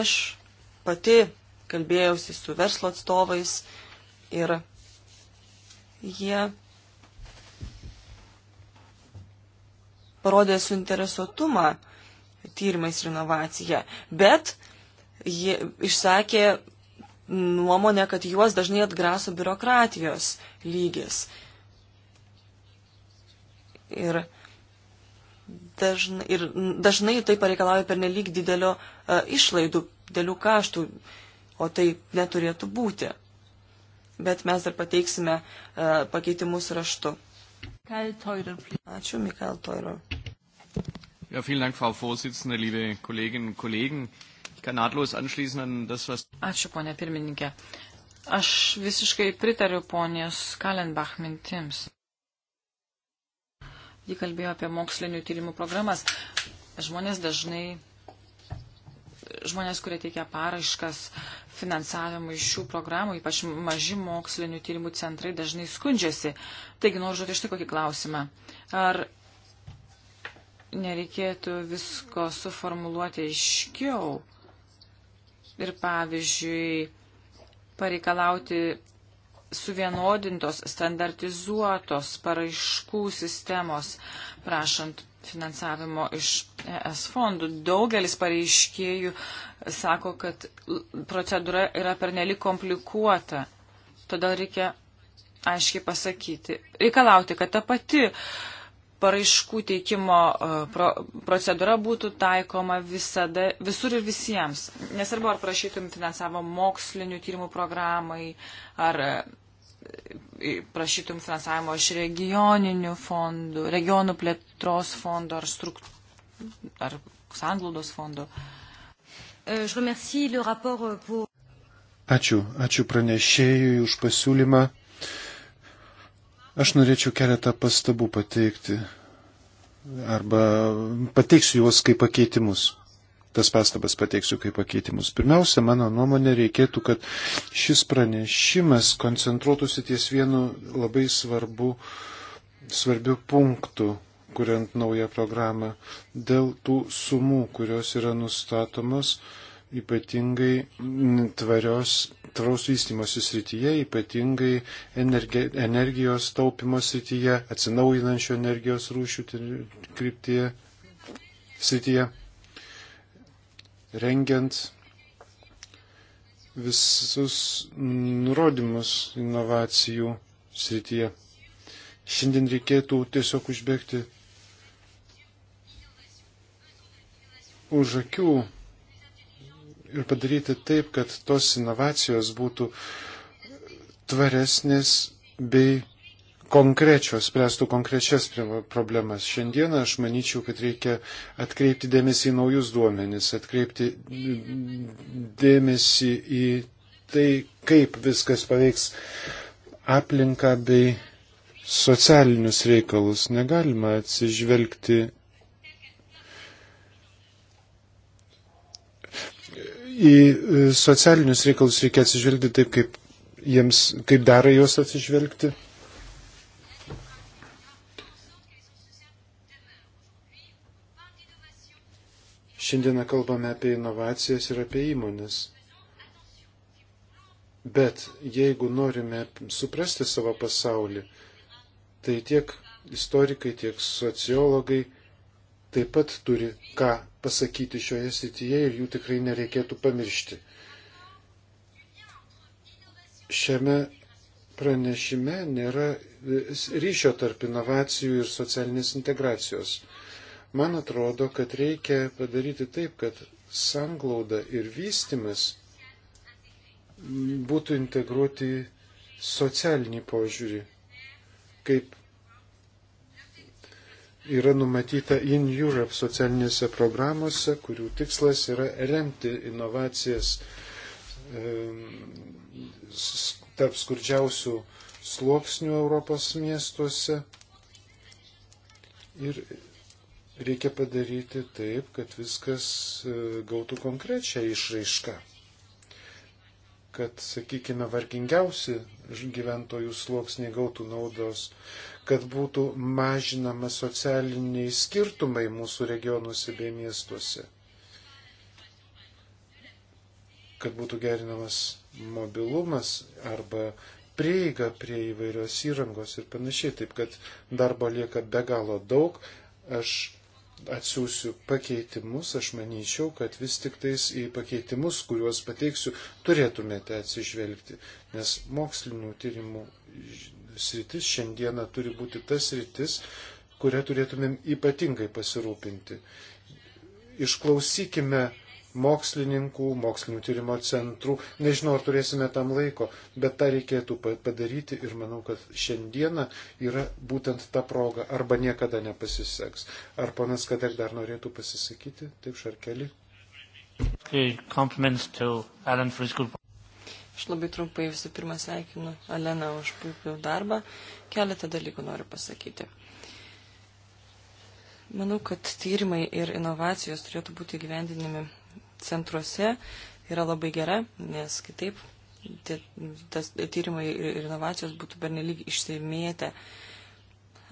S2: Aš pati kalbėjausi su verslo atstovais ir jie parodė suinteresuotumą tyrimais ir inovacija. Bet ji išsakė nuomonę, kad juos dažnai atgraso biurokratijos lygis. Ir dažnai, ir dažnai tai pareikalauja per nelik didelio uh, išlaidų, dėlių kaštų, o tai neturėtų būti. Bet mes dar pateiksime uh, pakeitimus raštu.
S1: Ačiū, Mikael Toiro. Ja, vielen Dank, Frau Vorsitzende, liebe Kolleginnen und Kollegen. Ich kann nahtlos anschließen an das, was. Ačiū, ponė pirmininkė. Aš visiškai pritariu ponės Kalenbach mintims. Ji kalbėjo apie mokslinių tyrimų programas. Žmonės dažnai, žmonės, kurie teikia paraiškas finansavimui šių programų, ypač maži mokslinių tyrimų centrai, dažnai skundžiasi. Taigi noriu žodžiu štai kokį klausimą. Ar nereikėtų visko suformuluoti aiškiau ir, pavyzdžiui, pareikalauti suvienodintos, standartizuotos paraiškų sistemos, prašant finansavimo iš ES fondų. Daugelis pareiškėjų sako, kad procedūra yra pernelik komplikuota. Todėl reikia aiškiai pasakyti, reikalauti, kad ta pati uh, paraiškų teikimo e, pro, procedūra būtų taikoma visada, visur ir visiems. Nesvarbu, ar prašytum finansavimo mokslinių tyrimų programai, ar e, prašytum finansavimo iš regioninių fondų, regionų plėtros fondo ar, strukt, ar sanglaudos fondo. E, euh,
S3: ačiū, ačiū pranešėjui už pasiūlymą. Aš norėčiau keletą pastabų pateikti arba pateiksiu juos kaip pakeitimus. Tas pastabas pateiksiu kaip pakeitimus. Pirmiausia, mano nuomonė reikėtų, kad šis pranešimas koncentruotųsi ties vienu labai svarbu, svarbiu punktu, kuriant naują programą, dėl tų sumų, kurios yra nustatomos ypatingai tvarios tvaraus vystimosi srityje, ypatingai energi, energijos taupimo srityje, atsinaujinančių energijos rūšių kryptyje srityje, rengiant visus nurodymus inovacijų srityje. Šiandien reikėtų tiesiog užbėgti už akių ir padaryti taip, kad tos inovacijos būtų tvaresnės bei konkrečios, spręstų konkrečias problemas. Šiandieną aš manyčiau, kad reikia atkreipti dėmesį į naujus duomenis, atkreipti dėmesį į tai, kaip viskas paveiks aplinką bei socialinius reikalus. Negalima atsižvelgti į socialinius reikalus reikia atsižvelgti taip, kaip, jiems, kaip dera juos atsižvelgti. Šiandieną kalbame apie inovacijas ir apie įmonės. Bet jeigu norime suprasti savo pasaulį, tai tiek istorikai, tiek sociologai taip pat turi ką pasakyti šioje srityje ir jų tikrai nereikėtų pamiršti. Šiame pranešime nėra ryšio tarp inovacijų ir socialinės integracijos. Man atrodo, kad reikia padaryti taip, kad sanglauda ir vystimas būtų integruoti socialinį požiūrį, kaip yra numatyta In Europe socialinėse programuose, kurių tikslas yra remti inovacijas tarp skurdžiausių sluoksnių Europos miestuose. Ir reikia padaryti taip, kad viskas e, gautų konkrečią išraišką. Kad, sakykime, vargingiausi gyventojų sluoksniai gautų naudos kad būtų mažinama socialiniai skirtumai mūsų regionuose bei miestuose, kad būtų gerinamas mobilumas arba prieiga prie įvairios įrangos ir panašiai. Taip kad darbo lieka be galo daug. Aš atsiųsiu pakeitimus, aš manyčiau, kad vis tik tais į pakeitimus, kuriuos pateiksiu, turėtumėte atsižvelgti, nes mokslinių tyrimų sritis šiandieną turi būti tas sritis, kurią turėtumėm ypatingai pasirūpinti. Išklausykime mokslininkų, mokslinių tyrimo centrų. Nežinau, ar turėsime tam laiko, bet tą reikėtų padaryti ir manau, kad šiandieną yra būtent ta proga. Arba niekada nepasiseks. Ar ponas Kadek dar norėtų pasisakyti? Taip, Šarkeli.
S1: Okay,
S2: Aš labai trumpai visų pirma sveikinu Aleną už puikų darbą. Keletą dalykų noriu pasakyti. Manau, kad tyrimai ir inovacijos turėtų būti gyvendinami centruose. Yra labai gera, nes kitaip tie, tas tyrimai ir inovacijos būtų bernelyg išsimėtę.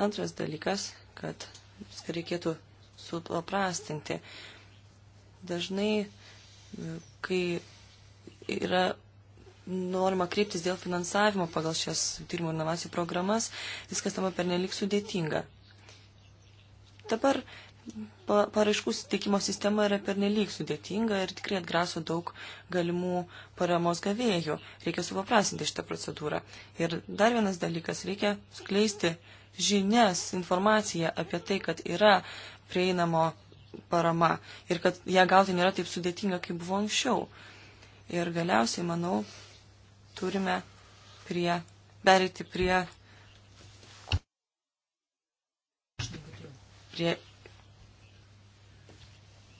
S2: Antras dalykas, kad viską reikėtų supaprastinti. Dažnai, kai yra norima kreiptis dėl finansavimo pagal šias tyrimų inovacijų programas, viskas tama pernelik sudėtinga. Dabar paraiškų suteikimo sistema yra pernelyg sudėtinga ir tikrai atgraso daug galimų paramos gavėjų. Reikia supaprasinti šitą procedūrą. Ir dar vienas dalykas, reikia skleisti žinias, informaciją apie tai, kad yra prieinamo parama ir kad ją gauti nėra taip sudėtinga, kaip buvo anksčiau. Ir galiausiai, manau, turime prie, perėti prie, prie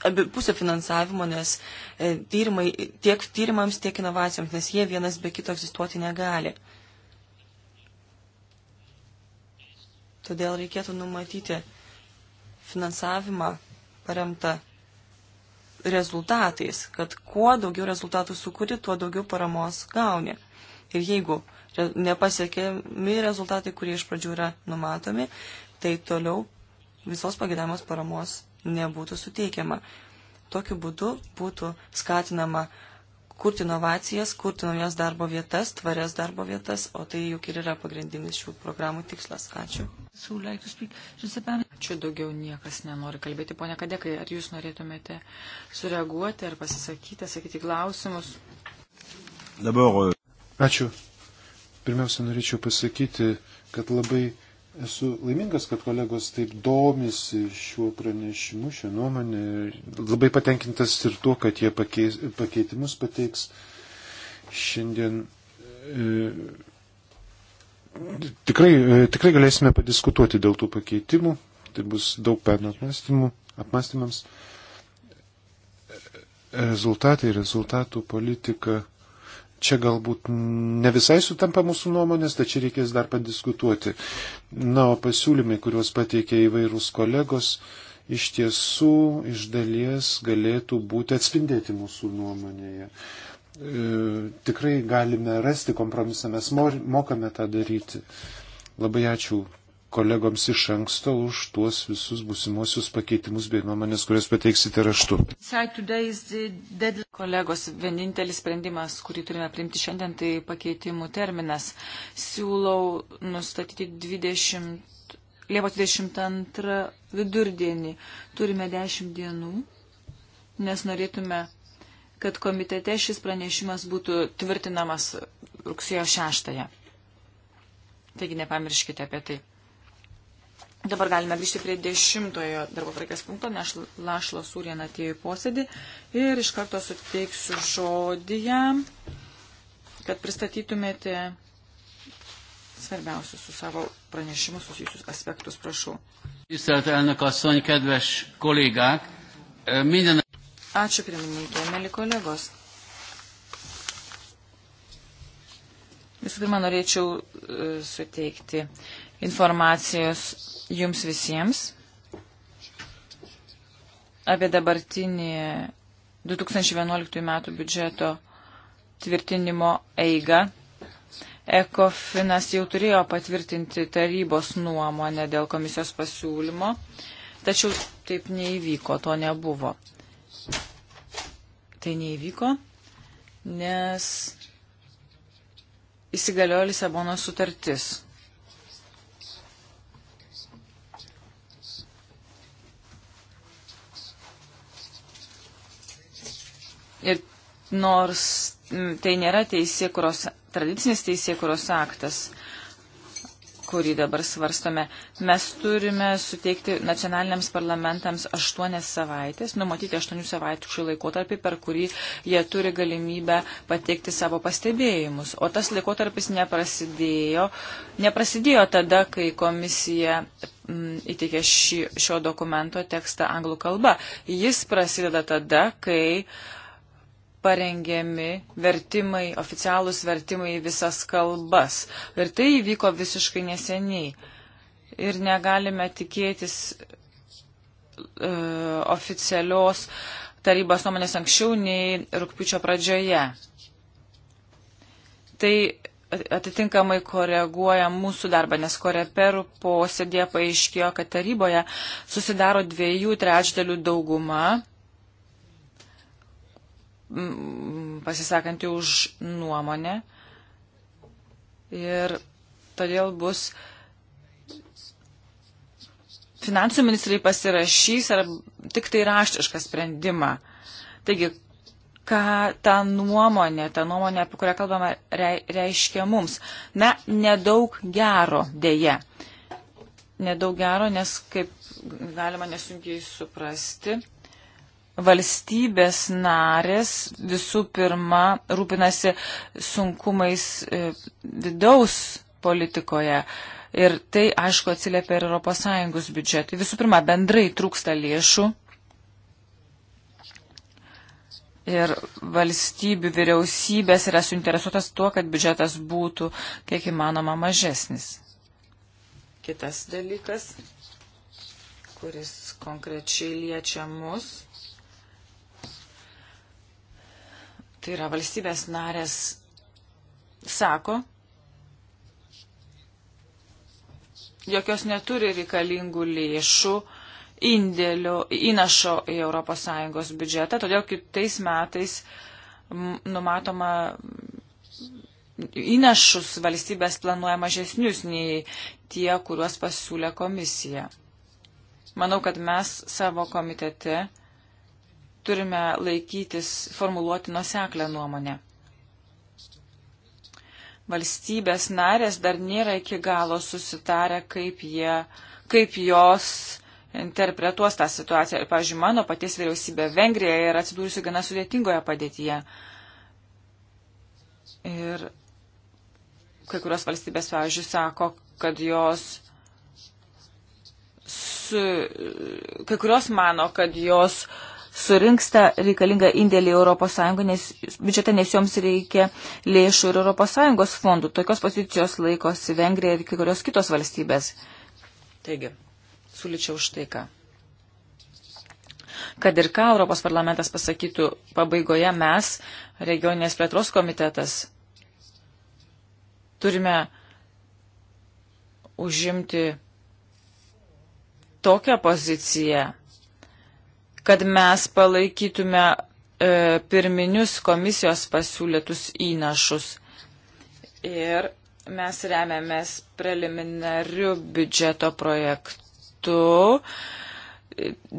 S2: abipusio finansavimo, nes e, tyrimai, tiek tyrimams, tiek inovacijoms, nes jie vienas be kito egzistuoti negali. Todėl reikėtų numatyti finansavimą paremtą rezultatais, kad kuo daugiau rezultatų sukuri, tuo daugiau paramos gauni. Ir jeigu nepasiekiami rezultatai, kurie iš pradžių yra numatomi, tai toliau visos pagėdamos paramos nebūtų suteikiama. Tokiu būdu būtų skatinama kurti inovacijas, kurti naujas darbo vietas, tvarias darbo vietas, o tai juk ir yra pagrindinis šių programų tikslas. Ačiū.
S1: Ačiū daugiau niekas nenori kalbėti. Pone Kadekai, ar jūs norėtumėte sureaguoti ar pasisakyti, sakyti klausimus?
S3: Dabar. E, Ačiū. Pirmiausia, norėčiau pasakyti, kad labai Esu laimingas, kad kolegos taip domisi šiuo pranešimu, šią nuomonę. Labai patenkintas ir tuo, kad jie pakeis, pakeitimus pateiks. Šiandien e, tikrai, e, tikrai galėsime padiskutuoti dėl tų pakeitimų. Tai bus daug peno apmastymams. E, rezultatai, rezultatų politika Čia galbūt ne visai sutampa mūsų nuomonės, tačiau reikės dar padiskutuoti. Na, o pasiūlymai, kuriuos pateikė įvairūs kolegos, iš tiesų iš dalies galėtų būti atspindėti mūsų nuomonėje. E, tikrai galime rasti kompromisą, mes mokame tą daryti. Labai ačiū kolegoms iš anksto už tuos visus busimuosius pakeitimus bei nuomonės, kurias pateiksite raštu.
S1: Kolegos, vienintelis sprendimas, kurį turime priimti šiandien, tai pakeitimų terminas. Siūlau nustatyti 20, Liepos 22 vidurdienį. Turime 10 dienų, nes norėtume, kad komitete šis pranešimas būtų tvirtinamas rugsėjo 6. -ąją. Taigi nepamirškite apie tai. Dabar galime grįžti prie dešimtojo darbo tvarkės punkto, nes Lašlo Sūrien atėjo į posėdį ir iš karto suteiksiu žodį jam, kad pristatytumėte svarbiausius su savo pranešimu susijusius aspektus, prašau.
S3: Tisztelt elnök asszony,
S1: kedves kollégák, minden... Ačiū pirmininkė, mėly kolegos. Visų pirma, norėčiau suteikti informacijos jums visiems apie dabartinį 2011 metų biudžeto tvirtinimo eigą. Ekofinas jau turėjo patvirtinti tarybos nuomonę dėl komisijos pasiūlymo, tačiau taip neįvyko, to nebuvo. Tai neįvyko, nes įsigaliojo Lisabono sutartis. Ir nors tai nėra teisėkuros, tradicinis teisėkuros aktas, kurį dabar svarstome, mes turime suteikti nacionaliniams parlamentams aštuonias savaitės, numatyti aštuonių savaitų šį laikotarpį, per kurį jie turi galimybę pateikti savo pastebėjimus. O tas laikotarpis neprasidėjo, neprasidėjo tada, kai komisija mm, įteikė šį, šio dokumento tekstą anglų kalba. Jis prasideda tada, kai uh, parengiami vertimai, oficialūs vertimai į visas kalbas. Ir tai įvyko visiškai neseniai. Ir negalime tikėtis e, oficialios tarybos nuomonės anksčiau nei rūpiučio pradžioje. Tai atitinkamai koreguoja mūsų darbą, nes koreperų posėdė paaiškėjo, kad taryboje susidaro dviejų trečdalių dauguma pasisakanti už nuomonę ir todėl bus finansų ministrai pasirašys ar tik tai raštišką sprendimą. Taigi, ką ta nuomonė, ta nuomonė, apie kurią kalbama, reiškia mums. Na, nedaug gero dėje. Nedaug gero, nes kaip galima nesunkiai suprasti, valstybės narės visų pirma rūpinasi sunkumais e, vidaus politikoje. Ir tai, aišku, atsiliepia ir ES biudžetui. Visų pirma, bendrai trūksta lėšų. Ir valstybių vyriausybės yra suinteresuotas tuo, kad biudžetas būtų kiek įmanoma mažesnis. Kitas dalykas, kuris konkrečiai liečia mus Tai yra valstybės narės sako, jog jos neturi reikalingų lėšų indėlių, įnašo į ES biudžetą, todėl kitais metais numatoma įnašus valstybės planuoja mažesnius nei tie, kuriuos pasiūlė komisija. Manau, kad mes savo komitete turime laikytis formuluoti nuseklę nuomonę. Valstybės narės dar nėra iki galo susitarę, kaip, jie, kaip jos interpretuos tą situaciją. Ir, pavyzdžiui, mano paties vyriausybė Vengrijoje yra atsidūrusi gana sudėtingoje padėtyje. Ir kai kurios valstybės, pavyzdžiui, sako, kad jos su, kai kurios mano, kad jos uh, surinks tą reikalingą indėlį ES, nes biudžete, nes joms reikia lėšų ir ES fondų. Tokios pozicijos laikosi Vengrija ir kai kurios kitos valstybės. Taigi, suličiau štai ką. Kad ir ką Europos parlamentas pasakytų pabaigoje, mes, regioninės plėtros komitetas, turime užimti tokią poziciją, kad mes palaikytume e, pirminius komisijos pasiūlytus įnašus. Ir mes remiamės preliminariu biudžeto projektu.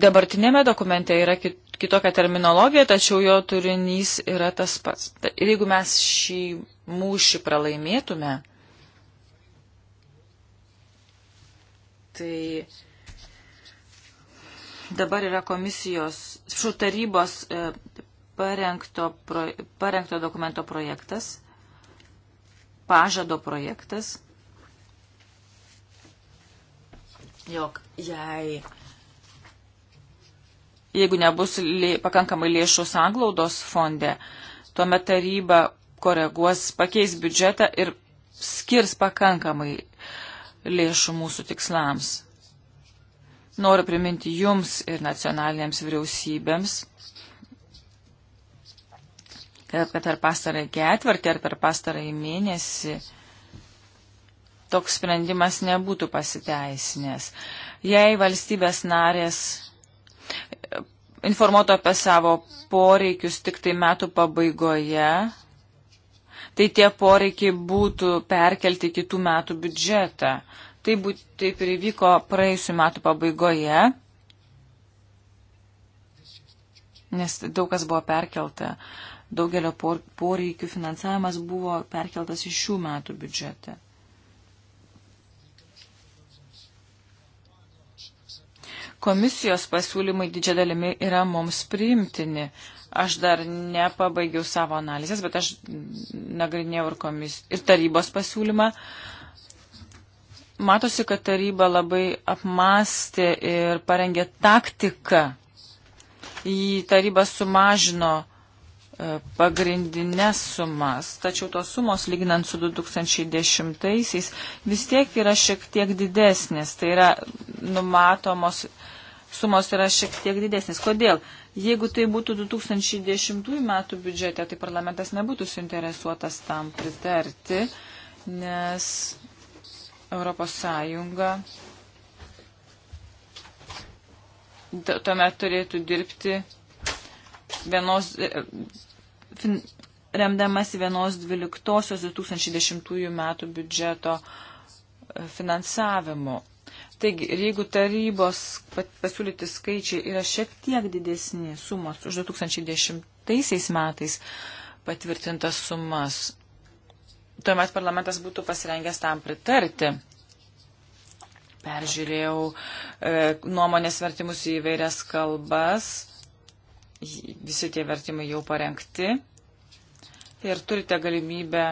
S1: Dabartinėme dokumente yra kitokia terminologija, tačiau jo turinys yra tas pats. Ir jeigu mes šį mūšį pralaimėtume, tai dabar yra komisijos, šių tarybos e, parengto, pro, parengto dokumento projektas, pažado projektas, jog jei jeigu nebus lė, pakankamai lėšų sanglaudos fonde, tuomet taryba koreguos, pakeis biudžetą ir skirs pakankamai lėšų mūsų tikslams. Noriu priminti jums ir nacionalinėms vyriausybėms, kad per pastarąjį ketvirtį ar per pastarąjį mėnesį toks sprendimas nebūtų pasiteisinęs. Jei valstybės narės informuotų apie savo poreikius tik tai metų pabaigoje, tai tie poreikiai būtų perkelti kitų metų biudžetą. Tai būt, taip ir įvyko praėjusiu metu pabaigoje, nes daug kas buvo perkelta. Daugelio poreikių finansavimas buvo perkeltas iš šių metų biudžetą. komisijos pasiūlymai didžia dalimi yra mums priimtini. Aš dar nepabaigiau savo analizės, bet aš nagrinėjau ir, komis, ir tarybos pasiūlymą. Matosi, kad taryba labai apmastė ir parengė taktiką. Į tarybą sumažino e, pagrindinės sumas, tačiau tos sumos, lyginant su 2010-aisiais, vis tiek yra šiek tiek didesnės. Tai yra numatomos sumos yra šiek tiek didesnės. Kodėl? Jeigu tai būtų 2010 metų biudžete, tai parlamentas nebūtų suinteresuotas tam pritarti, nes Europos Sąjunga tuomet turėtų dirbti vienos, e, remdamas vienos 12.2010 metų biudžeto e, finansavimu. Taigi, jeigu tarybos pasiūlyti skaičiai yra šiek tiek didesni sumos už 2010 metais patvirtintas sumas, tuomet parlamentas būtų pasirengęs tam pritarti. Peržiūrėjau e, nuomonės vertimus į vairias kalbas. Visi tie vertimai jau parengti. Ir turite galimybę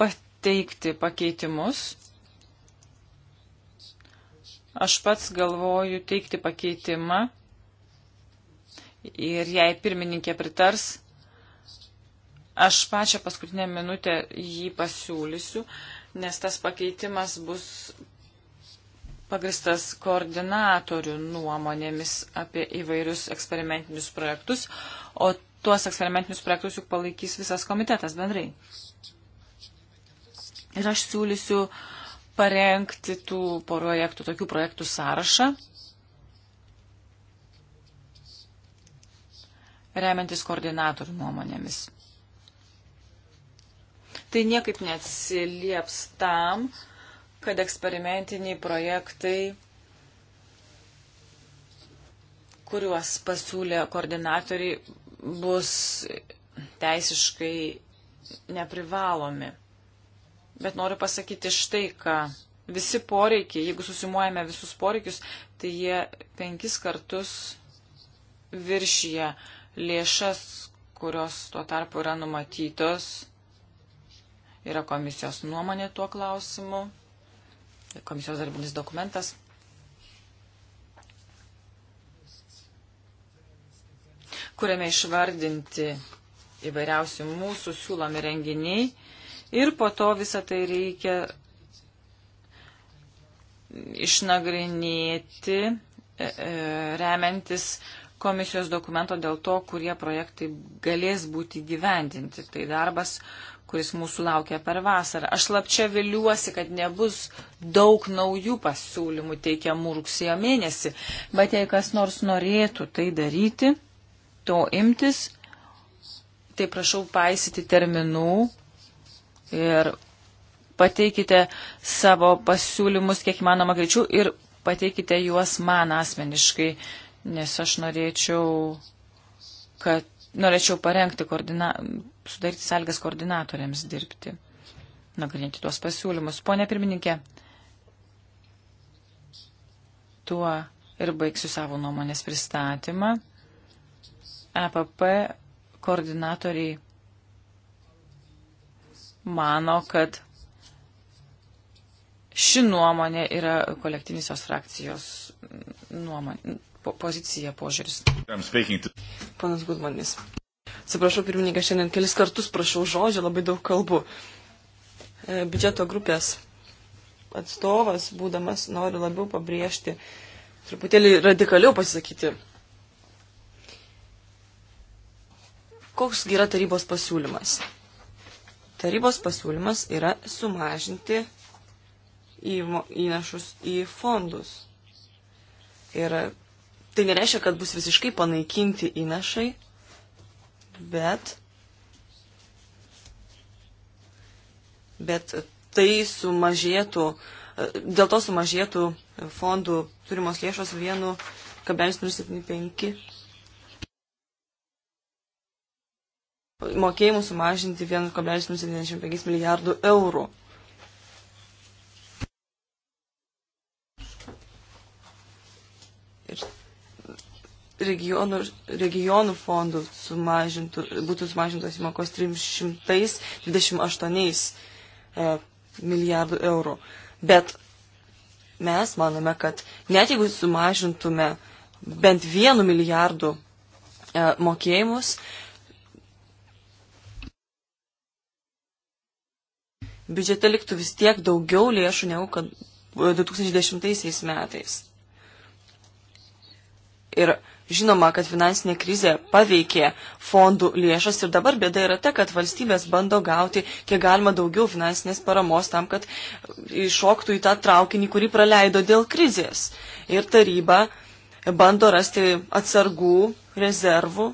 S1: pateikti pakeitimus. Aš pats galvoju teikti pakeitimą. Ir jei pirmininkė pritars, Aš pačią paskutinę minutę jį pasiūlysiu, nes tas pakeitimas bus pagristas koordinatorių nuomonėmis apie įvairius eksperimentinius projektus, o tuos eksperimentinius projektus juk palaikys visas komitetas bendrai. Ir aš siūlysiu parengti tų projektų, tokių projektų sąrašą, remiantis koordinatorių nuomonėmis tai niekaip neatsilieps tam, kad eksperimentiniai projektai, kuriuos pasiūlė koordinatoriai, bus teisiškai neprivalomi. Bet noriu pasakyti štai ką. Visi poreikiai, jeigu susimuojame visus poreikius, tai jie penkis kartus viršyje lėšas, kurios tuo tarpu yra numatytos yra komisijos nuomonė tuo klausimu, komisijos darbinis dokumentas. kuriame išvardinti įvairiausi mūsų siūlomi renginiai ir po to visą tai reikia išnagrinėti, e, e, remiantis komisijos dokumento dėl to, kurie projektai galės būti gyvendinti. Tai darbas, kuris mūsų laukia per vasarą. Aš lapčia viliuosi, kad nebus daug naujų pasiūlymų teikiamų rugsėjo mėnesį, bet jei kas nors norėtų tai daryti, to imtis, tai prašau paisyti terminų ir pateikite savo pasiūlymus kiek įmanoma greičiau ir pateikite juos man asmeniškai, nes aš norėčiau, kad norėčiau parengti, koordina, sudaryti sąlygas koordinatoriams dirbti, nagrinėti tuos pasiūlymus. Pone pirmininkė, tuo ir baigsiu savo nuomonės pristatymą. EPP koordinatoriai mano, kad ši nuomonė yra kolektyvinis jos frakcijos nuomonė po pozicija, požiūris. Panas Gudmanis. Atsiprašau,
S2: pirmininkas, šiandien kelis kartus prašau žodžio, labai daug kalbų. E, biudžeto grupės atstovas, būdamas, noriu labiau pabrėžti, truputėlį radikaliau pasisakyti. Koks yra tarybos pasiūlymas? Tarybos pasiūlymas yra sumažinti įnašus į fondus. Ir Tai nereiškia, kad bus visiškai panaikinti įnašai, bet, bet tai sumažėtų, dėl to sumažėtų fondų turimos lėšos 1,075 mokėjimų sumažinti 1,75 milijardų eurų. regionų, regionų fondų sumažintų, būtų sumažintos įmokos 328 e, milijardų eurų. Bet mes manome, kad net jeigu sumažintume bent vienu milijardu e, mokėjimus, biudžete liktų vis tiek daugiau lėšų negu kad 2010 e, metais. Ir Žinoma, kad finansinė krizė paveikė fondų lėšas ir dabar bėda yra ta, kad valstybės bando gauti kiek galima daugiau finansinės paramos tam, kad iššoktų į tą traukinį, kurį praleido dėl krizės. Ir taryba bando rasti atsargų, rezervų.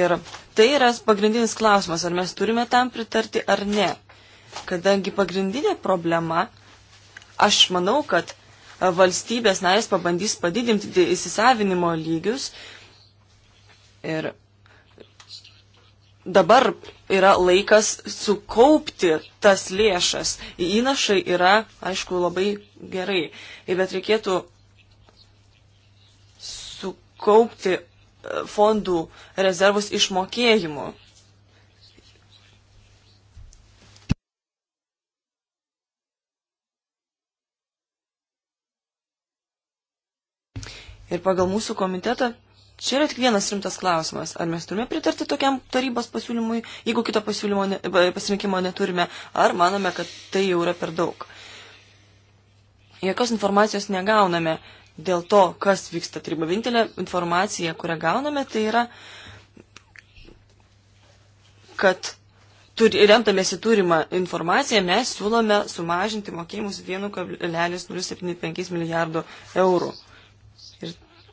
S2: Ir tai yra pagrindinis klausimas, ar mes turime tam pritarti ar ne. Kadangi pagrindinė problema, aš manau, kad valstybės narės pabandys padidinti įsisavinimo lygius. Ir dabar yra laikas sukaupti tas lėšas. Įnašai yra, aišku, labai gerai, bet reikėtų sukaupti e, fondų rezervus išmokėjimų. Ir pagal mūsų komitetą čia yra tik vienas rimtas klausimas. Ar mes turime pritarti tokiam tarybos pasiūlymui, jeigu kito ne, e, pasirinkimo neturime, ar manome, kad tai jau yra per daug. Jokios informacijos negauname dėl to, kas vyksta taryba. Vintelė informacija, kurią gauname, tai yra, kad turi, remtamėsi turimą informaciją, mes siūlome sumažinti mokėjimus 1,075 milijardo eurų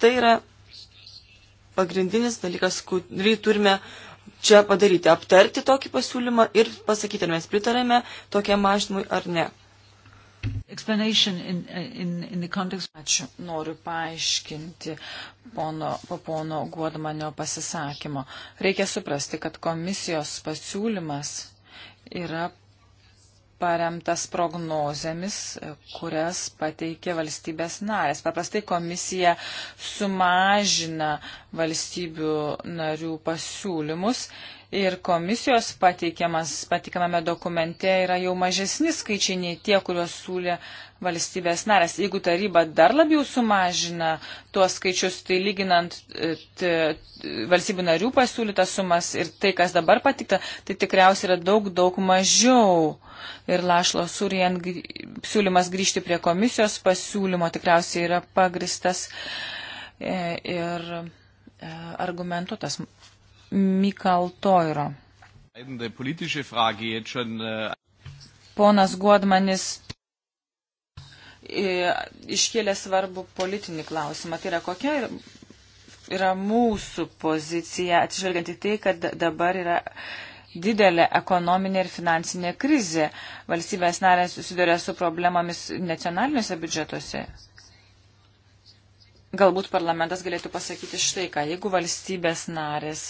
S2: tai yra pagrindinis dalykas, kurį turime čia padaryti, aptarti tokį pasiūlymą ir pasakyti, ar mes pritarėme tokiam mažinimui ar ne.
S1: In, in, in context... Ačiū. Noriu paaiškinti pono, po pono Guodmanio pasisakymo. Reikia suprasti, kad komisijos pasiūlymas yra paremtas prognozėmis, kurias pateikė valstybės narės. Paprastai komisija sumažina valstybių narių pasiūlymus ir komisijos pateikiamame dokumente yra jau mažesni skaičiai nei tie, kuriuos siūlė valstybės narės. Jeigu taryba dar labiau sumažina tuos skaičius, tai lyginant e, t, valstybių narių pasiūlytas sumas ir tai, kas dabar patikta, tai tikriausiai yra daug, daug mažiau. Ir Lašlo Surien siūlymas grįžti prie komisijos pasiūlymo tikriausiai yra pagristas. E, ir E, argumentuotas Mikal Toiro. Äh, Ponas Guodmanis e, iškėlė svarbų politinį klausimą. Tai yra kokia yra mūsų pozicija, atsižvelgiant į tai, kad dabar yra didelė ekonominė ir finansinė krizė. Valstybės narės susiduria su problemomis nacionaliniuose biudžetuose. Galbūt parlamentas galėtų pasakyti štai ką, jeigu valstybės narės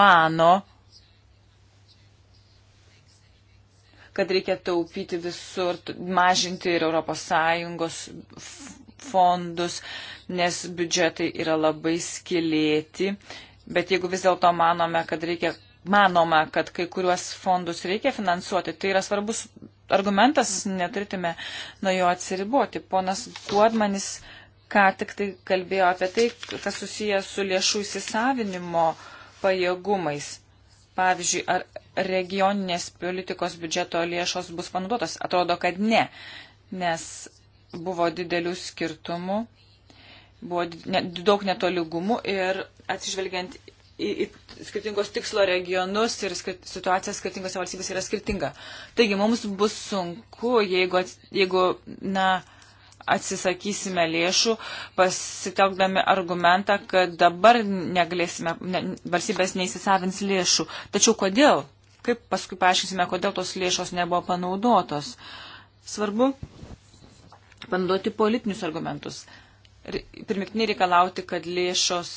S1: mano, kad reikia taupyti visur, mažinti ir ES fondus, nes biudžetai yra labai skilėti. Bet jeigu vis dėlto manome, kad reikia, manoma, kad kai kuriuos fondus reikia finansuoti, tai yra svarbus argumentas, neturėtume nuo jo atsiriboti. Ponas Tuodmanis ką tik tai kalbėjo apie tai, kas susijęs su lėšų įsisavinimo pajėgumais. Pavyzdžiui, ar regioninės politikos biudžeto lėšos bus panaudotos? Atrodo, kad ne, nes buvo didelių skirtumų, buvo ne, daug netoligumų ir atsižvelgiant į, į skirtingos tikslo regionus ir skir, situacija skirtingose valstybėse yra skirtinga. Taigi mums bus sunku, jeigu, jeigu na, atsisakysime lėšų, pasitelkdami argumentą, kad dabar negalėsime, ne, valstybės neįsisavins lėšų. Tačiau kodėl? Kaip paskui paaiškinsime, kodėl tos lėšos nebuvo panaudotos? Svarbu panaudoti politinius argumentus. Pirmiktinai reikalauti, kad lėšos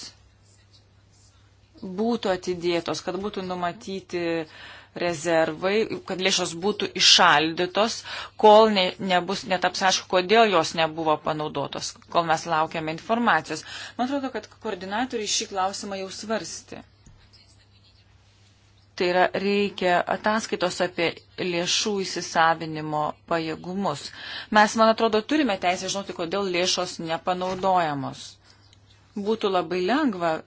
S1: būtų atidėtos, kad būtų numatyti uh, rezervai, kad lėšos būtų išaldytos, kol ne, nebus, netaps aišku, kodėl jos nebuvo panaudotos, kol mes laukiame informacijos. Man atrodo, kad koordinatoriai šį klausimą jau svarsti. Tai yra, reikia ataskaitos apie lėšų įsisavinimo pajėgumus. Mes, man atrodo, turime teisę žinoti, kodėl lėšos nepanaudojamos. Būtų labai lengva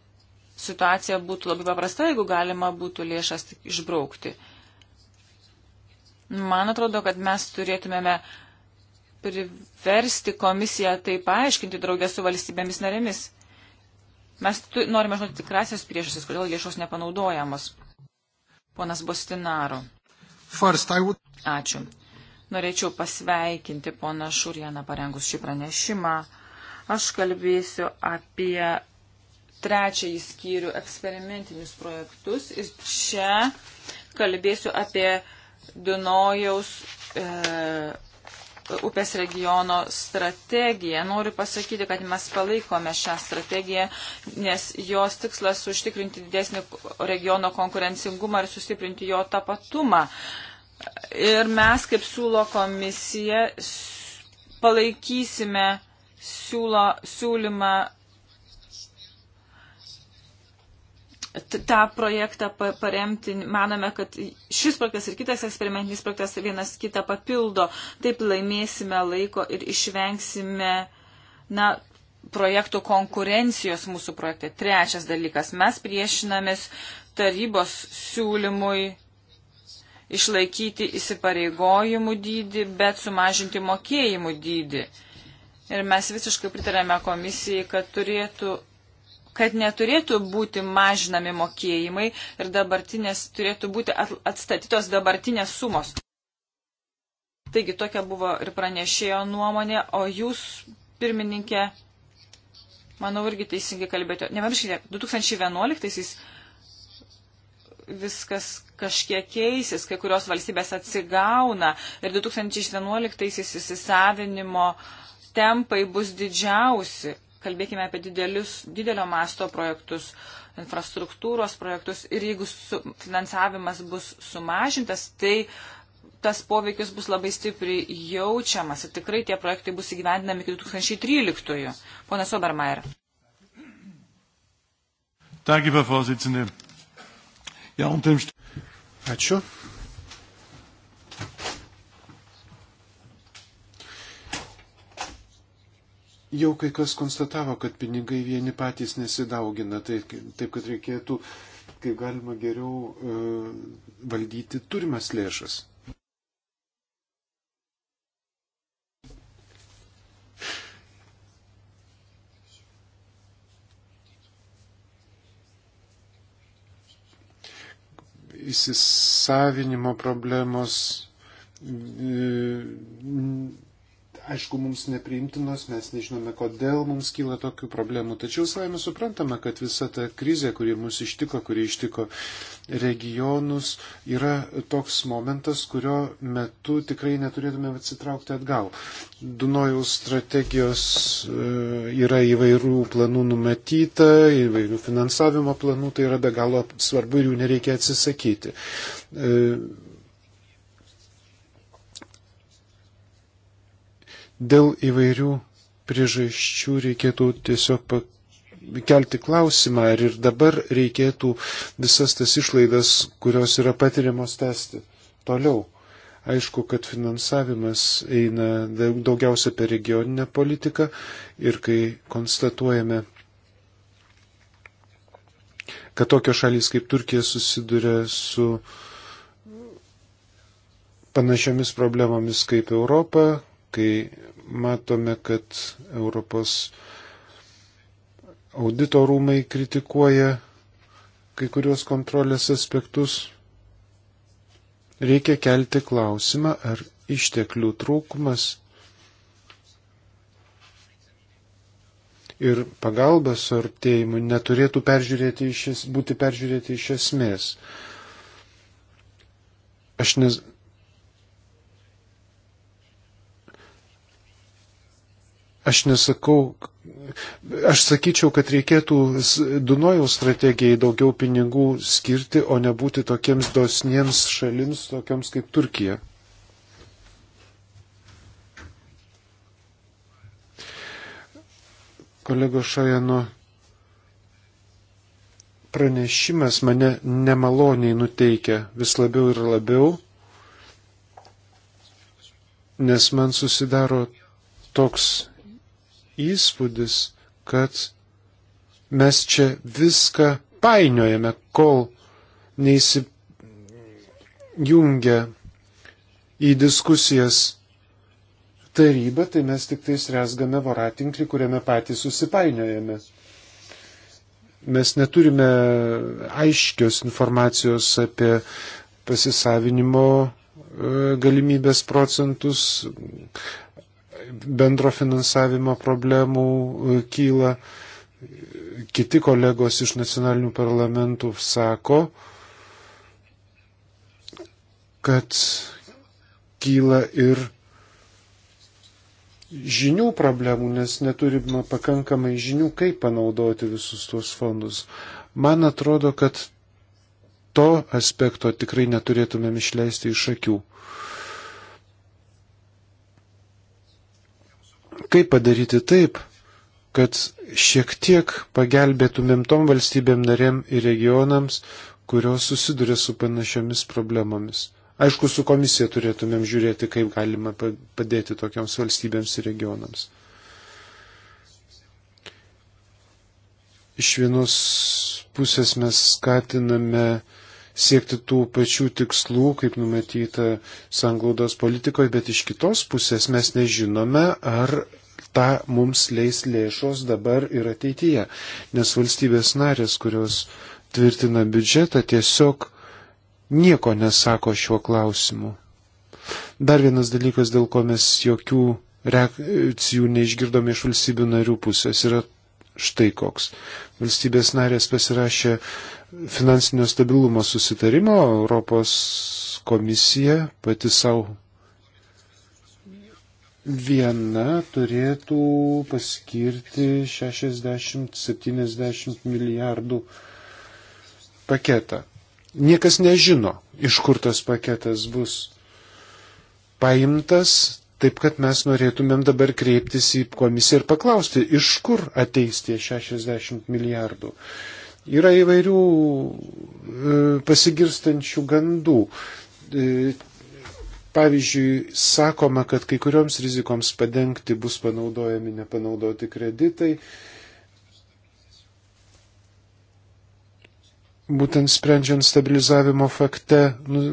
S1: situacija būtų labai paprasta, jeigu galima būtų lėšas išbraukti. Man atrodo, kad mes turėtumėme priversti komisiją tai paaiškinti draugę su valstybėmis narėmis. Mes tu, norime žinoti tikrasias priežastis, kodėl lėšos nepanaudojamos. Ponas Bostinaro. First, would... Ačiū. Norėčiau pasveikinti poną Šurieną parengus šį pranešimą. Aš kalbėsiu apie trečiąjį skyrių eksperimentinius projektus ir čia kalbėsiu apie Dunojaus e, upės regiono strategiją. Noriu pasakyti, kad mes palaikome šią strategiją, nes jos tikslas užtikrinti didesnį regiono konkurencingumą ir sustiprinti jo tapatumą. Ir mes, kaip siūlo komisija, palaikysime siūlo, siūlymą tą projektą paremti. Manome, kad šis projektas ir kitas eksperimentinis projektas vienas kitą papildo. Taip laimėsime laiko ir išvengsime na, projektų konkurencijos mūsų projekte. Trečias dalykas. Mes priešinamės tarybos siūlymui išlaikyti įsipareigojimų dydį, bet sumažinti mokėjimų dydį. Ir mes visiškai pritarėme komisijai, kad turėtų kad neturėtų būti mažinami mokėjimai ir dabartinės turėtų būti atstatytos dabartinės sumos. Taigi tokia buvo ir pranešėjo nuomonė, o jūs, pirmininkė, manau, irgi teisingai kalbėjote. Nepamirškite, 2011-aisiais viskas kažkiek keisis, kai kurios valstybės atsigauna ir 2011-aisiais įsisavinimo tempai bus didžiausi kalbėkime apie didelius, didelio masto projektus, infrastruktūros projektus ir jeigu su, finansavimas bus sumažintas, tai tas poveikis bus labai stipriai jaučiamas ir tikrai tie projektai bus įgyvendinami iki 2013. Pone Sobermaier.
S3: Ačiū. Jau kai kas konstatavo, kad pinigai vieni patys nesidaugina, tai, taip kad reikėtų kaip galima geriau e, valdyti turimas lėšas. Įsisavinimo problemos. E, aišku, mums nepriimtinos, mes nežinome, kodėl mums kyla tokių problemų. Tačiau savame suprantame, kad visa ta krizė, kuri mus ištiko, kuri ištiko regionus, yra toks momentas, kurio metu tikrai neturėtume atsitraukti atgal. Dunojaus strategijos e, yra įvairių planų numatyta, įvairių finansavimo planų, tai yra be galo svarbu ir jų nereikia atsisakyti. E, Dėl įvairių priežasčių reikėtų tiesiog pakeisti kelti klausimą, ar ir dabar reikėtų visas tas išlaidas, kurios yra patiriamos, tęsti. Toliau. Aišku, kad finansavimas eina daugiausia per regioninę politiką ir kai konstatuojame, kad tokios šalys kaip Turkija susiduria su panašiomis problemomis kaip Europa, kai matome, kad Europos audito rūmai kritikuoja kai kurios kontrolės aspektus, reikia kelti klausimą, ar išteklių trūkumas ir pagalba suartėjimu neturėtų peržiūrėti iš, būti peržiūrėti iš esmės. Aš nes, Aš nesakau, aš sakyčiau, kad reikėtų Dunojaus strategijai daugiau pinigų skirti, o nebūti tokiems dosniems šalims, tokiams kaip Turkija. Kolego Šajano pranešimas mane nemaloniai nuteikia vis labiau ir labiau, nes man susidaro toks įspūdis, kad mes čia viską painiojame, kol neįsijungia į diskusijas taryba, tai mes tik tais resgame voratinklį, kuriame patys susipainiojame. Mes neturime aiškios informacijos apie pasisavinimo e, galimybės procentus, bendro finansavimo problemų e, kyla. Kiti kolegos iš nacionalinių parlamentų sako, kad kyla ir žinių problemų, nes neturime pakankamai žinių, kaip panaudoti visus tuos fondus. Man atrodo, kad to aspekto tikrai neturėtumėm išleisti iš akių. kaip padaryti taip, kad šiek tiek pagelbėtumėm tom valstybėm narėm ir regionams, kurios susiduria su panašiomis problemomis. Aišku, su komisija turėtumėm žiūrėti, kaip galima padėti tokioms valstybėms ir regionams. Iš vienos pusės mes skatiname uh, siekti tų pačių tikslų, kaip numatyta sanglaudos politikoje, bet iš kitos pusės mes nežinome, ar tą mums leis lėšos dabar ir ateityje, nes valstybės narės, kurios tvirtina biudžetą, tiesiog nieko nesako šiuo klausimu. Dar vienas dalykas, dėl ko mes jokių reakcijų neišgirdome iš valstybių narių pusės, yra štai koks. Valstybės narės pasirašė finansinio stabilumo susitarimo Europos komisija pati savo viena turėtų paskirti 60-70 milijardų paketą. Niekas nežino, iš kur tas paketas bus paimtas, taip kad mes norėtumėm dabar kreiptis į komisiją ir paklausti, iš kur ateis tie 60 milijardų. Uh, Yra įvairių e, pasigirstančių gandų. E, pavyzdžiui, sakoma, kad kai kurioms rizikoms padengti bus panaudojami nepanaudoti kreditai. Būtent sprendžiant stabilizavimo fakte nu,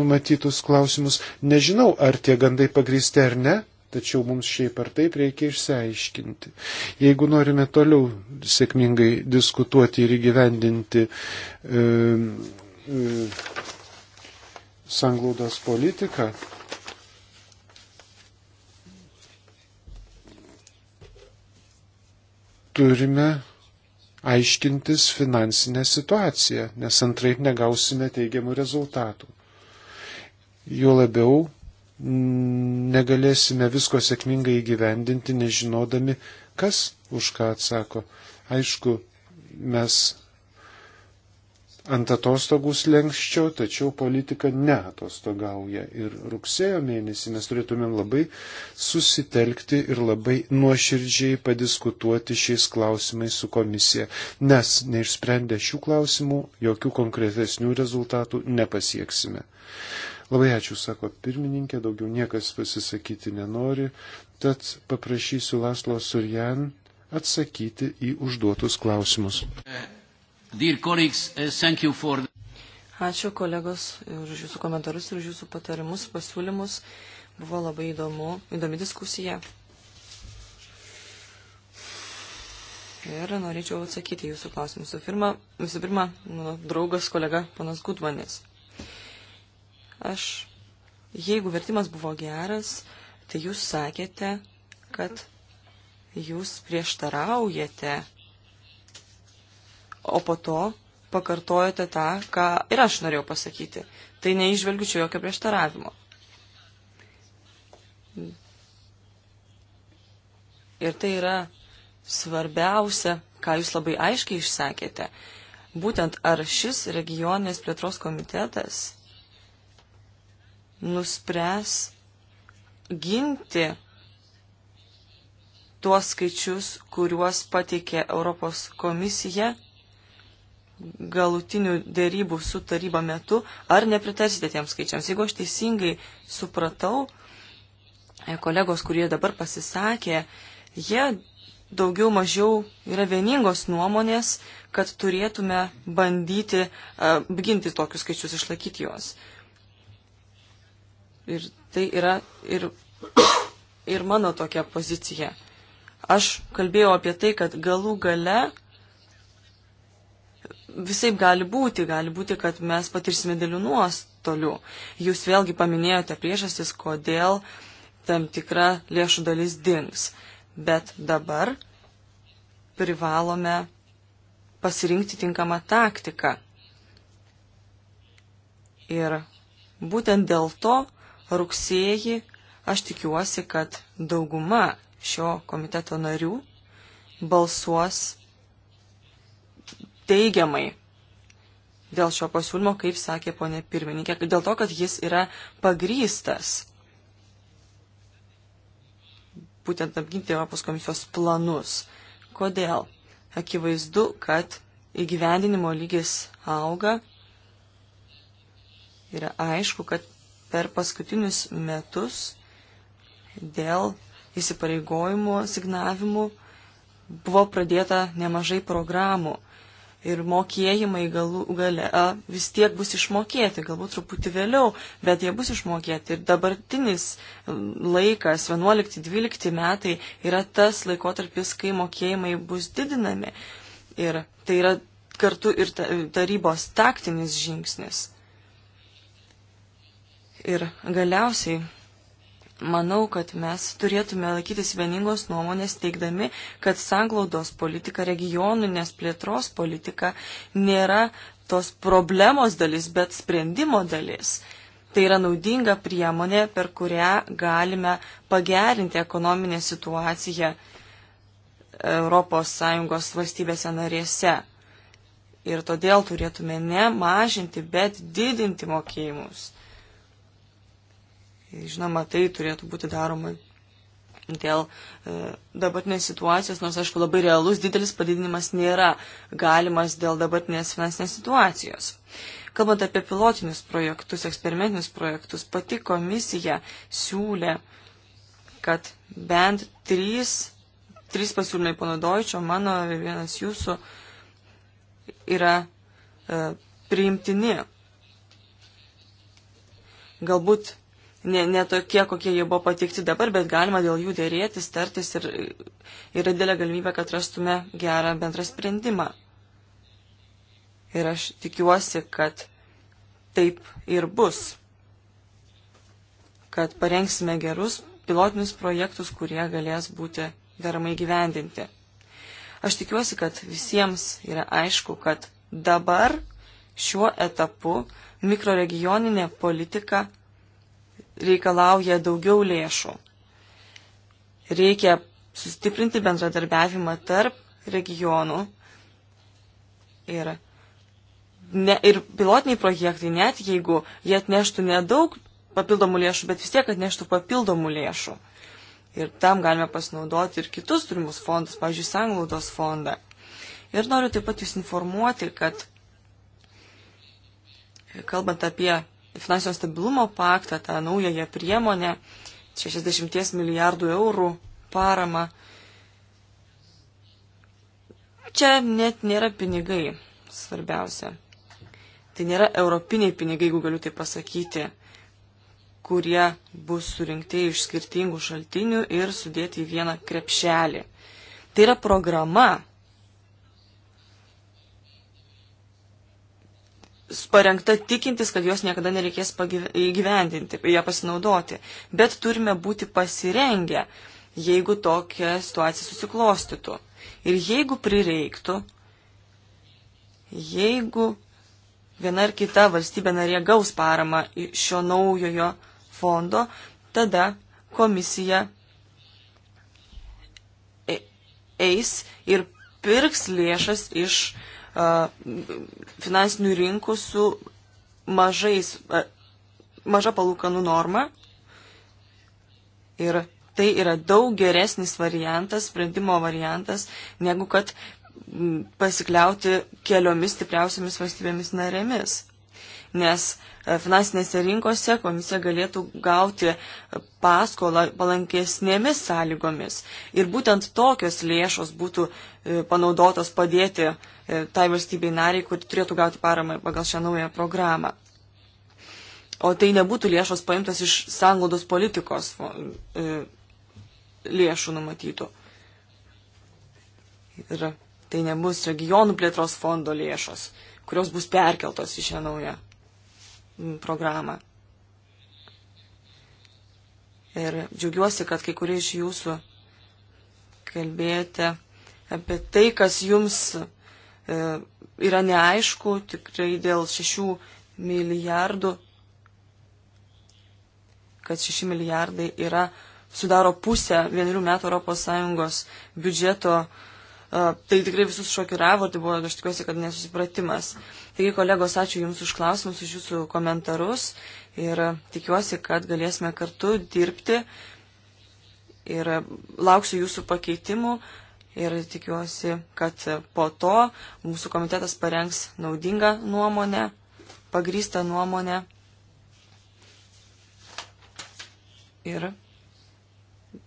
S3: numatytus klausimus, nežinau, ar tie gandai pagrįsti ar ne, Tačiau mums šiaip ar taip reikia išsiaiškinti. Jeigu norime toliau sėkmingai diskutuoti ir įgyvendinti e, e, sanglaudos politiką, turime aiškintis finansinę situaciją, nes antraip negausime teigiamų rezultatų. Juo labiau negalėsime visko sėkmingai įgyvendinti, nežinodami, kas už ką atsako. Aišku, mes ant atostogų slengščio, tačiau politika neatostogauja. Ir rugsėjo mėnesį mes turėtumėm labai susitelkti ir labai nuoširdžiai padiskutuoti šiais klausimais su komisija, nes neišsprendę šių klausimų jokių konkretesnių rezultatų nepasieksime. Labai ačiū, sako pirmininkė, daugiau niekas pasisakyti nenori, tad paprašysiu Laslo Surjan atsakyti į užduotus klausimus. Eh, eh,
S2: ačiū kolegos už jūsų komentarus ir už jūsų patarimus, pasiūlymus. Buvo labai įdomu, įdomi diskusija. Ir norėčiau atsakyti jūsų klausimus. Visų pirma, mano draugas kolega panas Gudmanis Aš, jeigu vertimas buvo geras, tai jūs sakėte, kad jūs prieštaraujate, o po to pakartojate tą, ką ir aš norėjau pasakyti. Tai neižvelgiu čia jokio prieštaravimo. Ir tai yra svarbiausia, ką jūs labai aiškiai išsakėte. Būtent ar šis regioninės plėtros komitetas nuspręs ginti tuos skaičius, kuriuos pateikė Europos komisija galutinių dėrybų su taryba metu, ar nepritarsite tiems skaičiams. Jeigu aš teisingai supratau, e, kolegos, kurie dabar pasisakė, jie daugiau mažiau yra vieningos nuomonės, kad turėtume bandyti apginti e, uh, tokius skaičius, išlaikyti juos. Ir tai yra ir, ir mano tokia pozicija. Aš kalbėjau apie tai, kad galų gale visai gali būti, gali būti, kad mes patirsime dėlių nuostolių. Jūs vėlgi paminėjote priežastis, kodėl tam tikra lėšų dalis dings. Bet dabar privalome pasirinkti tinkamą taktiką. Ir būtent dėl to rugsėjį aš tikiuosi, kad dauguma šio komiteto narių balsuos teigiamai dėl šio pasiūlymo, kaip sakė ponė pirmininkė, dėl to, kad jis yra pagrystas būtent apginti Europos komisijos planus. Kodėl? Akivaizdu, kad įgyvendinimo lygis auga. Yra aišku, kad per paskutinius metus dėl įsipareigojimo signavimų buvo pradėta nemažai programų ir mokėjimai galų gale a, vis tiek bus išmokėti, galbūt truputį vėliau, bet jie bus išmokėti. Ir dabartinis laikas, 11-12 metai, yra tas laikotarpis, kai mokėjimai bus didinami. Ir tai yra kartu ir tarybos taktinis žingsnis. Ir galiausiai manau, kad mes turėtume laikytis vieningos nuomonės teikdami, kad sanglaudos politika, regioninės plėtros politika nėra tos problemos dalis, bet sprendimo dalis. Tai yra naudinga priemonė, per kurią galime pagerinti ekonominę situaciją ES valstybėse narėse. Ir todėl turėtume ne mažinti, bet didinti mokėjimus. Žinoma, tai turėtų būti daroma dėl e, dabartinės situacijos, nors, aišku, labai realus didelis padidinimas nėra galimas dėl dabartinės finansinės situacijos. Kalbant apie pilotinius projektus, eksperimentinius projektus, pati komisija siūlė, kad bent trys, trys pasiūlymai panaudojučio, mano vienas jūsų, yra e, priimtini. Galbūt ne, ne tokie, kokie jie buvo patikti dabar, bet galima dėl jų dėrėtis, tartis ir yra didelė galimybė, kad rastume gerą bendrą sprendimą. Ir aš tikiuosi, kad taip ir bus, kad parengsime gerus pilotinius projektus, kurie galės būti deramai gyvendinti. Aš tikiuosi, kad visiems yra aišku, kad dabar šiuo etapu mikroregioninė politika reikalauja daugiau lėšų. Reikia sustiprinti bendradarbiavimą tarp regionų ir, ne, ir pilotiniai projektai, net jeigu jie atneštų nedaug papildomų lėšų, bet vis tiek atneštų papildomų lėšų. Ir tam galime pasinaudoti ir kitus turimus fondus, pavyzdžiui, Sanglaudos fondą. Ir noriu taip pat jūs informuoti, kad kalbant apie finansinio stabilumo paktą, tą naująją priemonę, 60 milijardų eurų paramą. Čia net nėra pinigai svarbiausia. Tai nėra europiniai pinigai, jeigu galiu tai pasakyti, kurie bus surinkti iš skirtingų šaltinių ir sudėti į vieną krepšelį. Tai yra programa, parengta tikintis, kad jos niekada nereikės įgyvendinti, ją pasinaudoti. Bet turime būti pasirengę, jeigu tokia situacija susiklostytų. Ir jeigu prireiktų, jeigu viena ar kita valstybė narė gaus paramą šio naujojo fondo, tada komisija e- eis ir pirks lėšas iš uh, finansinių rinkų su mažais, maža palūkanų norma. Ir tai yra daug geresnis variantas, sprendimo variantas, negu kad pasikliauti keliomis stipriausiamis valstybėmis narėmis nes e, finansinėse rinkose komisija galėtų gauti e, paskolą palankesnėmis sąlygomis. Ir būtent tokios lėšos būtų e, panaudotos padėti tai valstybei nariai, kur turėtų gauti paramą pagal šią naują programą. O tai nebūtų lėšos paimtas iš sanglaudos politikos lėšų numatytų. Ir tai nebus regionų plėtros fondo lėšos, kurios bus perkeltos į šią naują programą. Ir džiaugiuosi, kad kai kurie iš jūsų kalbėjote apie tai, kas jums e, yra neaišku, tikrai dėl 6 milijardų, kad 6 milijardai yra, sudaro pusę vienerių metų ES biudžeto uh, Tai tikrai visus šokiravo, tai buvo, aš tikiuosi, kad nesusipratimas. Taigi, kolegos, ačiū Jums už klausimus, už Jūsų komentarus ir tikiuosi, kad galėsime kartu dirbti ir lauksiu Jūsų pakeitimų ir tikiuosi, kad po to mūsų komitetas parengs naudingą nuomonę, pagrįstą nuomonę. Ir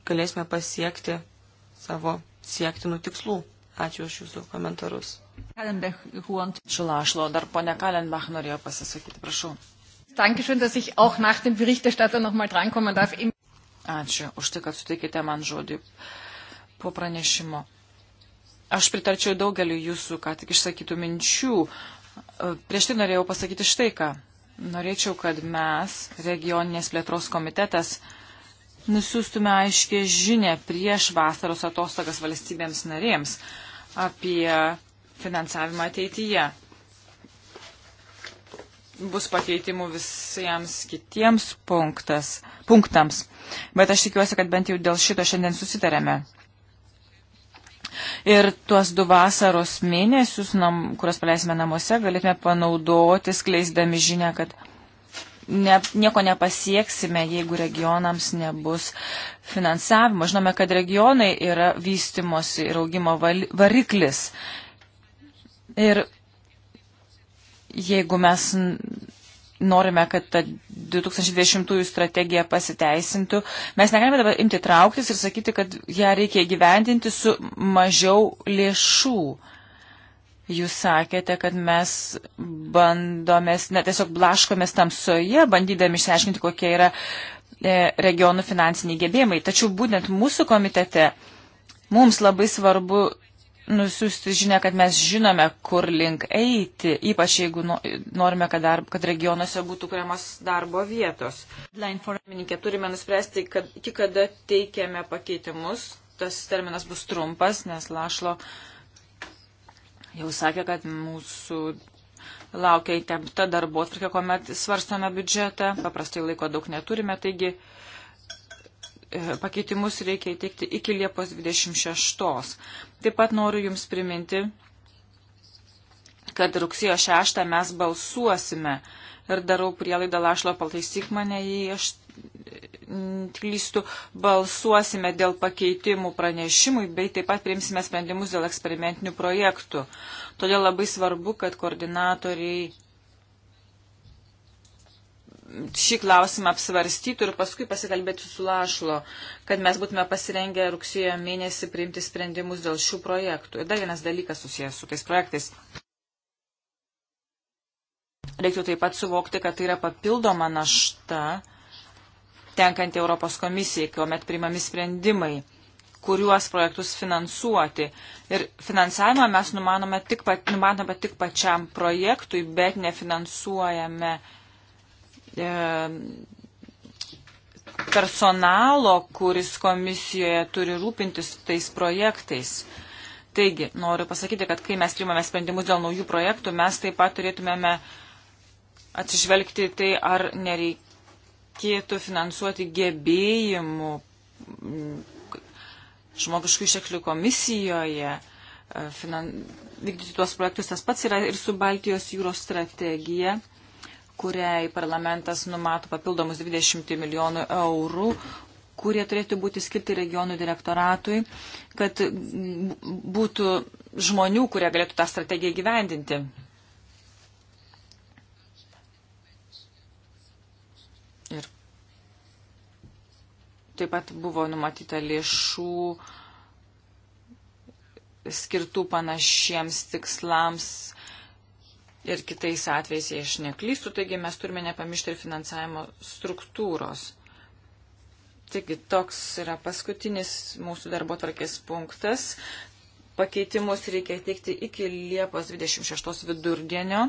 S2: galėsime pasiekti savo siektinų tikslų.
S1: Ačiū už Jūsų komentarus. Šulašlo, dar ponia Kalenbach norėjo pasisakyti, prašau. Dankeschön, dass ich auch nach dem Berichterstatter nochmal drankommen darf. Ačiū už tai, kad suteikite man žodį po pranešimo. Aš pritarčiau daugeliu jūsų, ką tik išsakytų minčių. E, prieš tai norėjau pasakyti štai ką. Norėčiau, kad mes, regioninės plėtros komitetas, nusiųstume aiškę žinę prieš vasaros atostogas valstybėms narėms apie finansavimą ateityje. Bus pakeitimų visiems kitiems punktas, punktams, bet aš tikiuosi, kad bent jau dėl šito šiandien susitarėme. Ir tuos du vasaros mėnesius, nam, kuriuos paleisime namuose, galėtume panaudoti skleisdami žinę, kad ne, nieko nepasieksime, jeigu regionams nebus finansavimo. Žinome, kad regionai yra vystimosi ir augimo variklis. Ir jeigu mes norime, kad ta 2020 strategija pasiteisintų, mes negalime dabar imti trauktis ir sakyti, kad ją reikia gyvendinti su mažiau lėšų. Jūs sakėte, kad mes bandomės, ne tiesiog blaškomės tamsoje, bandydami išsiaiškinti, kokie yra e, regionų finansiniai gebėjimai. Tačiau būtent mūsų komitete mums labai svarbu nusiųsti žinę, kad mes žinome, kur link eiti, ypač jeigu norime, kad, darb, kad regionuose būtų kuriamos darbo vietos. Mininkė, turime nuspręsti, kad iki kada teikiame pakeitimus. Tas terminas bus trumpas, nes Lašlo uh, jau sakė, kad mūsų laukia įtempta darbo atvarkė, kuomet svarstame biudžetą. Paprastai laiko daug neturime, taigi e, pakeitimus reikia įteikti iki Liepos 26. Taip pat noriu Jums priminti, kad rugsėjo 6 mes balsuosime ir darau prielaidą Lašlo pataisik mane, jei aš klystų, balsuosime dėl pakeitimų pranešimui, bei taip pat priimsime sprendimus dėl eksperimentinių projektų. Todėl labai svarbu, kad koordinatoriai šį klausimą apsvarstytų ir paskui pasikalbėtų su Lašlo, kad mes būtume pasirengę rugsėjo mėnesį priimti sprendimus dėl šių projektų. Ir dar vienas dalykas susijęs su tais projektais. Reiktų taip pat suvokti, kad tai yra papildoma našta tenkantį Europos komisijai, kuomet priimami sprendimai, kuriuos projektus finansuoti. Ir finansavimą mes numanome tik, pat, numanome tik pačiam projektui, bet nefinansuojame e, personalo, kuris komisijoje turi rūpintis tais projektais. Taigi, noriu pasakyti, kad kai mes priimame sprendimus dėl naujų projektų, mes taip pat turėtumėme atsižvelgti tai, ar nereik, reikėtų finansuoti gebėjimų mm, žmogiškų išteklių komisijoje e, finan... vykdyti tuos projektus. Tas pats yra ir su Baltijos jūros strategija, kuriai parlamentas numato papildomus 20 milijonų eurų kurie turėtų būti skirti regionų direktoratui, kad būtų žmonių, kurie galėtų tą strategiją gyvendinti. Taip pat buvo numatyta lėšų skirtų panašiems tikslams ir kitais atvejais, jei aš neklystu, taigi mes turime nepamiršti ir finansavimo struktūros. Taigi toks yra paskutinis mūsų darbo tvarkės punktas. Pakeitimus reikia teikti iki Liepos 26 vidurdienio.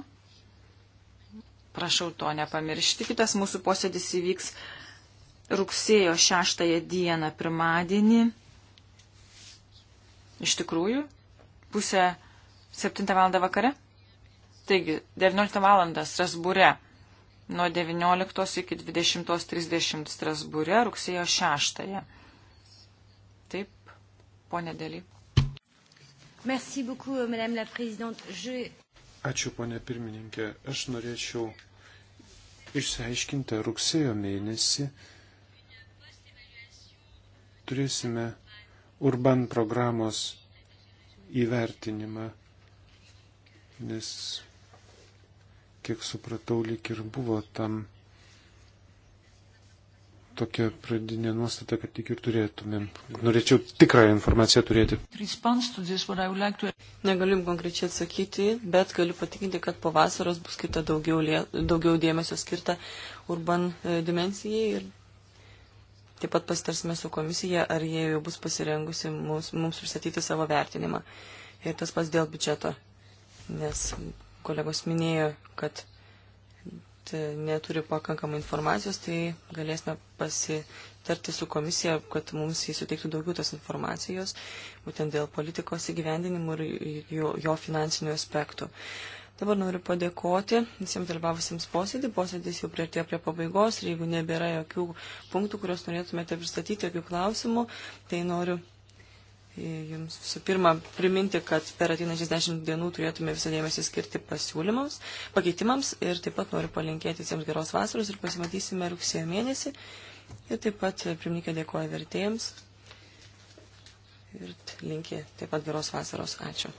S1: Prašau to nepamiršti. Kitas mūsų posėdis įvyks rugsėjo 6 dieną pirmadienį. Iš tikrųjų, pusę 7 val. vakare. Taigi, 19 val. Strasbūre. Nuo 19 iki 20.30 Strasbūre, rugsėjo 6. Taip, ponė Dėly. Merci beaucoup, madame la présidente. Je...
S3: Ačiū, ponė pirmininkė. Aš norėčiau išsiaiškinti rugsėjo mėnesį turėsime urban programos įvertinimą, nes, kiek supratau, lik ir buvo tam tokia pradinė nuostata, kad tik ir turėtumėm. Norėčiau tikrą informaciją turėti.
S2: Negalim konkrečiai atsakyti, bet galiu patikinti, kad po vasaros bus skirta daugiau, daugiau dėmesio skirta urban e, dimensijai ir Taip pat pasitarsime su komisija, ar jie jau bus pasirengusi mums, mums pristatyti savo vertinimą. Ir tas pats dėl biudžeto, nes kolegos minėjo, kad neturi pakankamai informacijos, tai galėsime pasitarti su komisija, kad mums jis suteiktų daugiau tos informacijos, būtent dėl politikos įgyvendinimų ir jo, jo finansinių aspektų. Uh, Dabar noriu padėkoti visiems dalyvavusiems posėdį. Posėdis jau prieartėjo prie pabaigos ir jeigu nebėra jokių punktų, kuriuos norėtumėte pristatyti, jokių klausimų, tai noriu e, Jums visų pirma priminti, kad per ateinančias dešimt dienų turėtume visą dėmesį skirti pasiūlymams, pakeitimams ir taip pat noriu palinkėti visiems geros vasaros ir pasimatysime rugsėjo mėnesį. Ir taip pat primnikė dėkoja vertėjams ir linkė taip pat geros vasaros. Ačiū.